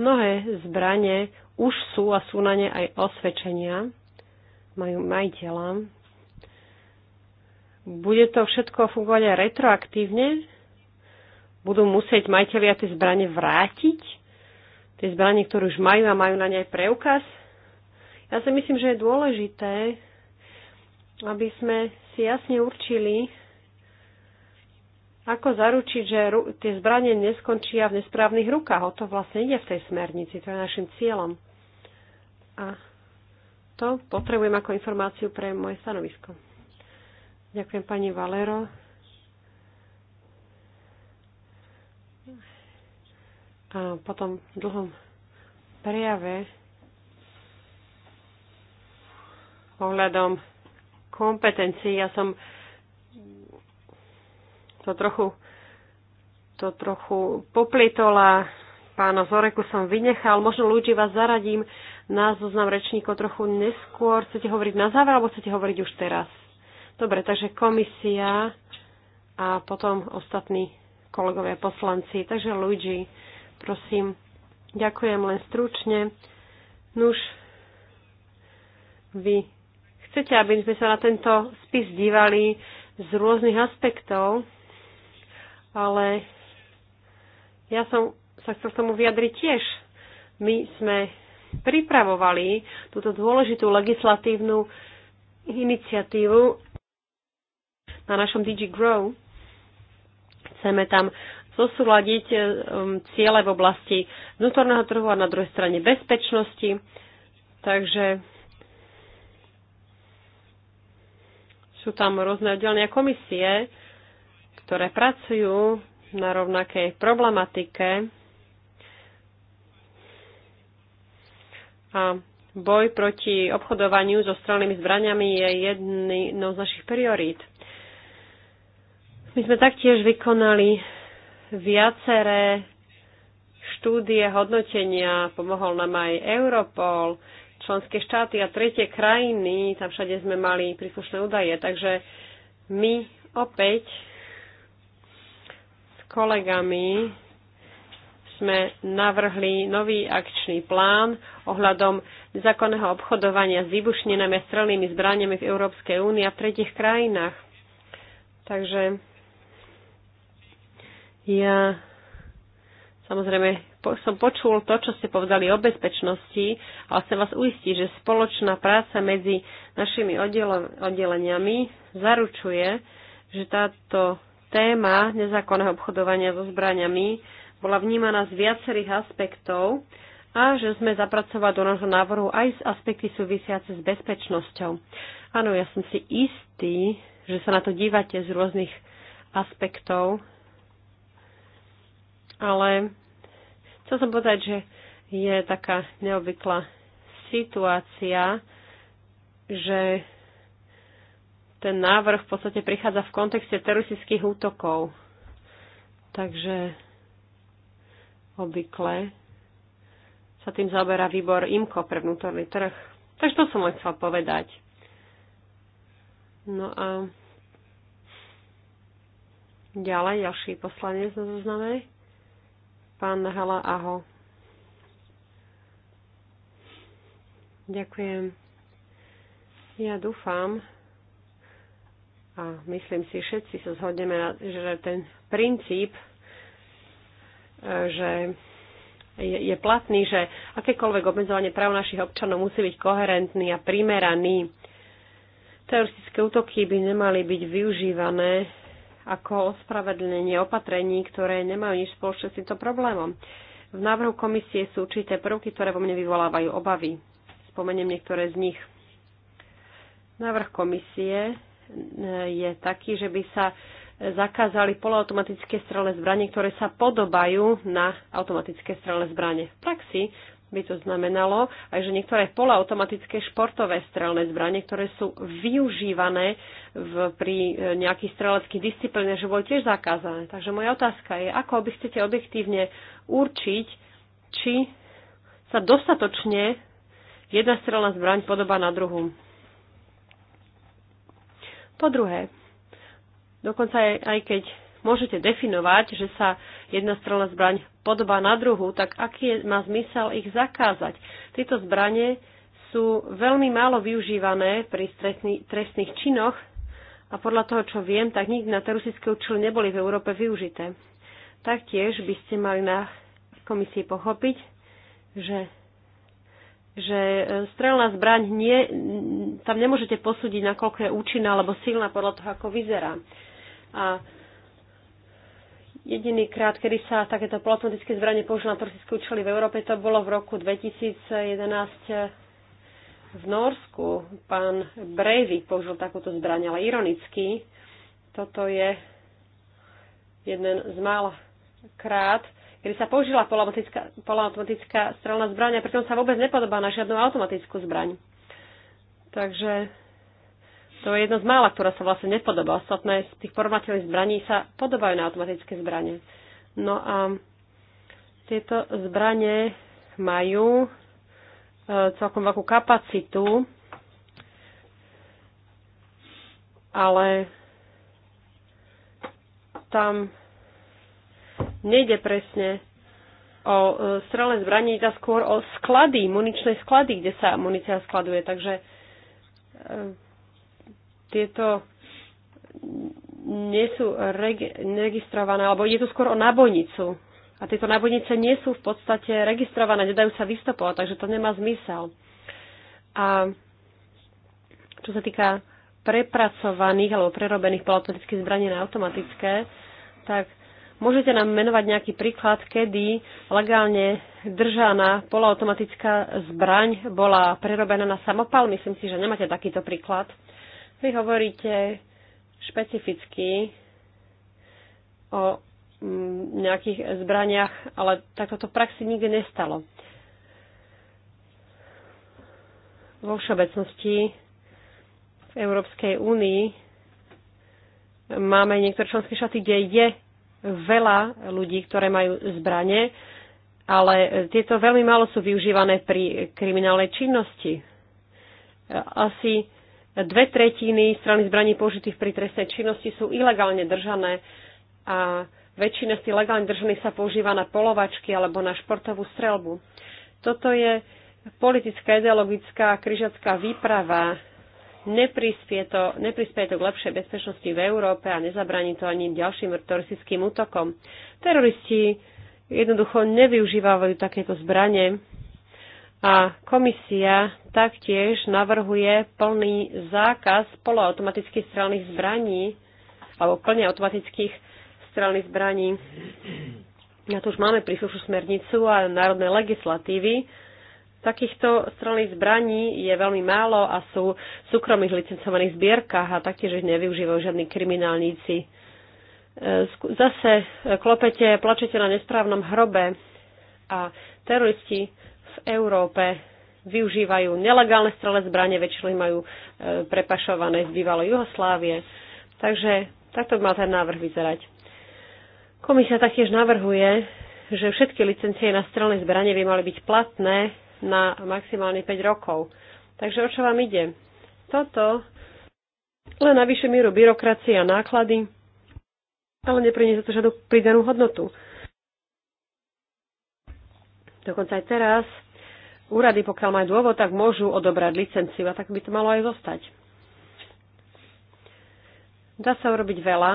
Mnohé zbranie už sú a sú na ne aj osvedčenia, majú majiteľa, bude to všetko fungovať aj retroaktívne? Budú musieť majiteľia tie zbranie vrátiť? Tie zbranie, ktoré už majú a majú na ne aj preukaz? Ja si myslím, že je dôležité, aby sme si jasne určili, ako zaručiť, že tie zbranie neskončia v nesprávnych rukách. O to vlastne ide v tej smernici, to je našim cieľom. A to potrebujem ako informáciu pre moje stanovisko. Ďakujem pani Valero. A potom v dlhom prejave ohľadom kompetencií ja som to trochu to trochu poplitola. Pána Zoreku som vynechal. Možno ľudí vás zaradím na zoznam rečníkov trochu neskôr. Chcete hovoriť na záver, alebo chcete hovoriť už teraz? Dobre, takže komisia a potom ostatní kolegovia poslanci. Takže Luigi, prosím, ďakujem len stručne. Nuž, vy chcete, aby sme sa na tento spis dívali z rôznych aspektov, ale ja som sa chcel k tomu vyjadriť tiež. My sme pripravovali túto dôležitú legislatívnu iniciatívu na našom DG Grow. Chceme tam zosúľadiť e, um, ciele v oblasti vnútorného trhu a na druhej strane bezpečnosti. Takže sú tam rôzne oddelné komisie, ktoré pracujú na rovnakej problematike a boj proti obchodovaniu so strelnými zbraniami je jednou z našich priorít. My sme taktiež vykonali viaceré štúdie hodnotenia, pomohol nám aj Europol, členské štáty a tretie krajiny, tam všade sme mali príslušné údaje, takže my opäť s kolegami sme navrhli nový akčný plán ohľadom nezákonného obchodovania s výbušninami a strelnými zbraniami v Európskej únii a v tretich krajinách. Takže ja samozrejme po, som počul to, čo ste povedali o bezpečnosti, ale chcem vás uistiť, že spoločná práca medzi našimi oddeleniami zaručuje, že táto téma nezákonného obchodovania so zbraniami bola vnímaná z viacerých aspektov a že sme zapracovali do nášho návrhu aj z aspekty súvisiace s bezpečnosťou. Áno, ja som si istý, že sa na to dívate z rôznych aspektov, ale chcel som povedať, že je taká neobvyklá situácia, že ten návrh v podstate prichádza v kontexte teroristických útokov. Takže obvykle sa tým zaoberá výbor IMKO pre vnútorný trh. Takže to som len chcel povedať. No a ďalej, ďalší poslanec na zozname. Pán Hala Aho. Ďakujem. Ja dúfam a myslím si, všetci sa zhodneme, že ten princíp, e, že je platný, že akékoľvek obmedzovanie práv našich občanov musí byť koherentný a primeraný. Teroristické útoky by nemali byť využívané ako ospravedlnenie opatrení, ktoré nemajú nič spoločné s týmto problémom. V návrhu komisie sú určité prvky, ktoré vo mne vyvolávajú obavy. Spomeniem niektoré z nich. Návrh komisie e, je taký, že by sa zakázali poloautomatické strele zbranie, ktoré sa podobajú na automatické strele zbranie. V praxi by to znamenalo aj, že niektoré polautomatické športové strelné zbranie, ktoré sú využívané v, pri e, nejakých streleckých disciplíne, že boli tiež zakázané. Takže moja otázka je, ako by chcete objektívne určiť, či sa dostatočne jedna strelná zbraň podobá na druhú. Po druhé, dokonca aj, aj keď môžete definovať, že sa Jedna strelná zbraň podobá na druhu, tak aký je, má zmysel ich zakázať? Tieto zbranie sú veľmi málo využívané pri stresný, trestných činoch a podľa toho, čo viem, tak nikdy na teroristické účely neboli v Európe využité. Taktiež by ste mali na komisii pochopiť, že že e, strelná zbraň nie, tam nemôžete posúdiť, nakoľko je účinná alebo silná podľa toho, ako vyzerá. A Jediný krát, kedy sa takéto polautomatické zbranie použili na turistické účely v Európe, to bolo v roku 2011 v Norsku. Pán Breivik použil takúto zbraň, ale ironicky, toto je jeden z mála krát, kedy sa použila polautomatická, polautomatická strelná zbraň a pritom sa vôbec nepodobá na žiadnu automatickú zbraň. Takže to je jedna z mála, ktorá sa vlastne nepodobá. Ostatné z tých porovnateľných zbraní sa podobajú na automatické zbranie. No a tieto zbranie majú e, celkom veľkú kapacitu, ale tam nejde presne o e, strelné zbranie, ide skôr o sklady, muničné sklady, kde sa munícia skladuje. Takže e, tieto nie sú registrované, alebo je to skôr o nabojnicu. A tieto nabojnice nie sú v podstate registrované, nedajú sa vystopovať, takže to nemá zmysel. A čo sa týka prepracovaných alebo prerobených polautomatických zbraní na automatické, tak môžete nám menovať nejaký príklad, kedy legálne držaná polautomatická zbraň bola prerobená na samopal? Myslím si, že nemáte takýto príklad. Vy hovoríte špecificky o mm, nejakých zbraniach, ale takto to v praxi nikdy nestalo. Vo všeobecnosti v Európskej únii máme niektoré členské štáty, kde je veľa ľudí, ktoré majú zbranie, ale tieto veľmi málo sú využívané pri kriminálnej činnosti. Asi dve tretiny strany zbraní použitých pri trestnej činnosti sú ilegálne držané a väčšina z tých legálne držaných sa používa na polovačky alebo na športovú strelbu. Toto je politická, ideologická, kryžacká výprava. Neprispie to, neprispie to k lepšej bezpečnosti v Európe a nezabraní to ani ďalším teroristickým útokom. Teroristi jednoducho nevyužívajú takéto zbranie a komisia taktiež navrhuje plný zákaz poloautomatických strelných zbraní alebo plne automatických strelných zbraní. Na to už máme príslušnú smernicu a národné legislatívy. Takýchto strelných zbraní je veľmi málo a sú v súkromných licencovaných zbierkach a taktiež ich nevyužívajú žiadni kriminálníci. E, zase klopete, plačete na nesprávnom hrobe a teroristi v Európe využívajú nelegálne strele zbranie, väčšinou majú e, prepašované z bývalej Jugoslávie. Takže takto mal ten návrh vyzerať. Komisia taktiež navrhuje, že všetky licencie na strelné zbranie by mali byť platné na maximálne 5 rokov. Takže o čo vám ide? Toto len na vyššiu míru byrokracie a náklady, ale za to žiadnu pridanú hodnotu. Dokonca aj teraz úrady, pokiaľ majú dôvod, tak môžu odobrať licenciu a tak by to malo aj zostať. Dá sa urobiť veľa,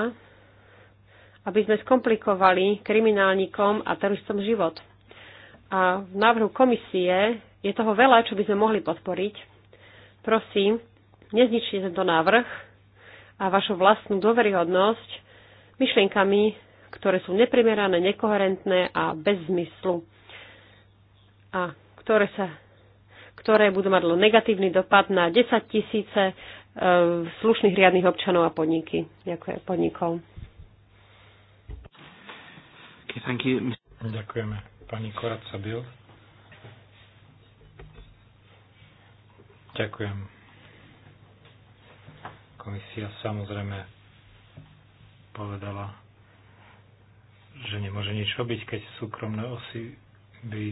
aby sme skomplikovali kriminálnikom a teroristom život. A v návrhu komisie je toho veľa, čo by sme mohli podporiť. Prosím, nezničte tento návrh a vašu vlastnú dôveryhodnosť myšlienkami, ktoré sú neprimerané, nekoherentné a bez zmyslu. A ktoré, sa, ktoré budú mať negatívny dopad na 10 tisíce e, slušných riadnych občanov a podniky. Ďakujem podnikov. Okay, Ďakujeme. Pani Koradca Sabil. Ďakujem. Komisia samozrejme povedala, že nemôže nič robiť, keď súkromné osy by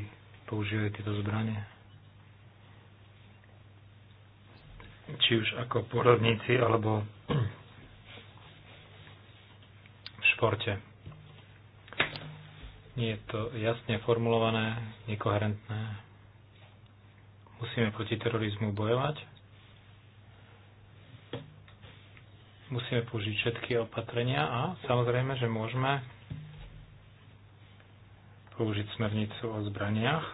používajú tieto zbranie. Či už ako porodníci alebo v športe. Nie je to jasne formulované, nekoherentné. Musíme proti terorizmu bojovať. musíme použiť všetky opatrenia a samozrejme, že môžeme použiť smernicu o zbraniach.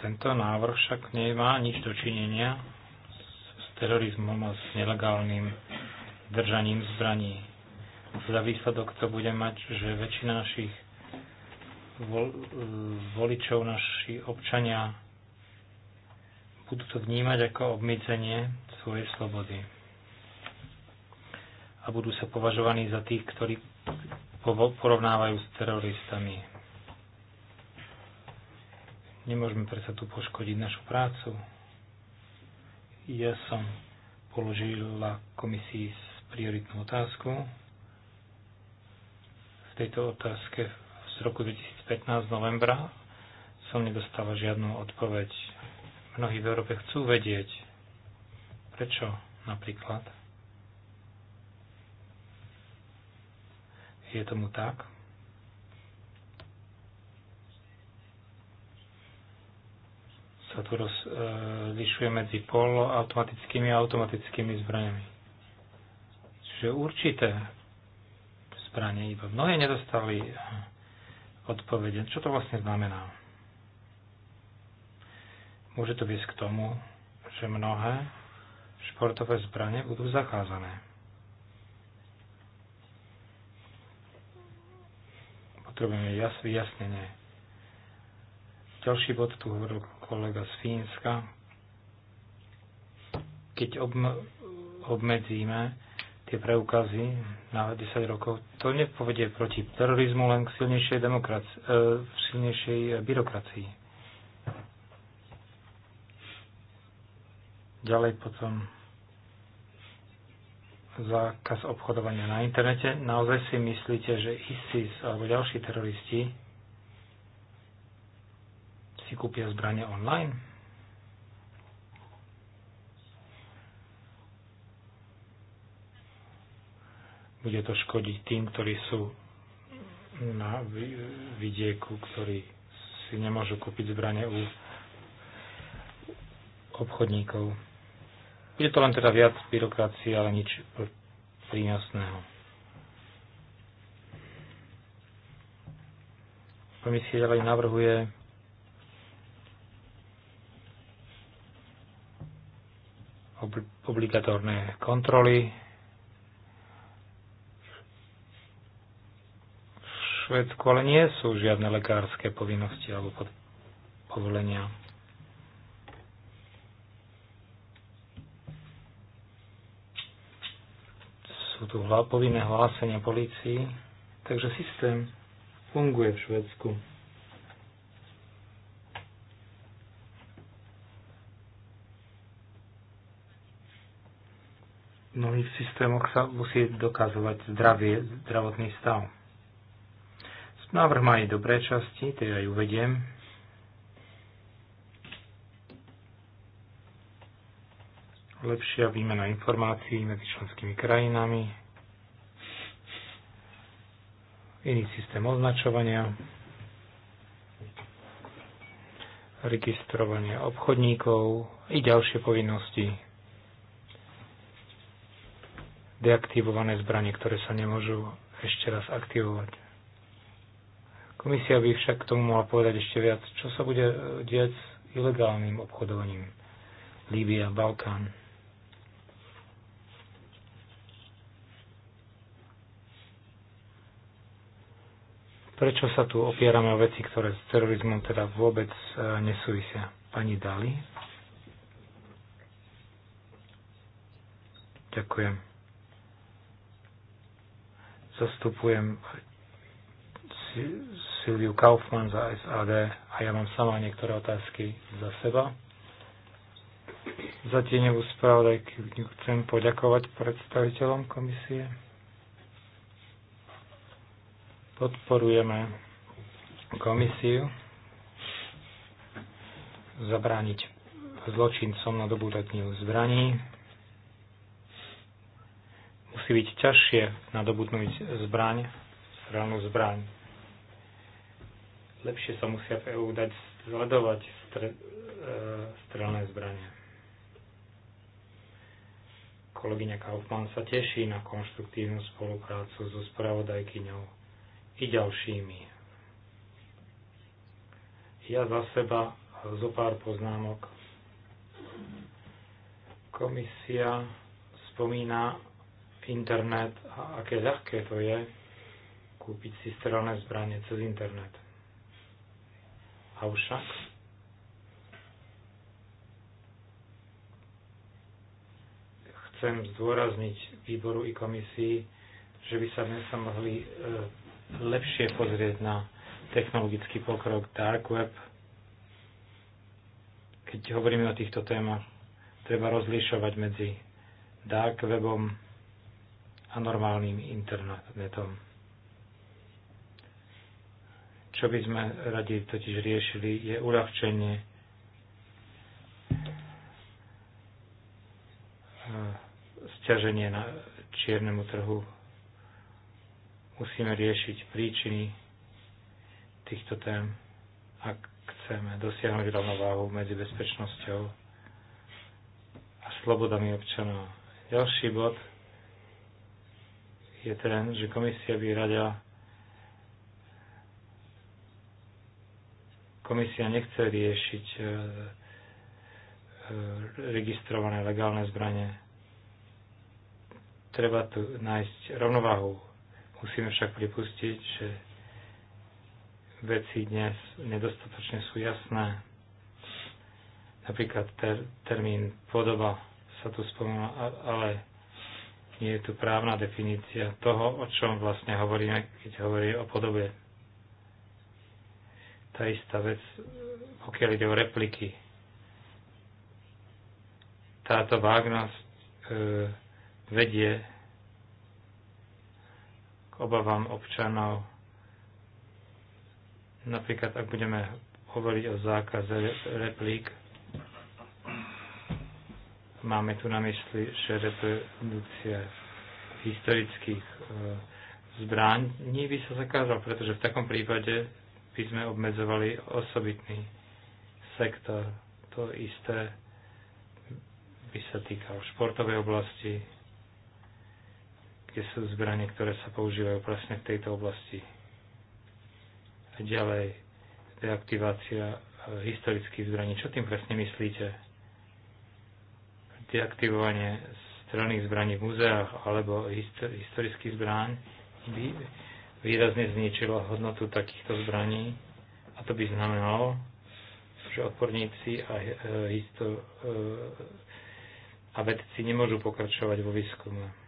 Tento návrh však nemá nič dočinenia s terorizmom a s nelegálnym držaním zbraní. Za výsledok to bude mať, že väčšina našich voličov, naši občania budú to vnímať ako obmedzenie svojej slobody. A budú sa považovaní za tých, ktorí porovnávajú s teroristami. Nemôžeme predsa tu poškodiť našu prácu. Ja som položila komisii prioritnú otázku. V tejto otázke z roku 2015 novembra som nedostala žiadnu odpoveď. Mnohí v Európe chcú vedieť, prečo napríklad Je tomu tak? Sa tu rozlišuje e, medzi poloautomatickými a automatickými zbraniami. Čiže určité zbranie iba. Mnohé nedostali odpovede. Čo to vlastne znamená? Môže to viesť k tomu, že mnohé športové zbranie budú zakázané. potrebujeme jas, vyjasnenie. Ďalší bod tu hovoril kolega z Fínska. Keď obm- obmedzíme tie preukazy na 10 rokov, to nepovedie proti terorizmu, len k silnejšej, demokraci- e, silnejšej byrokracii. Ďalej potom zákaz obchodovania na internete. Naozaj si myslíte, že ISIS alebo ďalší teroristi si kúpia zbranie online? Bude to škodiť tým, ktorí sú na vidieku, ktorí si nemôžu kúpiť zbranie u obchodníkov. Bude to len teda viac byrokracie, ale nič prínosného. Komisia ďalej navrhuje obligatórne kontroly. V Švedsku ale nie sú žiadne lekárske povinnosti alebo povolenia. sú tu povinné hlásenia policii. takže systém funguje v Švedsku. V mnohých systémoch sa musí dokazovať zdravie, zdravotný stav. Návrh má aj dobré časti, tie aj uvediem. lepšia výmena informácií medzi členskými krajinami, iný systém označovania, registrovanie obchodníkov i ďalšie povinnosti, deaktivované zbranie, ktoré sa nemôžu ešte raz aktivovať. Komisia by však k tomu mohla povedať ešte viac, čo sa bude diať s ilegálnym obchodovaním Líbia, Balkán. Prečo sa tu opierame o veci, ktoré s terorizmom teda vôbec e, nesúvisia? Pani Dali? Ďakujem. Zastupujem Silviu Kaufmann za SAD a ja mám sama niektoré otázky za seba. Za tieňovú spravodajky chcem poďakovať predstaviteľom komisie. Podporujeme komisiu zabrániť zločincom na dobúdatniu zbraní. Musí byť ťažšie na nadobudnúť zbraň, strelnú zbraň. Lepšie sa musia v EU dať sledovať stre, e, strelné zbranie. Kolegyňa Kaufmann sa teší na konštruktívnu spoluprácu so spravodajkyňou i ďalšími. Ja za seba zo pár poznámok. Komisia spomína internet a aké ľahké to je kúpiť si strelné zbranie cez internet. však chcem zdôrazniť výboru i komisii, že by sa dnes sa mohli e, lepšie pozrieť na technologický pokrok Dark Web. Keď hovoríme o týchto témach, treba rozlišovať medzi dark webom a normálnym internetom. Čo by sme radi totiž riešili, je uľahčenie e, sťaženie na čiernemu trhu Musíme riešiť príčiny týchto tém, ak chceme dosiahnuť rovnováhu medzi bezpečnosťou a slobodami občanov. Ďalší bod je ten, že komisia by radia komisia nechce riešiť e, e, registrované legálne zbranie. Treba tu nájsť rovnováhu Musíme však pripustiť, že veci dnes nedostatočne sú jasné. Napríklad ter, termín podoba sa tu spomína, ale nie je tu právna definícia toho, o čom vlastne hovoríme, keď hovorí o podobe. Tá istá vec, pokiaľ ide o repliky. Táto vágnosť e, vedie obavám občanov. Napríklad, ak budeme hovoriť o zákaze replík, máme tu na mysli, že reprodukcia historických e, zbraní by sa zakázal, pretože v takom prípade by sme obmedzovali osobitný sektor. To isté by sa týkalo športovej oblasti, aké sú zbranie, ktoré sa používajú presne v tejto oblasti. A ďalej, deaktivácia e, historických zbraní. Čo tým presne myslíte? Deaktivovanie strelných zbraní v muzeách alebo historických zbraň by výrazne zničilo hodnotu takýchto zbraní a to by znamenalo, že odporníci a, e, histo, e, a vedci nemôžu pokračovať vo výskume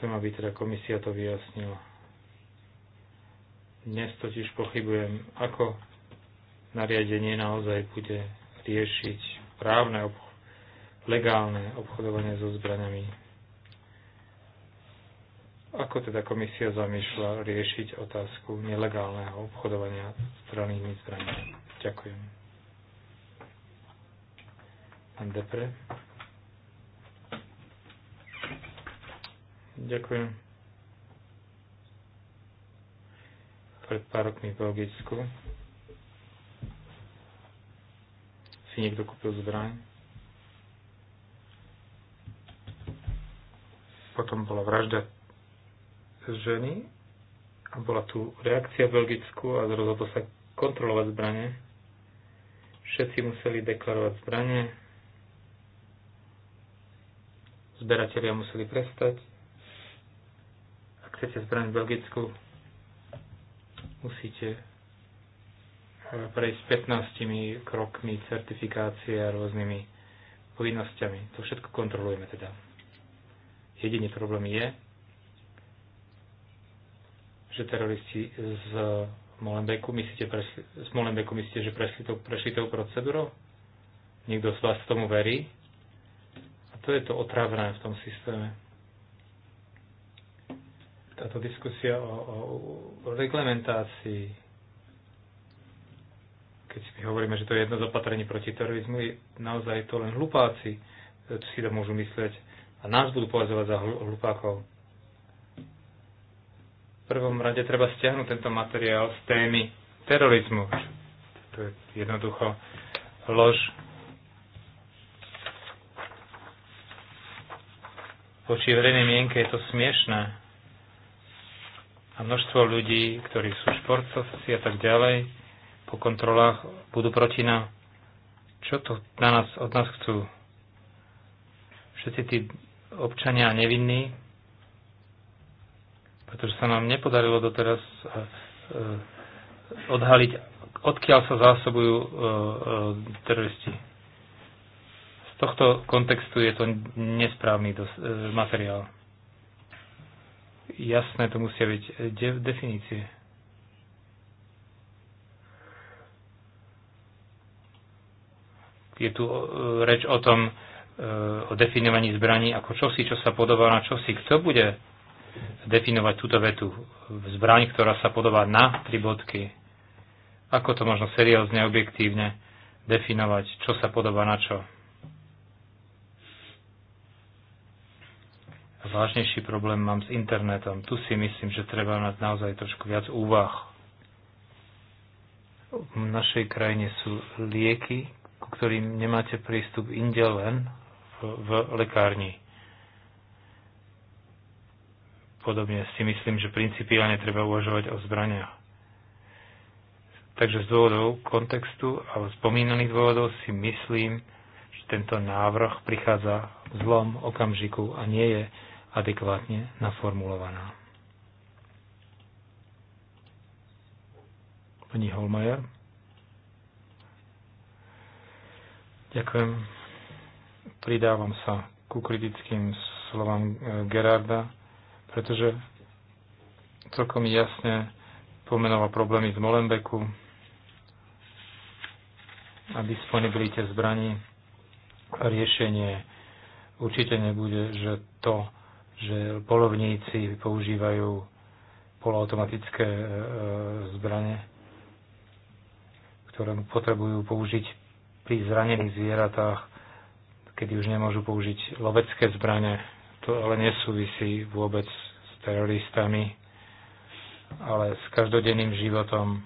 Chcem, aby teda komisia to vyjasnila. Dnes totiž pochybujem, ako nariadenie naozaj bude riešiť právne, legálne obchodovanie so zbraniami. Ako teda komisia zamýšľa riešiť otázku nelegálneho obchodovania stranými zbraniami? Ďakujem. Pán Depre. Ďakujem. Pred pár rokmi v Belgicku si niekto kúpil zbraň. Potom bola vražda ženy a bola tu reakcia v Belgicku a rozhodlo sa kontrolovať zbranie. Všetci museli deklarovať zbranie. Zberatelia museli prestať chcete v Belgicku, musíte e, prejsť 15 krokmi certifikácie a rôznymi povinnosťami. To všetko kontrolujeme teda. Jediný problém je, že teroristi z Molenbeku myslíte, prešli, z Molenbeku myslíte že prešli tou, prešli tou procedúrou? Niekto z vás tomu verí? A to je to otravné v tom systéme táto diskusia o, o, o reglementácii, keď si hovoríme, že to je jedno z opatrení proti terorizmu, je naozaj to len hlupáci e, si to môžu myslieť a nás budú považovať za hlupákov. V prvom rade treba stiahnuť tento materiál z témy terorizmu. To je jednoducho lož. Voči verejnej mienke je to smiešné a množstvo ľudí, ktorí sú športovci a tak ďalej, po kontrolách budú proti nám. Čo to na nás, od nás chcú? Všetci tí občania nevinní, pretože sa nám nepodarilo doteraz e, e, odhaliť, odkiaľ sa zásobujú e, teroristi. Z tohto kontextu je to nesprávny materiál. Jasné to musia byť eh, de- definície. Je tu eh, reč o tom, eh, o definovaní zbraní ako čosi, čo sa podobá na čosi. Kto bude definovať túto vetu? Zbraň, ktorá sa podobá na tri bodky. Ako to možno seriózne, objektívne definovať, čo sa podobá na čo? vážnejší problém mám s internetom. Tu si myslím, že treba mať naozaj trošku viac úvah. V našej krajine sú lieky, ku ktorým nemáte prístup inde len v, v lekárni. Podobne si myslím, že principiálne treba uvažovať o zbraniach. Takže z dôvodov kontextu a spomínaných dôvodov si myslím, že tento návrh prichádza v zlom okamžiku a nie je adekvátne naformulovaná. Pani Holmajer. Ďakujem. Pridávam sa ku kritickým slovám eh, Gerarda, pretože celkom jasne pomenoval problémy z Molenbeku a disponibilite zbraní. Riešenie určite nebude, že to že polovníci používajú poloautomatické e, e, zbranie, ktoré potrebujú použiť pri zranených zvieratách, kedy už nemôžu použiť lovecké zbranie. To ale nesúvisí vôbec s teroristami, ale s každodenným životom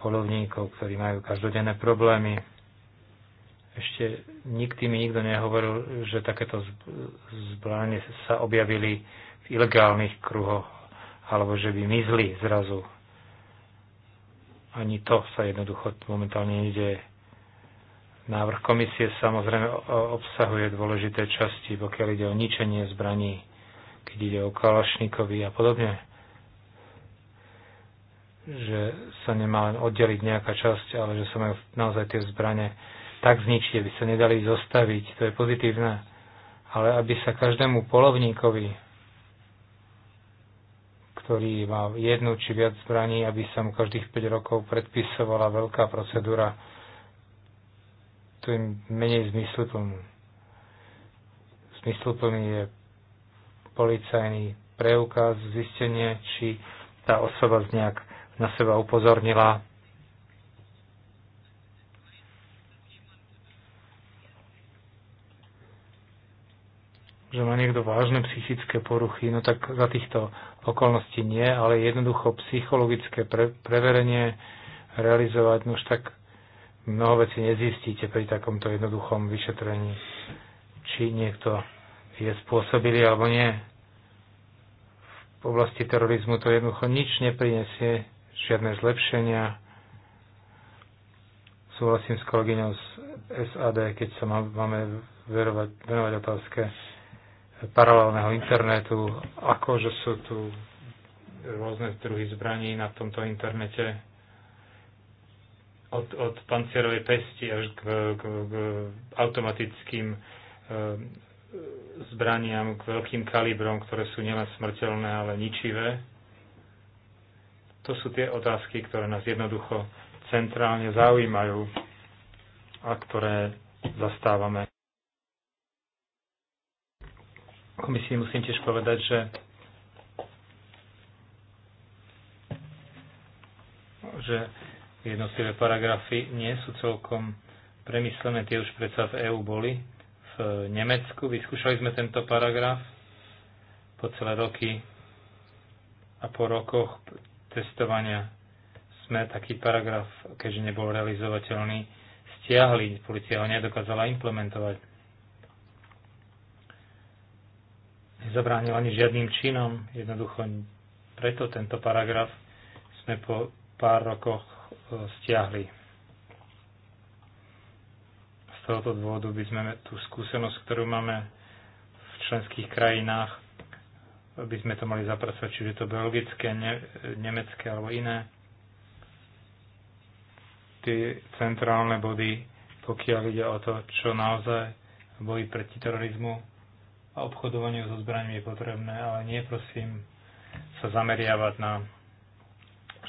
polovníkov, ktorí majú každodenné problémy. Ešte nikdy mi nikto nehovoril, že takéto zbranie sa objavili v ilegálnych kruhoch, alebo že by mizli zrazu. Ani to sa jednoducho momentálne nedieje. Návrh komisie samozrejme obsahuje dôležité časti, pokiaľ ide o ničenie zbraní, keď ide o kalašníkovi a podobne. Že sa nemá len oddeliť nejaká časť, ale že sa majú naozaj tie zbranie tak zničiť, aby sa nedali zostaviť. To je pozitívne. Ale aby sa každému polovníkovi, ktorý má jednu či viac zbraní, aby sa mu každých 5 rokov predpisovala veľká procedúra, to je menej zmysluplný. Zmysluplný je policajný preukaz, zistenie, či tá osoba z nejak na seba upozornila, že má niekto vážne psychické poruchy, no tak za týchto okolností nie, ale jednoducho psychologické pre, preverenie realizovať, no už tak mnoho vecí nezistíte pri takomto jednoduchom vyšetrení, či niekto je spôsobili alebo nie. V oblasti terorizmu to jednoducho nič neprinesie, žiadne zlepšenia. Súhlasím s kolegyňou z SAD, keď sa máme verovať, venovať otázke paralelného internetu, ako že sú tu rôzne druhy zbraní na tomto internete, od, od pancierovej pesti až k, k, k automatickým e, zbraniam, k veľkým kalibrom, ktoré sú nielen smrteľné, ale ničivé. To sú tie otázky, ktoré nás jednoducho centrálne zaujímajú a ktoré zastávame. Komisii musím tiež povedať, že že jednotlivé paragrafy nie sú celkom premyslené, tie už predsa v EÚ boli. V Nemecku vyskúšali sme tento paragraf po celé roky a po rokoch testovania sme taký paragraf, keďže nebol realizovateľný, stiahli. Polícia ho nedokázala implementovať. nezabránil ani žiadnym činom. Jednoducho preto tento paragraf sme po pár rokoch e, stiahli. Z tohoto dôvodu by sme tú skúsenosť, ktorú máme v členských krajinách, by sme to mali zapracovať, čiže to belgické, ne, nemecké alebo iné. Tie centrálne body, pokiaľ ide o to, čo naozaj boji proti terorizmu a obchodovaniu so zbraňmi je potrebné, ale nie prosím sa zameriavať na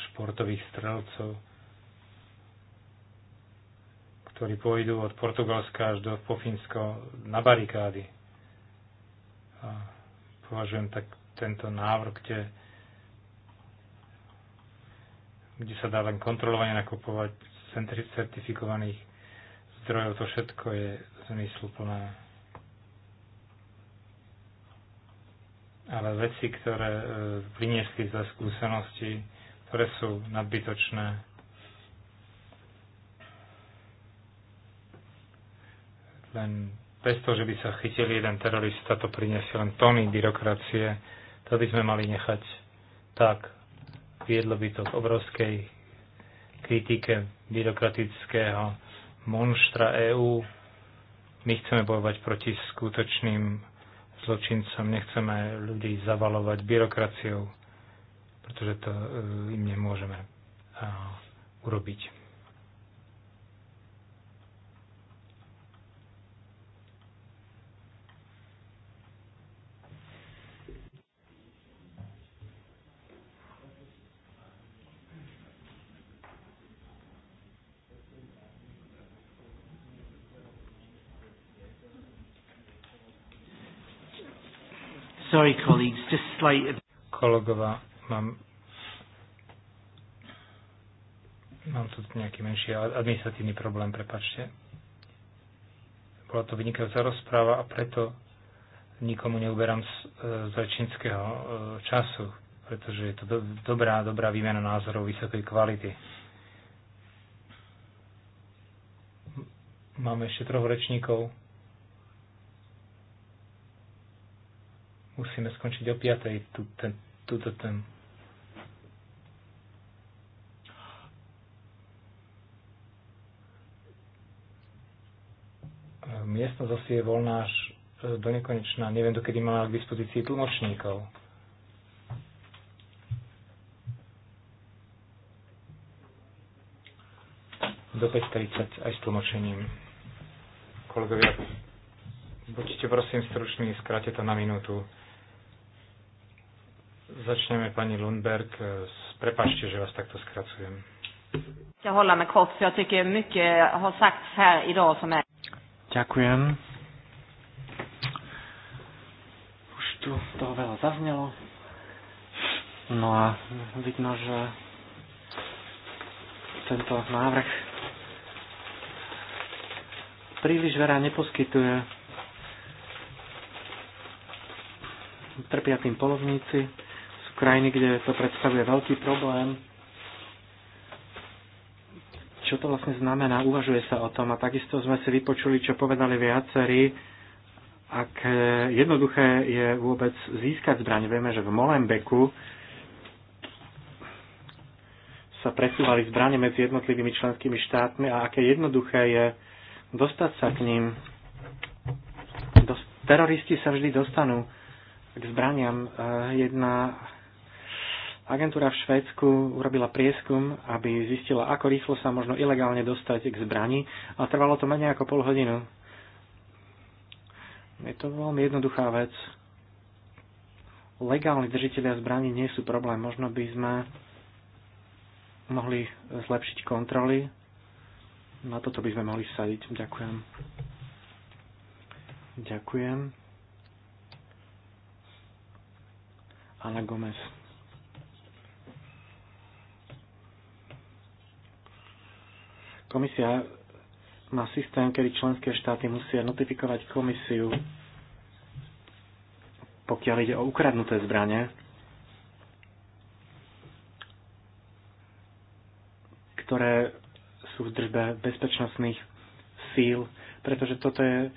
športových strelcov, ktorí pôjdu od Portugalska až do Pofínsko na barikády. A považujem tak tento návrh, kde, kde sa dá len kontrolovanie nakupovať certifikovaných zdrojov, to všetko je zmysluplné ale veci, ktoré e, vyniesli za skúsenosti, ktoré sú nadbytočné. Len bez toho, že by sa chytil jeden terorista, to priniesie len tony byrokracie. To by sme mali nechať tak. Viedlo by to k obrovskej kritike byrokratického monštra EÚ. My chceme bojovať proti skutočným zločincom, nechceme ľudí zavalovať byrokraciou, pretože to e, im nemôžeme urobiť. Sorry, colleagues, just slight... Kolegova, mám mám tu nejaký menší administratívny problém, prepačte. Bola to vynikajúca rozpráva a preto nikomu neuberám z, e, z rečníckého e, času, pretože je to do, dobrá, dobrá výmena názorov vysokej kvality. Máme ešte troch rečníkov. Musíme skončiť o 5. Tú, ten, túto tému. Miestnosť asi je voľná až e, do nekonečná. Neviem, dokedy máme k dispozícii tlmočníkov. do 5.30 aj s tlmočením. Kolegovia, buďte prosím struční, skráte to na minútu. Začneme pani Lundberg. Prepašte, že vás takto skracujem. Jag som Ďakujem. Už tu toho veľa zaznelo. No a vidno, že tento návrh príliš veľa neposkytuje. Trpia tým polovníci krajiny, kde to predstavuje veľký problém. Čo to vlastne znamená? Uvažuje sa o tom a takisto sme si vypočuli, čo povedali viacerí, ak e, jednoduché je vôbec získať zbraň. Vieme, že v Molenbeku sa presúvali zbranie medzi jednotlivými členskými štátmi a aké jednoduché je dostať sa k ním. Teroristi sa vždy dostanú k zbraniam. E, jedna Agentúra v Švédsku urobila prieskum, aby zistila, ako rýchlo sa možno ilegálne dostať k zbrani a trvalo to menej ako pol hodinu. Je to veľmi jednoduchá vec. Legálni držiteľia zbraní nie sú problém. Možno by sme mohli zlepšiť kontroly. Na toto by sme mohli sadiť. Ďakujem. Ďakujem. Ana Gomez. Komisia má systém, kedy členské štáty musia notifikovať komisiu, pokiaľ ide o ukradnuté zbranie, ktoré sú v držbe bezpečnostných síl, pretože toto je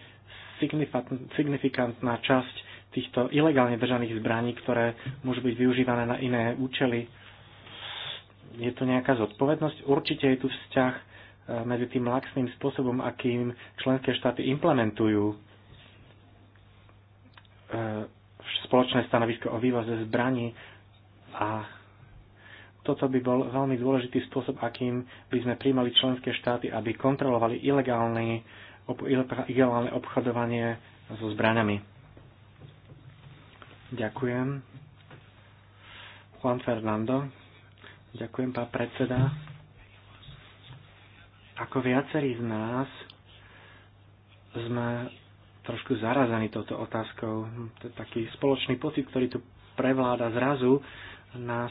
signifikantná časť týchto ilegálne držaných zbraní, ktoré môžu byť využívané na iné účely. Je to nejaká zodpovednosť? Určite je tu vzťah Eh, medzi tým laxným spôsobom, akým členské štáty implementujú eh, spoločné stanovisko o vývoze zbraní a toto by bol veľmi dôležitý spôsob, akým by sme príjmali členské štáty, aby kontrolovali ilegálne, ilegálne obchodovanie so zbraňami. Ďakujem. Juan Fernando. Ďakujem, pán predseda. Ako viacerí z nás sme trošku zarazaní touto otázkou. No, to je taký spoločný pocit, ktorý tu prevláda zrazu. Nás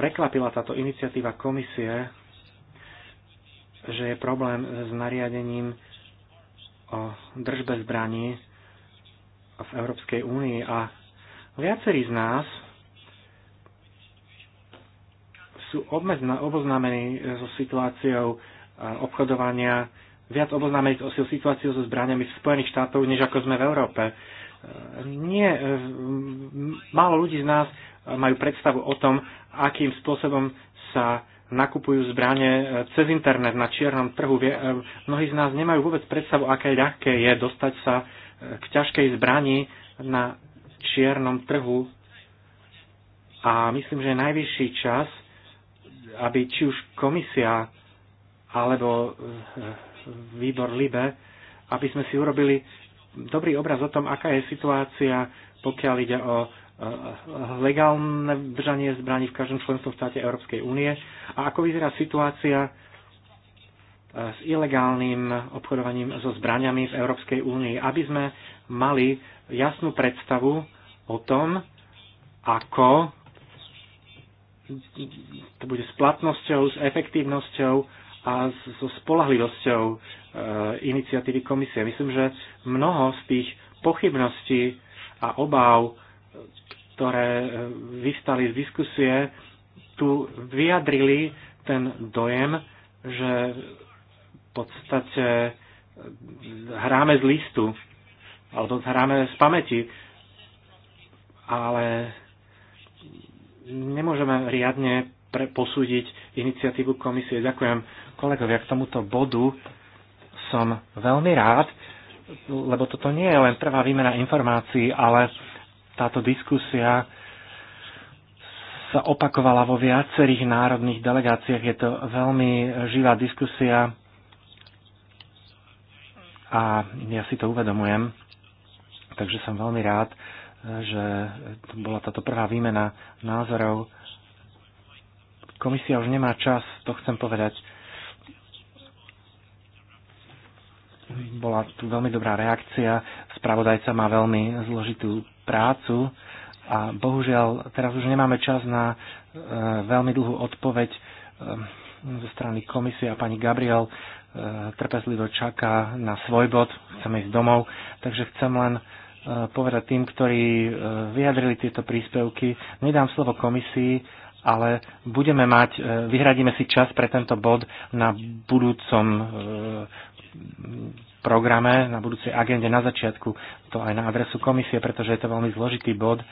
prekvapila táto iniciatíva komisie, že je problém s nariadením o držbe zbraní v Európskej únii a viacerí z nás sú oboznámení so situáciou obchodovania viac oboznáme o situáciu so zbraniami v Spojených štátoch než ako sme v Európe. E, nie, e, málo ľudí z nás majú predstavu o tom, akým spôsobom sa nakupujú zbranie e, cez internet na čiernom trhu. Mnohí z nás nemajú vôbec predstavu, aké ľahké je dostať sa k ťažkej zbrani na čiernom trhu. A myslím, že je najvyšší čas, aby či už komisia alebo e, výbor LIBE, aby sme si urobili dobrý obraz o tom, aká je situácia, pokiaľ ide o e, legálne držanie zbraní v každom členskom štáte Európskej únie a ako vyzerá situácia e, s ilegálnym obchodovaním so zbraniami v Európskej únii, aby sme mali jasnú predstavu o tom, ako to bude s platnosťou, s efektívnosťou a so spolahlivosťou e, iniciatívy komisie. Myslím, že mnoho z tých pochybností a obáv, ktoré e, vystali z diskusie, tu vyjadrili ten dojem, že v podstate e, hráme z listu, alebo hráme z pamäti, ale nemôžeme riadne pre, posúdiť iniciatívu komisie. Ďakujem Kolegovia, k tomuto bodu som veľmi rád, lebo toto nie je len prvá výmena informácií, ale táto diskusia sa opakovala vo viacerých národných delegáciách. Je to veľmi živá diskusia a ja si to uvedomujem. Takže som veľmi rád, že to bola táto prvá výmena názorov. Komisia už nemá čas, to chcem povedať. Bola tu veľmi dobrá reakcia. Spravodajca má veľmi zložitú prácu a bohužiaľ teraz už nemáme čas na e, veľmi dlhú odpoveď e, zo strany komisie a pani Gabriel e, trpezlivo čaká na svoj bod, chceme ísť domov, takže chcem len povedať tým, ktorí vyjadrili tieto príspevky. Nedám slovo komisii, ale budeme mať, vyhradíme si čas pre tento bod na budúcom programe, na budúcej agende na začiatku, to aj na adresu komisie, pretože je to veľmi zložitý bod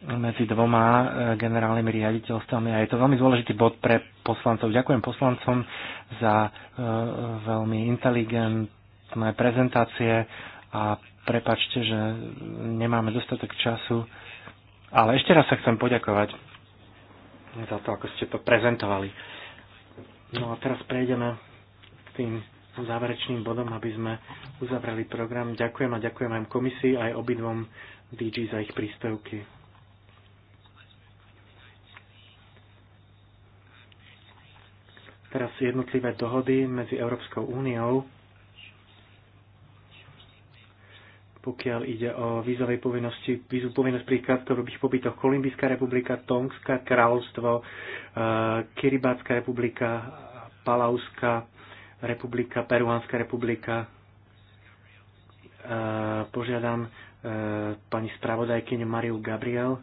medzi dvoma e, generálnymi riaditeľstvami a je to veľmi dôležitý bod pre poslancov. Ďakujem poslancom za e, veľmi inteligentné prezentácie a prepačte, že nemáme dostatok času, ale ešte raz sa chcem poďakovať za to, ako ste to prezentovali. No a teraz prejdeme k tým záverečným bodom, aby sme uzavreli program. Ďakujem a ďakujem aj komisii, aj obidvom DG za ich príspevky. Teraz jednotlivé dohody medzi Európskou úniou, pokiaľ ide o vízovej povinnosti, vízu povinnosť pri krátkodobých pobytoch Kolumbijská republika, Tongská kráľovstvo, eh, Kiribátska republika, Palauska, republika, Peruánska republika. E, požiadam e, pani spravodajkyňu Mariu Gabriel,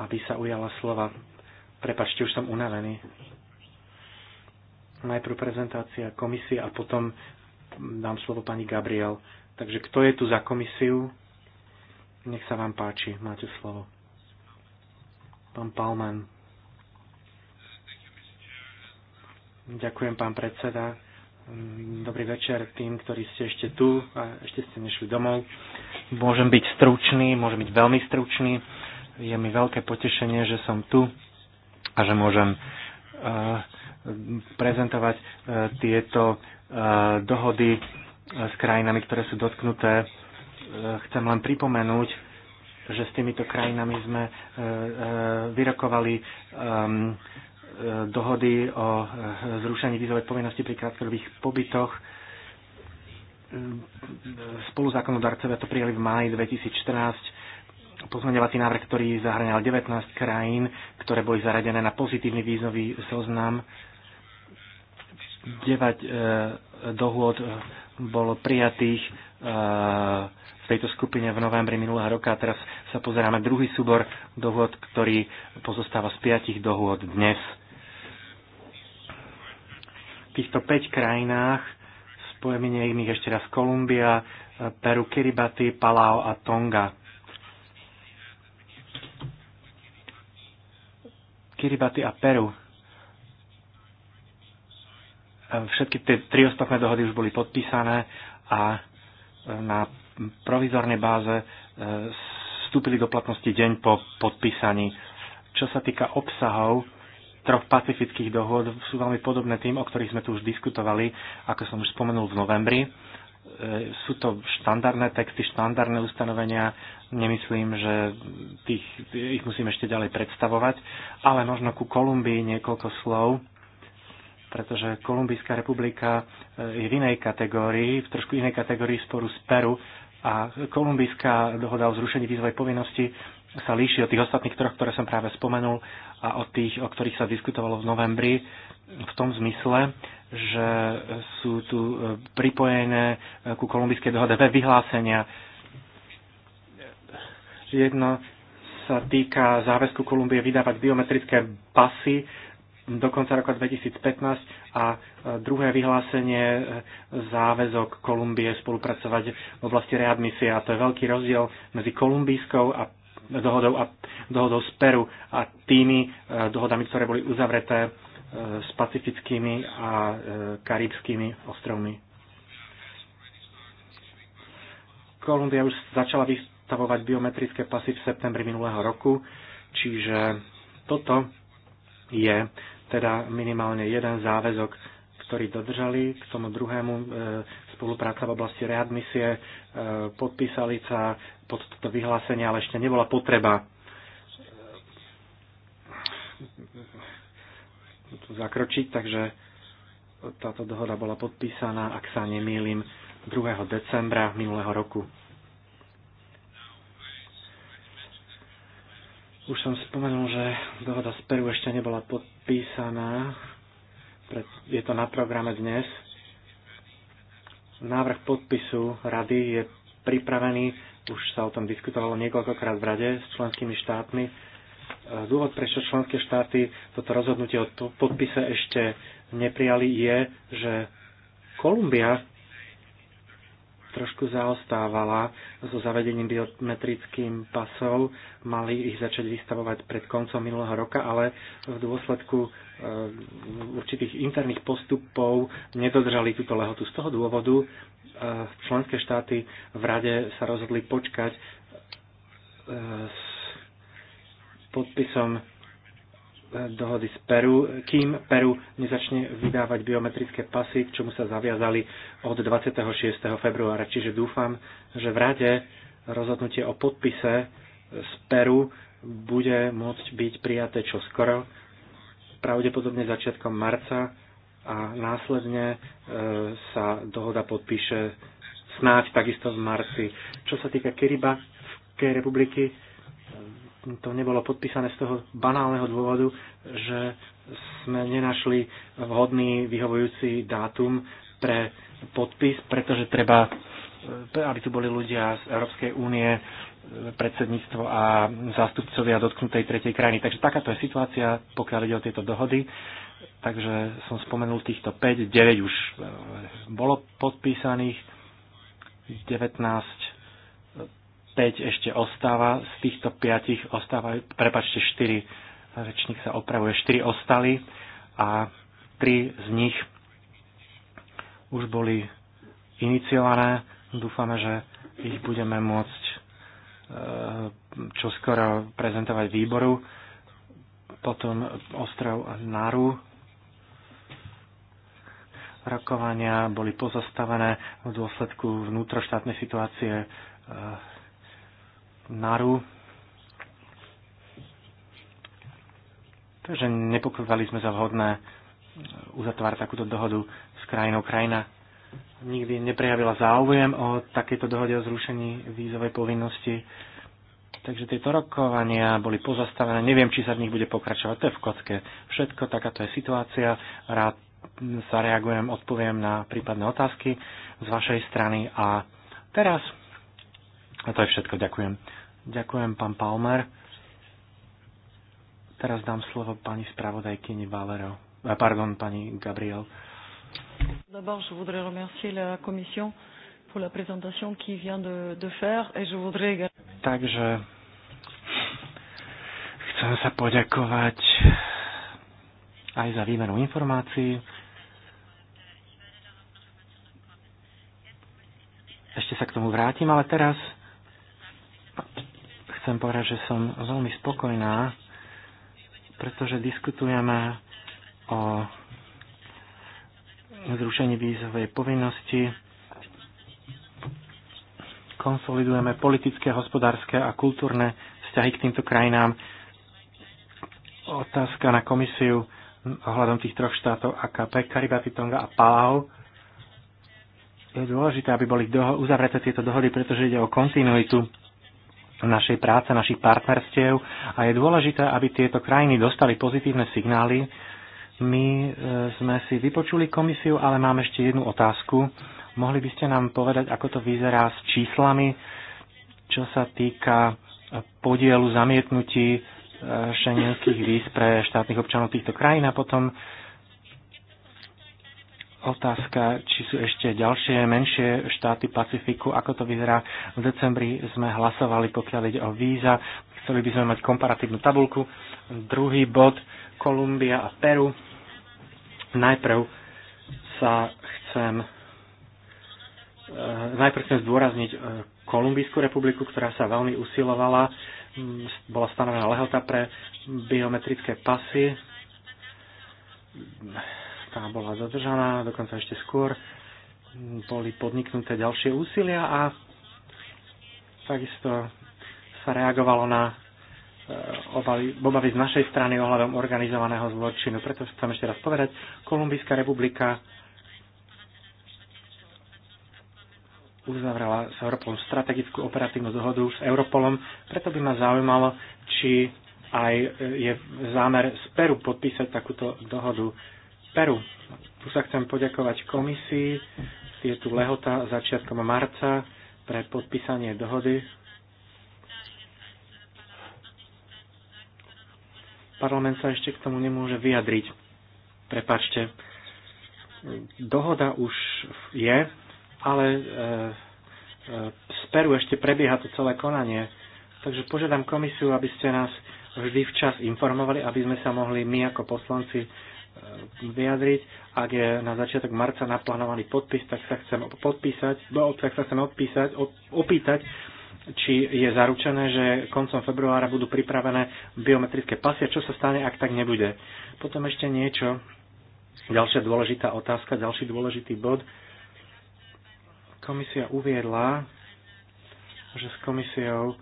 aby sa ujala slova. Prepačte, už som unavený. Najprv prezentácia komisie a potom dám slovo pani Gabriel. Takže kto je tu za komisiu? Nech sa vám páči, máte slovo. Pán Palman. Ďakujem, pán predseda. Dobrý večer tým, ktorí ste ešte tu a ešte ste nešli domov. Môžem byť stručný, môžem byť veľmi stručný. Je mi veľké potešenie, že som tu a že môžem e, prezentovať e, tieto e, dohody s krajinami, ktoré sú dotknuté. Chcem len pripomenúť, že s týmito krajinami sme vyrokovali dohody o eh, zrušení vízovej povinnosti pri krátkodobých pobytoch. Eh, zákonodarcovia to prijali v máji 2014 pozmeňovací návrh, ktorý zahraňal 19 krajín, ktoré boli zaradené na pozitívny vízový zoznam. 9 e, eh, dohôd bolo prijatých e, v tejto skupine v novembri minulého roka teraz sa pozeráme druhý súbor dohôd, ktorý pozostáva z piatich dohôd dnes týchto 5 krajinách, spojenie iných ešte raz Kolumbia, e, Peru, Kiribati, Palau a Tonga. Kiribati a Peru. E, všetky tie tri ostatné dohody už boli podpísané a e, na provizornej báze vstúpili do platnosti deň po podpísaní. Čo sa týka obsahov, troch pacifických dohôd sú veľmi podobné tým, o ktorých sme tu už diskutovali, ako som už spomenul v novembri. E, sú to štandardné texty, štandardné ustanovenia, nemyslím, že tých, ich musím ešte ďalej predstavovať, ale možno ku Kolumbii niekoľko slov, pretože Kolumbijská republika e, je v inej kategórii, v trošku inej kategórii sporu z Peru, a kolumbijská dohoda o zrušení vízovej povinnosti sa líši od tých ostatných troch, ktoré som práve spomenul a od tých, o ktorých sa diskutovalo v novembri, v tom zmysle, že sú tu e, pripojené e, ku kolumbijskej dohode dve vyhlásenia. Jedno sa týka záväzku Kolumbie vydávať biometrické pasy do konca roka 2015 a e, druhé vyhlásenie záväzok Kolumbie spolupracovať v oblasti readmisie. A to je veľký rozdiel medzi kolumbijskou a dohodou, a, dohodou z Peru a tými e, dohodami, ktoré boli uzavreté e, s pacifickými a e, karibskými ostrovmi. Kolumbia už začala vystavovať biometrické pasy v septembri minulého roku, čiže toto je teda minimálne jeden záväzok, ktorý dodržali. K tomu druhému spolupráca v oblasti readmisie, e, podpísali sa pod toto vyhlásenie, ale ešte nebola potreba e, tu zakročiť, takže táto dohoda bola podpísaná, ak sa nemýlim, 2. decembra minulého roku. Už som spomenul, že dohoda z Peru ešte nebola podpísaná, je to na programe dnes Návrh podpisu rady je pripravený, už sa o tom diskutovalo niekoľkokrát v rade s členskými štátmi. E, dôvod, prečo členské štáty toto rozhodnutie o podpise ešte neprijali, je, že Kolumbia trošku zaostávala so zavedením biometrickým pasov. Mali ich začať vystavovať pred koncom minulého roka, ale v dôsledku e, určitých interných postupov nedodržali túto lehotu. Z toho dôvodu e, členské štáty v rade sa rozhodli počkať e, s podpisom dohody s Peru, kým Peru nezačne vydávať biometrické pasy, k čomu sa zaviazali od 26. februára. Čiže dúfam, že v rade rozhodnutie o podpise z Peru bude môcť byť prijaté čoskoro, pravdepodobne začiatkom marca a následne e, sa dohoda podpíše snáď takisto v marci. Čo sa týka Kiribati republiky, to nebolo podpísané z toho banálneho dôvodu, že sme nenašli vhodný vyhovujúci dátum pre podpis, pretože treba, aby tu boli ľudia z Európskej únie, predsedníctvo a zástupcovia dotknutej tretej krajiny. Takže takáto je situácia, pokiaľ ide o tieto dohody. Takže som spomenul týchto 5, 9 už e, bolo podpísaných, 19 5 ešte ostáva, z týchto 5 ostávajú, prepačte, 4, rečník sa opravuje, 4 ostali a 3 z nich už boli iniciované. Dúfame, že ich budeme môcť e, čoskoro prezentovať výboru. Potom ostrov Naru. Rokovania boli pozastavené v dôsledku vnútroštátnej situácie e, Naru. Takže nepokladali sme za vhodné e, uzatvárať takúto dohodu s krajinou. Krajina nikdy neprejavila záujem o takejto dohode o zrušení vízovej povinnosti. Takže tieto rokovania boli pozastavené. Neviem, či sa v nich bude pokračovať. To je v kocke. Všetko, takáto je situácia. Rád sa reagujem, odpoviem na prípadné otázky z vašej strany. A teraz, a to je všetko. Ďakujem. Ďakujem, pán Palmer. Teraz dám slovo pani spravodajkyni Valero. Eh, pardon, pani Gabriel. D'abord, je voudrais remercier la Commission pour la présentation qu'il vient de, de faire et je voudrais Takže chcem sa poďakovať aj za výmenu informácií. Ešte sa k tomu vrátim, ale teraz chcem povedať, že som veľmi spokojná, pretože diskutujeme o zrušení výzovej povinnosti, konsolidujeme politické, hospodárske a kultúrne vzťahy k týmto krajinám. Otázka na komisiu ohľadom tých troch štátov AKP, Karibati, Tonga a Palau. Je dôležité, aby boli uzavreté tieto dohody, pretože ide o kontinuitu našej práce, našich partnerstiev a je dôležité, aby tieto krajiny dostali pozitívne signály. My e, sme si vypočuli komisiu, ale mám ešte jednu otázku. Mohli by ste nám povedať, ako to vyzerá s číslami, čo sa týka e, podielu zamietnutí e, šengenských víz pre štátnych občanov týchto krajín a potom otázka, či sú ešte ďalšie menšie štáty Pacifiku, ako to vyzerá. V decembri sme hlasovali, pokiaľ ide o víza. Chceli by sme mať komparatívnu tabulku. Druhý bod, Kolumbia a Peru. Najprv sa chcem eh, najprv chcem zdôrazniť eh, Kolumbijskú republiku, ktorá sa veľmi usilovala. Mm, bola stanovená lehota pre biometrické pasy tá bola zadržaná, dokonca ešte skôr boli podniknuté ďalšie úsilia a takisto sa reagovalo na eh, obavy, obavy z našej strany ohľadom organizovaného zločinu. Preto chcem ešte raz povedať, Kolumbijská republika uzavrela s Europolom strategickú operatívnu dohodu s Europolom, preto by ma zaujímalo, či aj je zámer z Peru podpísať takúto dohodu. Peru. Tu sa chcem poďakovať komisii. Je tu lehota začiatkom marca pre podpísanie dohody. Parlament sa ešte k tomu nemôže vyjadriť. Prepačte. Dohoda už je, ale e, e, z Peru ešte prebieha to celé konanie. Takže požiadam komisiu, aby ste nás vždy včas informovali, aby sme sa mohli my ako poslanci E, vyjadriť. Ak je na začiatok marca naplánovaný podpis, tak sa chcem podpísať, tak sa chcem odpísať, opýtať, či je zaručené, že koncom februára budú pripravené biometrické pasy a čo sa stane, ak tak nebude. Potom ešte niečo, ďalšia dôležitá otázka, ďalší dôležitý bod. Komisia uviedla, že s komisiou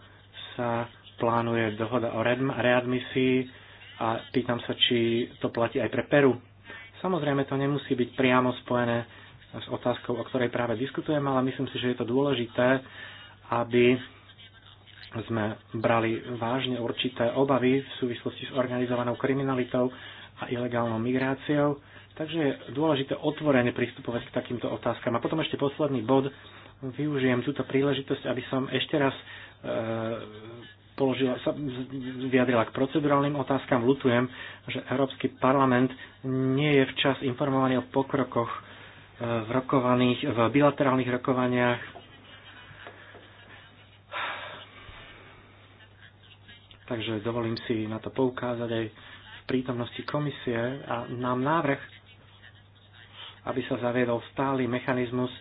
sa plánuje dohoda o readmisii a pýtam sa, či to platí aj pre Peru. Samozrejme, to nemusí byť priamo spojené s otázkou, o ktorej práve diskutujeme, ale myslím si, že je to dôležité, aby sme brali vážne určité obavy v súvislosti s organizovanou kriminalitou a ilegálnou migráciou. Takže je dôležité otvorene pristupovať k takýmto otázkam. A potom ešte posledný bod. Využijem túto príležitosť, aby som ešte raz e, položila, sa vyjadrila k procedurálnym otázkam. Lutujem, že Európsky parlament nie je včas informovaný o pokrokoch e, v rokovaných, v bilaterálnych rokovaniach. Takže dovolím si na to poukázať aj v prítomnosti komisie a nám návrh, aby sa zaviedol stály mechanizmus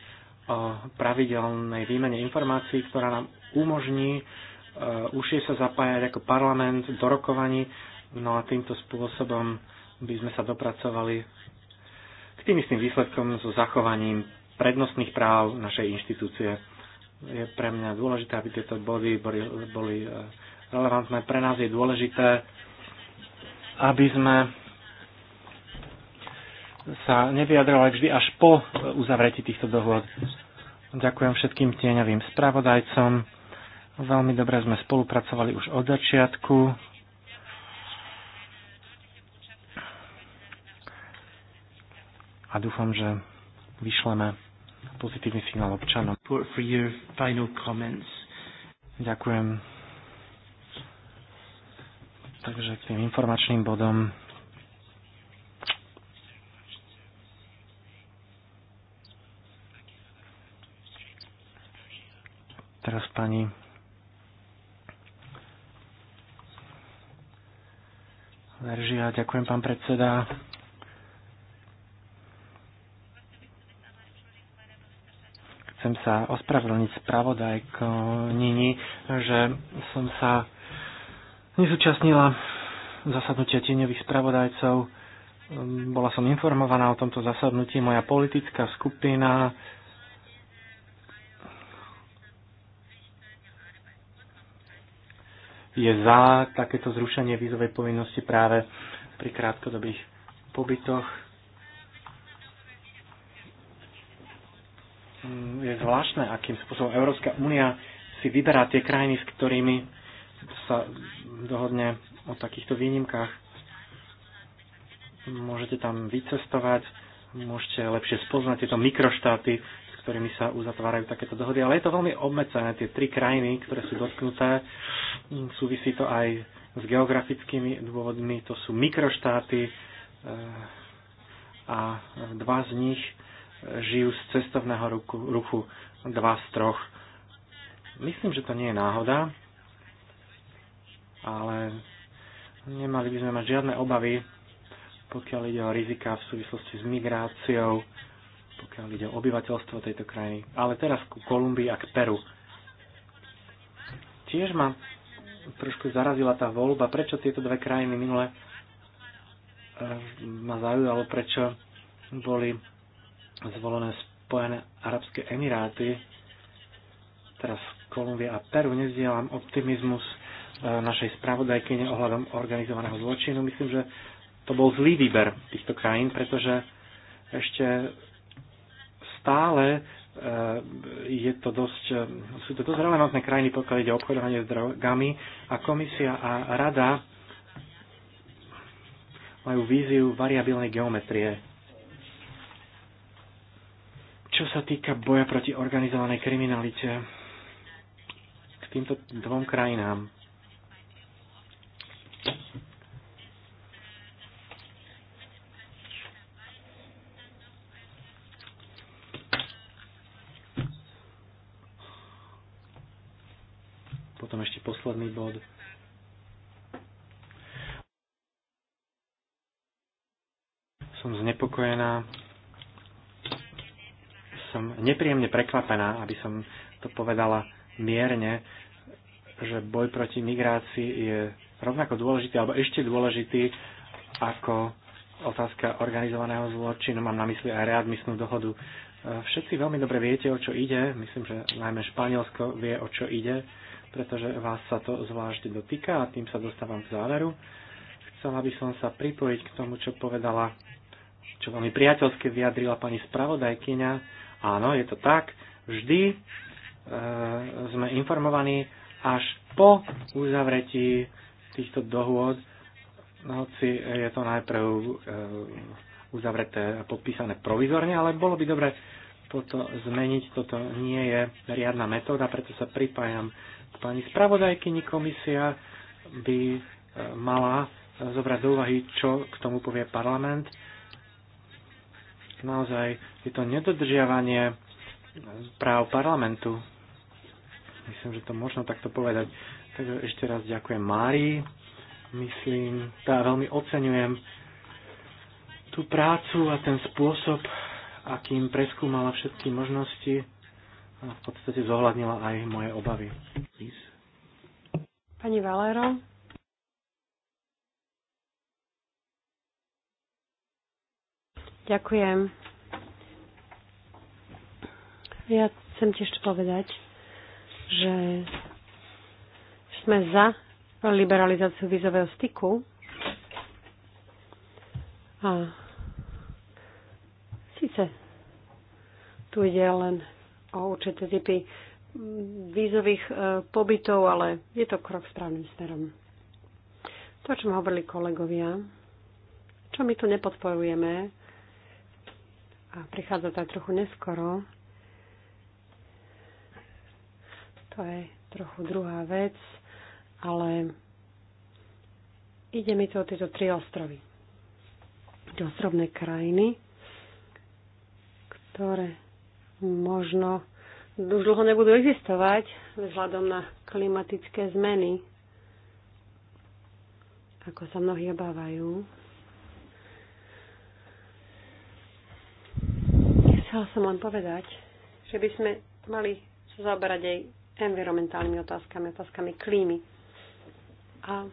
o pravidelnej výmene informácií, ktorá nám umožní Eh, užšie sa zapájať ako parlament do rokovaní, no a týmto spôsobom by sme sa dopracovali k tým istým výsledkom so zachovaním prednostných práv našej inštitúcie. Je pre mňa dôležité, aby tieto body boli, boli eh, relevantné. Pre nás je dôležité, aby sme sa nevyjadrovali vždy až po uzavretí týchto dohôd. Ďakujem všetkým tieňovým spravodajcom Veľmi dobre sme spolupracovali už od začiatku. A dúfam, že vyšleme pozitívny signál občanom. Ďakujem. Takže k tým informačným bodom teraz pani Veržia, ďakujem pán predseda. Chcem sa ospravedlniť spravodajko Nini, že som sa nezúčastnila zasadnutia tieňových spravodajcov. Bola som informovaná o tomto zasadnutí. Moja politická skupina je za takéto zrušenie vízovej povinnosti práve pri krátkodobých pobytoch. Mm, je zvláštne, akým spôsobom Európska únia si vyberá tie krajiny, s ktorými sa dohodne o takýchto výnimkách. Môžete tam vycestovať, môžete lepšie spoznať tieto mikroštáty, ktorými sa uzatvárajú takéto dohody, ale je to veľmi obmedzené. Tie tri krajiny, ktoré sú dotknuté, súvisí to aj s geografickými dôvodmi, to sú mikroštáty eh, a dva z nich žijú z cestovného ruchu, dva z troch. Myslím, že to nie je náhoda, ale nemali by sme mať žiadne obavy, pokiaľ ide o rizika v súvislosti s migráciou, pokiaľ ide o obyvateľstvo tejto krajiny. Ale teraz ku Kolumbii a k Peru. Tiež ma trošku zarazila tá voľba, prečo tieto dve krajiny minule e, ma zaujalo, prečo boli zvolené Spojené Arabské Emiráty, teraz Kolumbia a Peru. Nezdielam optimizmus e, našej spravodajkyne ohľadom organizovaného zločinu. Myslím, že to bol zlý výber týchto krajín, pretože ešte stále e, je to dosť, sú to dosť relevantné krajiny, pokiaľ ide o obchodovanie s drogami a komisia a rada majú víziu variabilnej geometrie. Čo sa týka boja proti organizovanej kriminalite k týmto dvom krajinám, spokojená. Som nepríjemne prekvapená, aby som to povedala mierne, že boj proti migrácii je rovnako dôležitý alebo ešte dôležitý ako otázka organizovaného zločinu. Mám na mysli aj readmisnú dohodu. Všetci veľmi dobre viete, o čo ide. Myslím, že najmä Španielsko vie, o čo ide, pretože vás sa to zvlášť dotýka a tým sa dostávam k záveru. Chcela by som sa pripojiť k tomu, čo povedala čo veľmi priateľské vyjadrila pani spravodajkyňa. Áno, je to tak. Vždy e, sme informovaní až po uzavretí týchto dohôd, hoci je to najprv e, uzavreté a podpísané provizorne, ale bolo by dobre toto zmeniť. Toto nie je riadna metóda, preto sa pripájam k pani spravodajkyni. Komisia by e, mala zobrať do úvahy, čo k tomu povie parlament naozaj je to nedodržiavanie práv parlamentu. Myslím, že to možno takto povedať. Takže ešte raz ďakujem Márii. Myslím, tá veľmi oceňujem tú prácu a ten spôsob, akým preskúmala všetky možnosti a v podstate zohľadnila aj moje obavy. Pani Valero. Ďakujem. Ja chcem tiež povedať, že sme za liberalizáciu vízového styku a síce tu ide len o určité typy vízových e, pobytov, ale je to krok správnym smerom. To, čo hovorili kolegovia, čo my tu nepodporujeme, a prichádza tak trochu neskoro. To je trochu druhá vec, ale ide mi to o tieto tri ostrovy. Tie ostrovné krajiny, ktoré možno už dlho nebudú existovať vzhľadom na klimatické zmeny, ako sa mnohí obávajú. Chcela som len povedať, že by sme mali sa zaoberať aj environmentálnymi otázkami, otázkami klímy. A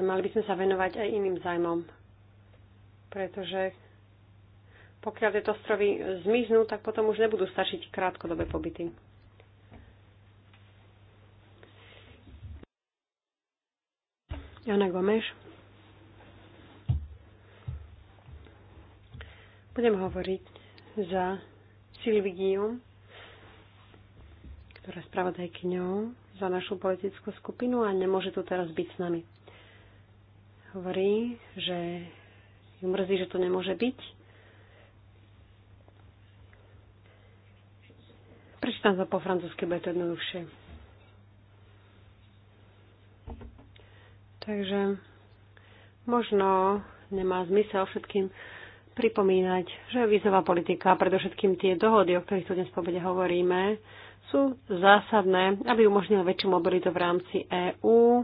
mali by sme sa venovať aj iným zájmom, pretože pokiaľ tieto ostrovy zmiznú, tak potom už nebudú stačiť krátkodobé pobyty. Jana Gomeš. Budem hovoriť za Silvigiu, ktorá je spravodajkyňou za našu politickú skupinu a nemôže tu teraz byť s nami. Hovorí, že ju mrzí, že tu nemôže byť. Prečítam to po francúzsky, bude to jednoduchšie. Takže možno nemá zmysel všetkým pripomínať, že vízová politika, predovšetkým tie dohody, o ktorých tu dnes po hovoríme, sú zásadné, aby umožnila väčšiu mobilitu v rámci EÚ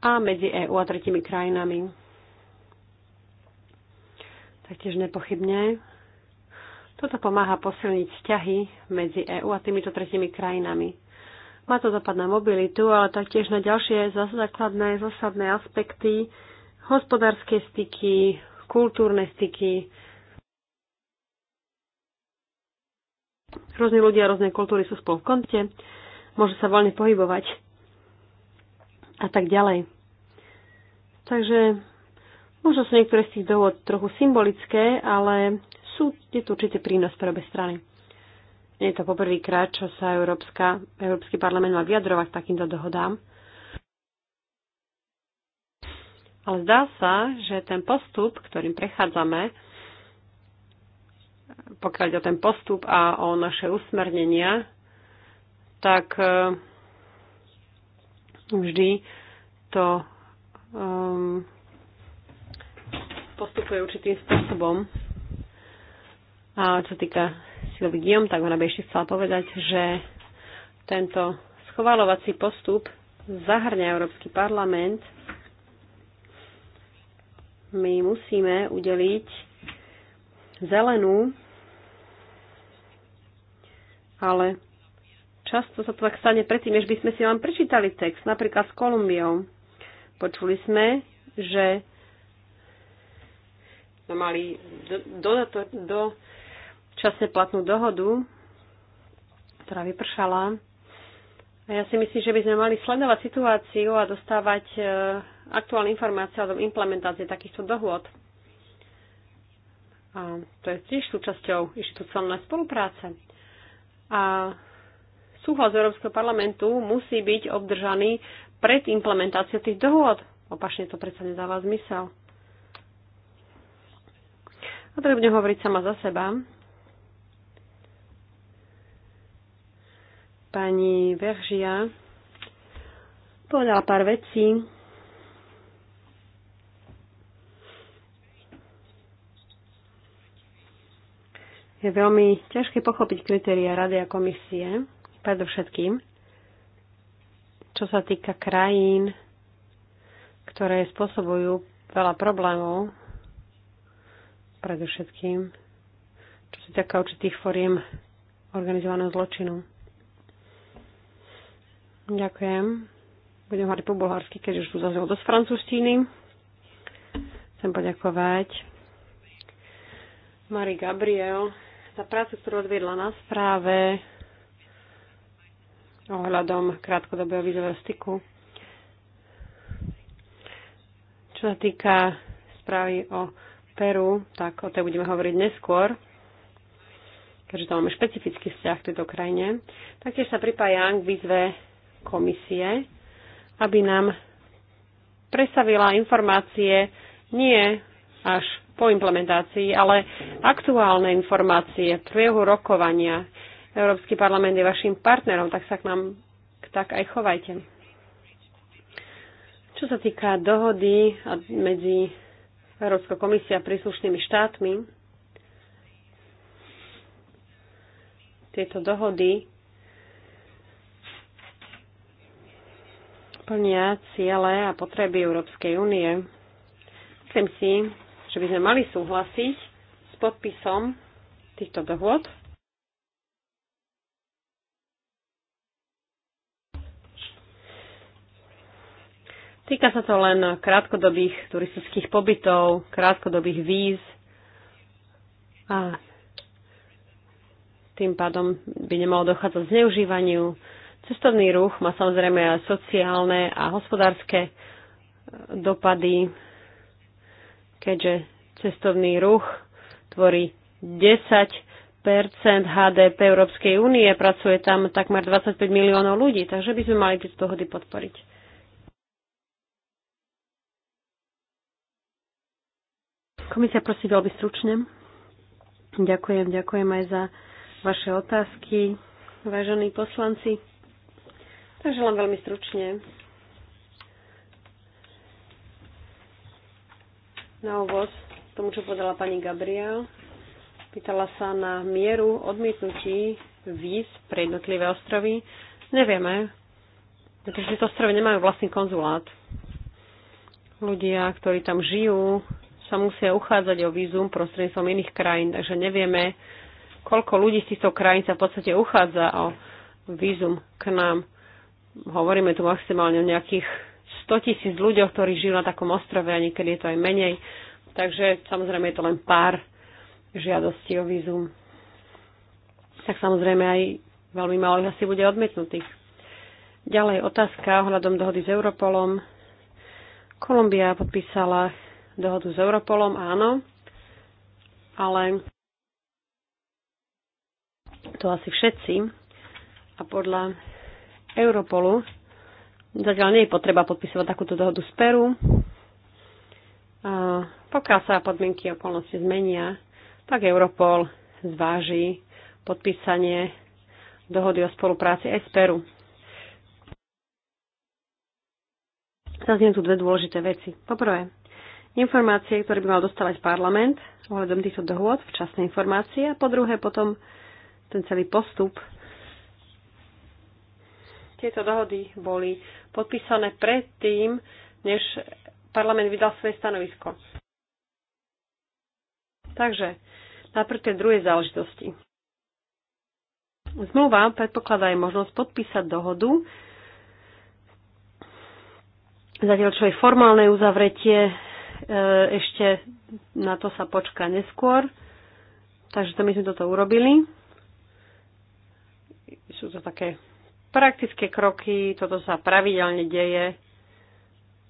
a medzi EÚ a tretimi krajinami. Taktiež nepochybne. Toto pomáha posilniť vzťahy medzi EÚ a týmito tretimi krajinami. Má to dopad na mobilitu, ale taktiež na ďalšie základné, zásadné aspekty hospodárske styky, kultúrne styky. Rôzne ľudia, rôzne kultúry sú spolu v konte, Môžu sa voľne pohybovať a tak ďalej. Takže možno sú niektoré z tých dôvod trochu symbolické, ale sú, je to určite prínos pre obe strany. Nie je to poprvýkrát, čo sa Európska, Európsky parlament má vyjadrovať k takýmto dohodám. Ale zdá sa, že ten postup, ktorým prechádzame, pokiaľ o ten postup a o naše usmernenia, tak e, vždy to um, postupuje určitým spôsobom. A čo týka Silvy Guillaume, tak ona by ešte chcela povedať, že tento schovalovací postup zahrňa Európsky parlament my musíme udeliť zelenú, ale často sa to tak stane predtým, než by sme si vám prečítali text, napríklad s Kolumbiou. Počuli sme, že mali do, do, do časne platnú dohodu, ktorá vypršala. A ja si myslím, že by sme mali sledovať situáciu a dostávať e, aktuálne informácie o implementácie takýchto dohôd. A to je tiež súčasťou inštitucionálnej spolupráce. A súhlas Európskeho parlamentu musí byť obdržaný pred implementáciou tých dohôd. Opačne to predsa nedáva zmysel. A to teda budem hovoriť sama za seba. Pani Veržia povedala pár vecí je veľmi ťažké pochopiť kritéria Rady a komisie, predovšetkým, čo sa týka krajín, ktoré spôsobujú veľa problémov, predovšetkým, čo sa týka určitých foriem organizovaného zločinu. Ďakujem. Budem hovoriť po bulharsky, keď už tu zaznelo dosť francúzštiny. Chcem poďakovať Mari Gabriel za prácu, ktorú odviedla na správe ohľadom krátkodobého vízového styku. Čo sa týka správy o Peru, tak o tej budeme hovoriť neskôr, keďže tam máme špecifický vzťah k tejto krajine. Taktiež sa pripájam k výzve komisie, aby nám predstavila informácie nie až po implementácii, ale aktuálne informácie v priehu rokovania. Európsky parlament je vašim partnerom, tak sa k nám tak aj chovajte. Čo sa týka dohody medzi Európskou komisiou a príslušnými štátmi, tieto dohody plnia ciele a potreby Európskej únie. Myslím si, že by sme mali súhlasiť s podpisom týchto dohôd. Týka sa to len krátkodobých turistických pobytov, krátkodobých víz a tým pádom by nemalo dochádzať k zneužívaniu. Cestovný ruch má samozrejme aj sociálne a hospodárske dopady keďže cestovný ruch tvorí 10 HDP Európskej únie, pracuje tam takmer 25 miliónov ľudí, takže by sme mali tieto dohody podporiť. Komisia, prosím, veľmi stručne. Ďakujem, ďakujem aj za vaše otázky, vážení poslanci. Takže len veľmi stručne. na úvod tomu, čo povedala pani Gabriel. Pýtala sa na mieru odmietnutí víz pre jednotlivé ostrovy. Nevieme, pretože tieto ostrovy nemajú vlastný konzulát. Ľudia, ktorí tam žijú, sa musia uchádzať o vízum prostredníctvom iných krajín, takže nevieme, koľko ľudí z týchto krajín sa v podstate uchádza o vízum k nám. Hovoríme tu maximálne o nejakých 100 tisíc ľuďoch, ktorí žijú na takom ostrove a niekedy je to aj menej. Takže samozrejme je to len pár žiadostí o vízum. Tak samozrejme aj veľmi málo ich asi bude odmietnutých. Ďalej otázka ohľadom dohody s Europolom. Kolumbia podpísala dohodu s Europolom, áno, ale to asi všetci. A podľa Europolu Zatiaľ nie je potreba podpisovať takúto dohodu z Peru. A pokiaľ sa podmienky a okolnosti zmenia, tak Europol zváži podpísanie dohody o spolupráci aj z Peru. Zaznie tu dve dôležité veci. Poprvé, informácie, ktoré by mal dostávať parlament ohľadom týchto dohôd, včasné informácie a po druhé potom ten celý postup tieto dohody boli podpísané predtým, než parlament vydal svoje stanovisko. Takže, najprv tie druhé záležitosti. Zmluva predpokladá aj možnosť podpísať dohodu, zatiaľ čo je formálne uzavretie, e, ešte na to sa počká neskôr. Takže to my sme toto urobili. Sú to také praktické kroky, toto sa pravidelne deje,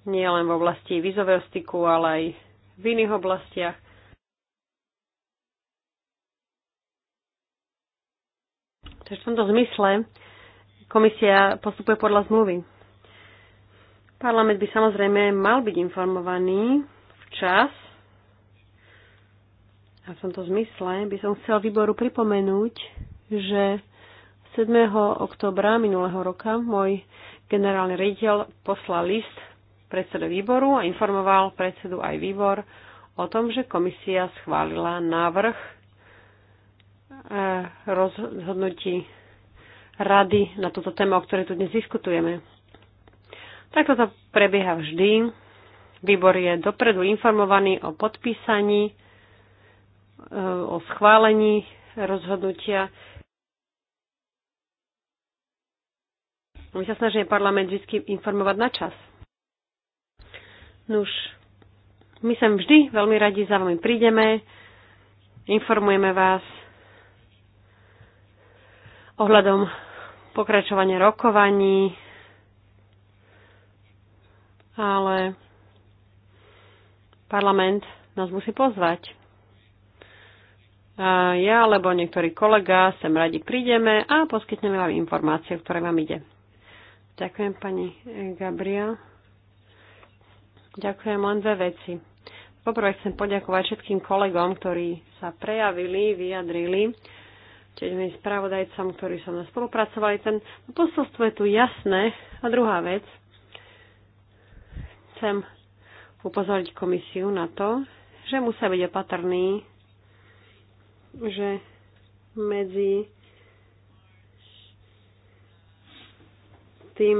nie len v oblasti vizového styku, ale aj v iných oblastiach. Takže v tomto zmysle komisia postupuje podľa zmluvy. Parlament by samozrejme mal byť informovaný včas a v tomto zmysle by som chcel výboru pripomenúť, že 7. oktobra minulého roka môj generálny riaditeľ poslal list predsedu výboru a informoval predsedu aj výbor o tom, že komisia schválila návrh e, rozhodnutí rady na túto tému, o ktorej tu dnes diskutujeme. Takto to prebieha vždy. Výbor je dopredu informovaný o podpísaní, e, o schválení rozhodnutia My sa snažíme parlament vždy informovať na čas. Nuž, my sem vždy veľmi radi za vami prídeme, informujeme vás ohľadom pokračovania rokovaní, ale parlament nás musí pozvať. A ja alebo niektorý kolega sem radi prídeme a poskytneme vám informácie, ktoré vám ide. Ďakujem pani e, Gabriel. Ďakujem len dve veci. Poprvé chcem poďakovať všetkým kolegom, ktorí sa prejavili, vyjadrili, tiež mi spravodajcom, ktorí sa na spolupracovali. Ten posolstvo je tu jasné. A druhá vec, chcem upozoriť komisiu na to, že musia byť opatrní, že medzi tým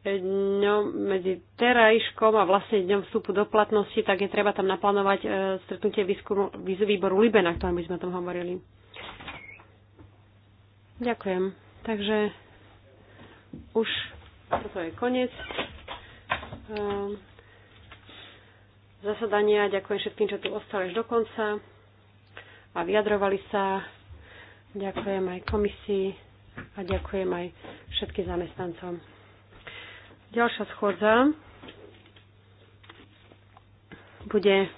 dňom, medzi terajškom a vlastne dňom vstupu do platnosti, tak je treba tam naplánovať e, stretnutie výskumu, výboru Libe, na ktorom by sme tam hovorili. Ďakujem. Takže už toto je koniec ehm, zasadania. Ďakujem všetkým, čo tu ostali až do konca a vyjadrovali sa. Ďakujem aj komisii a ďakujem aj všetkým zamestnancom. Ďalšia schôdza bude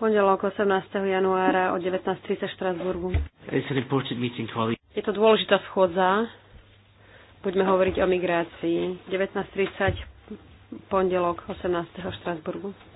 pondelok 18. januára o 19.30 v Štrasburgu. Je to dôležitá schôdza. Budeme hovoriť o migrácii. 19.30 pondelok 18. v Štrasburgu.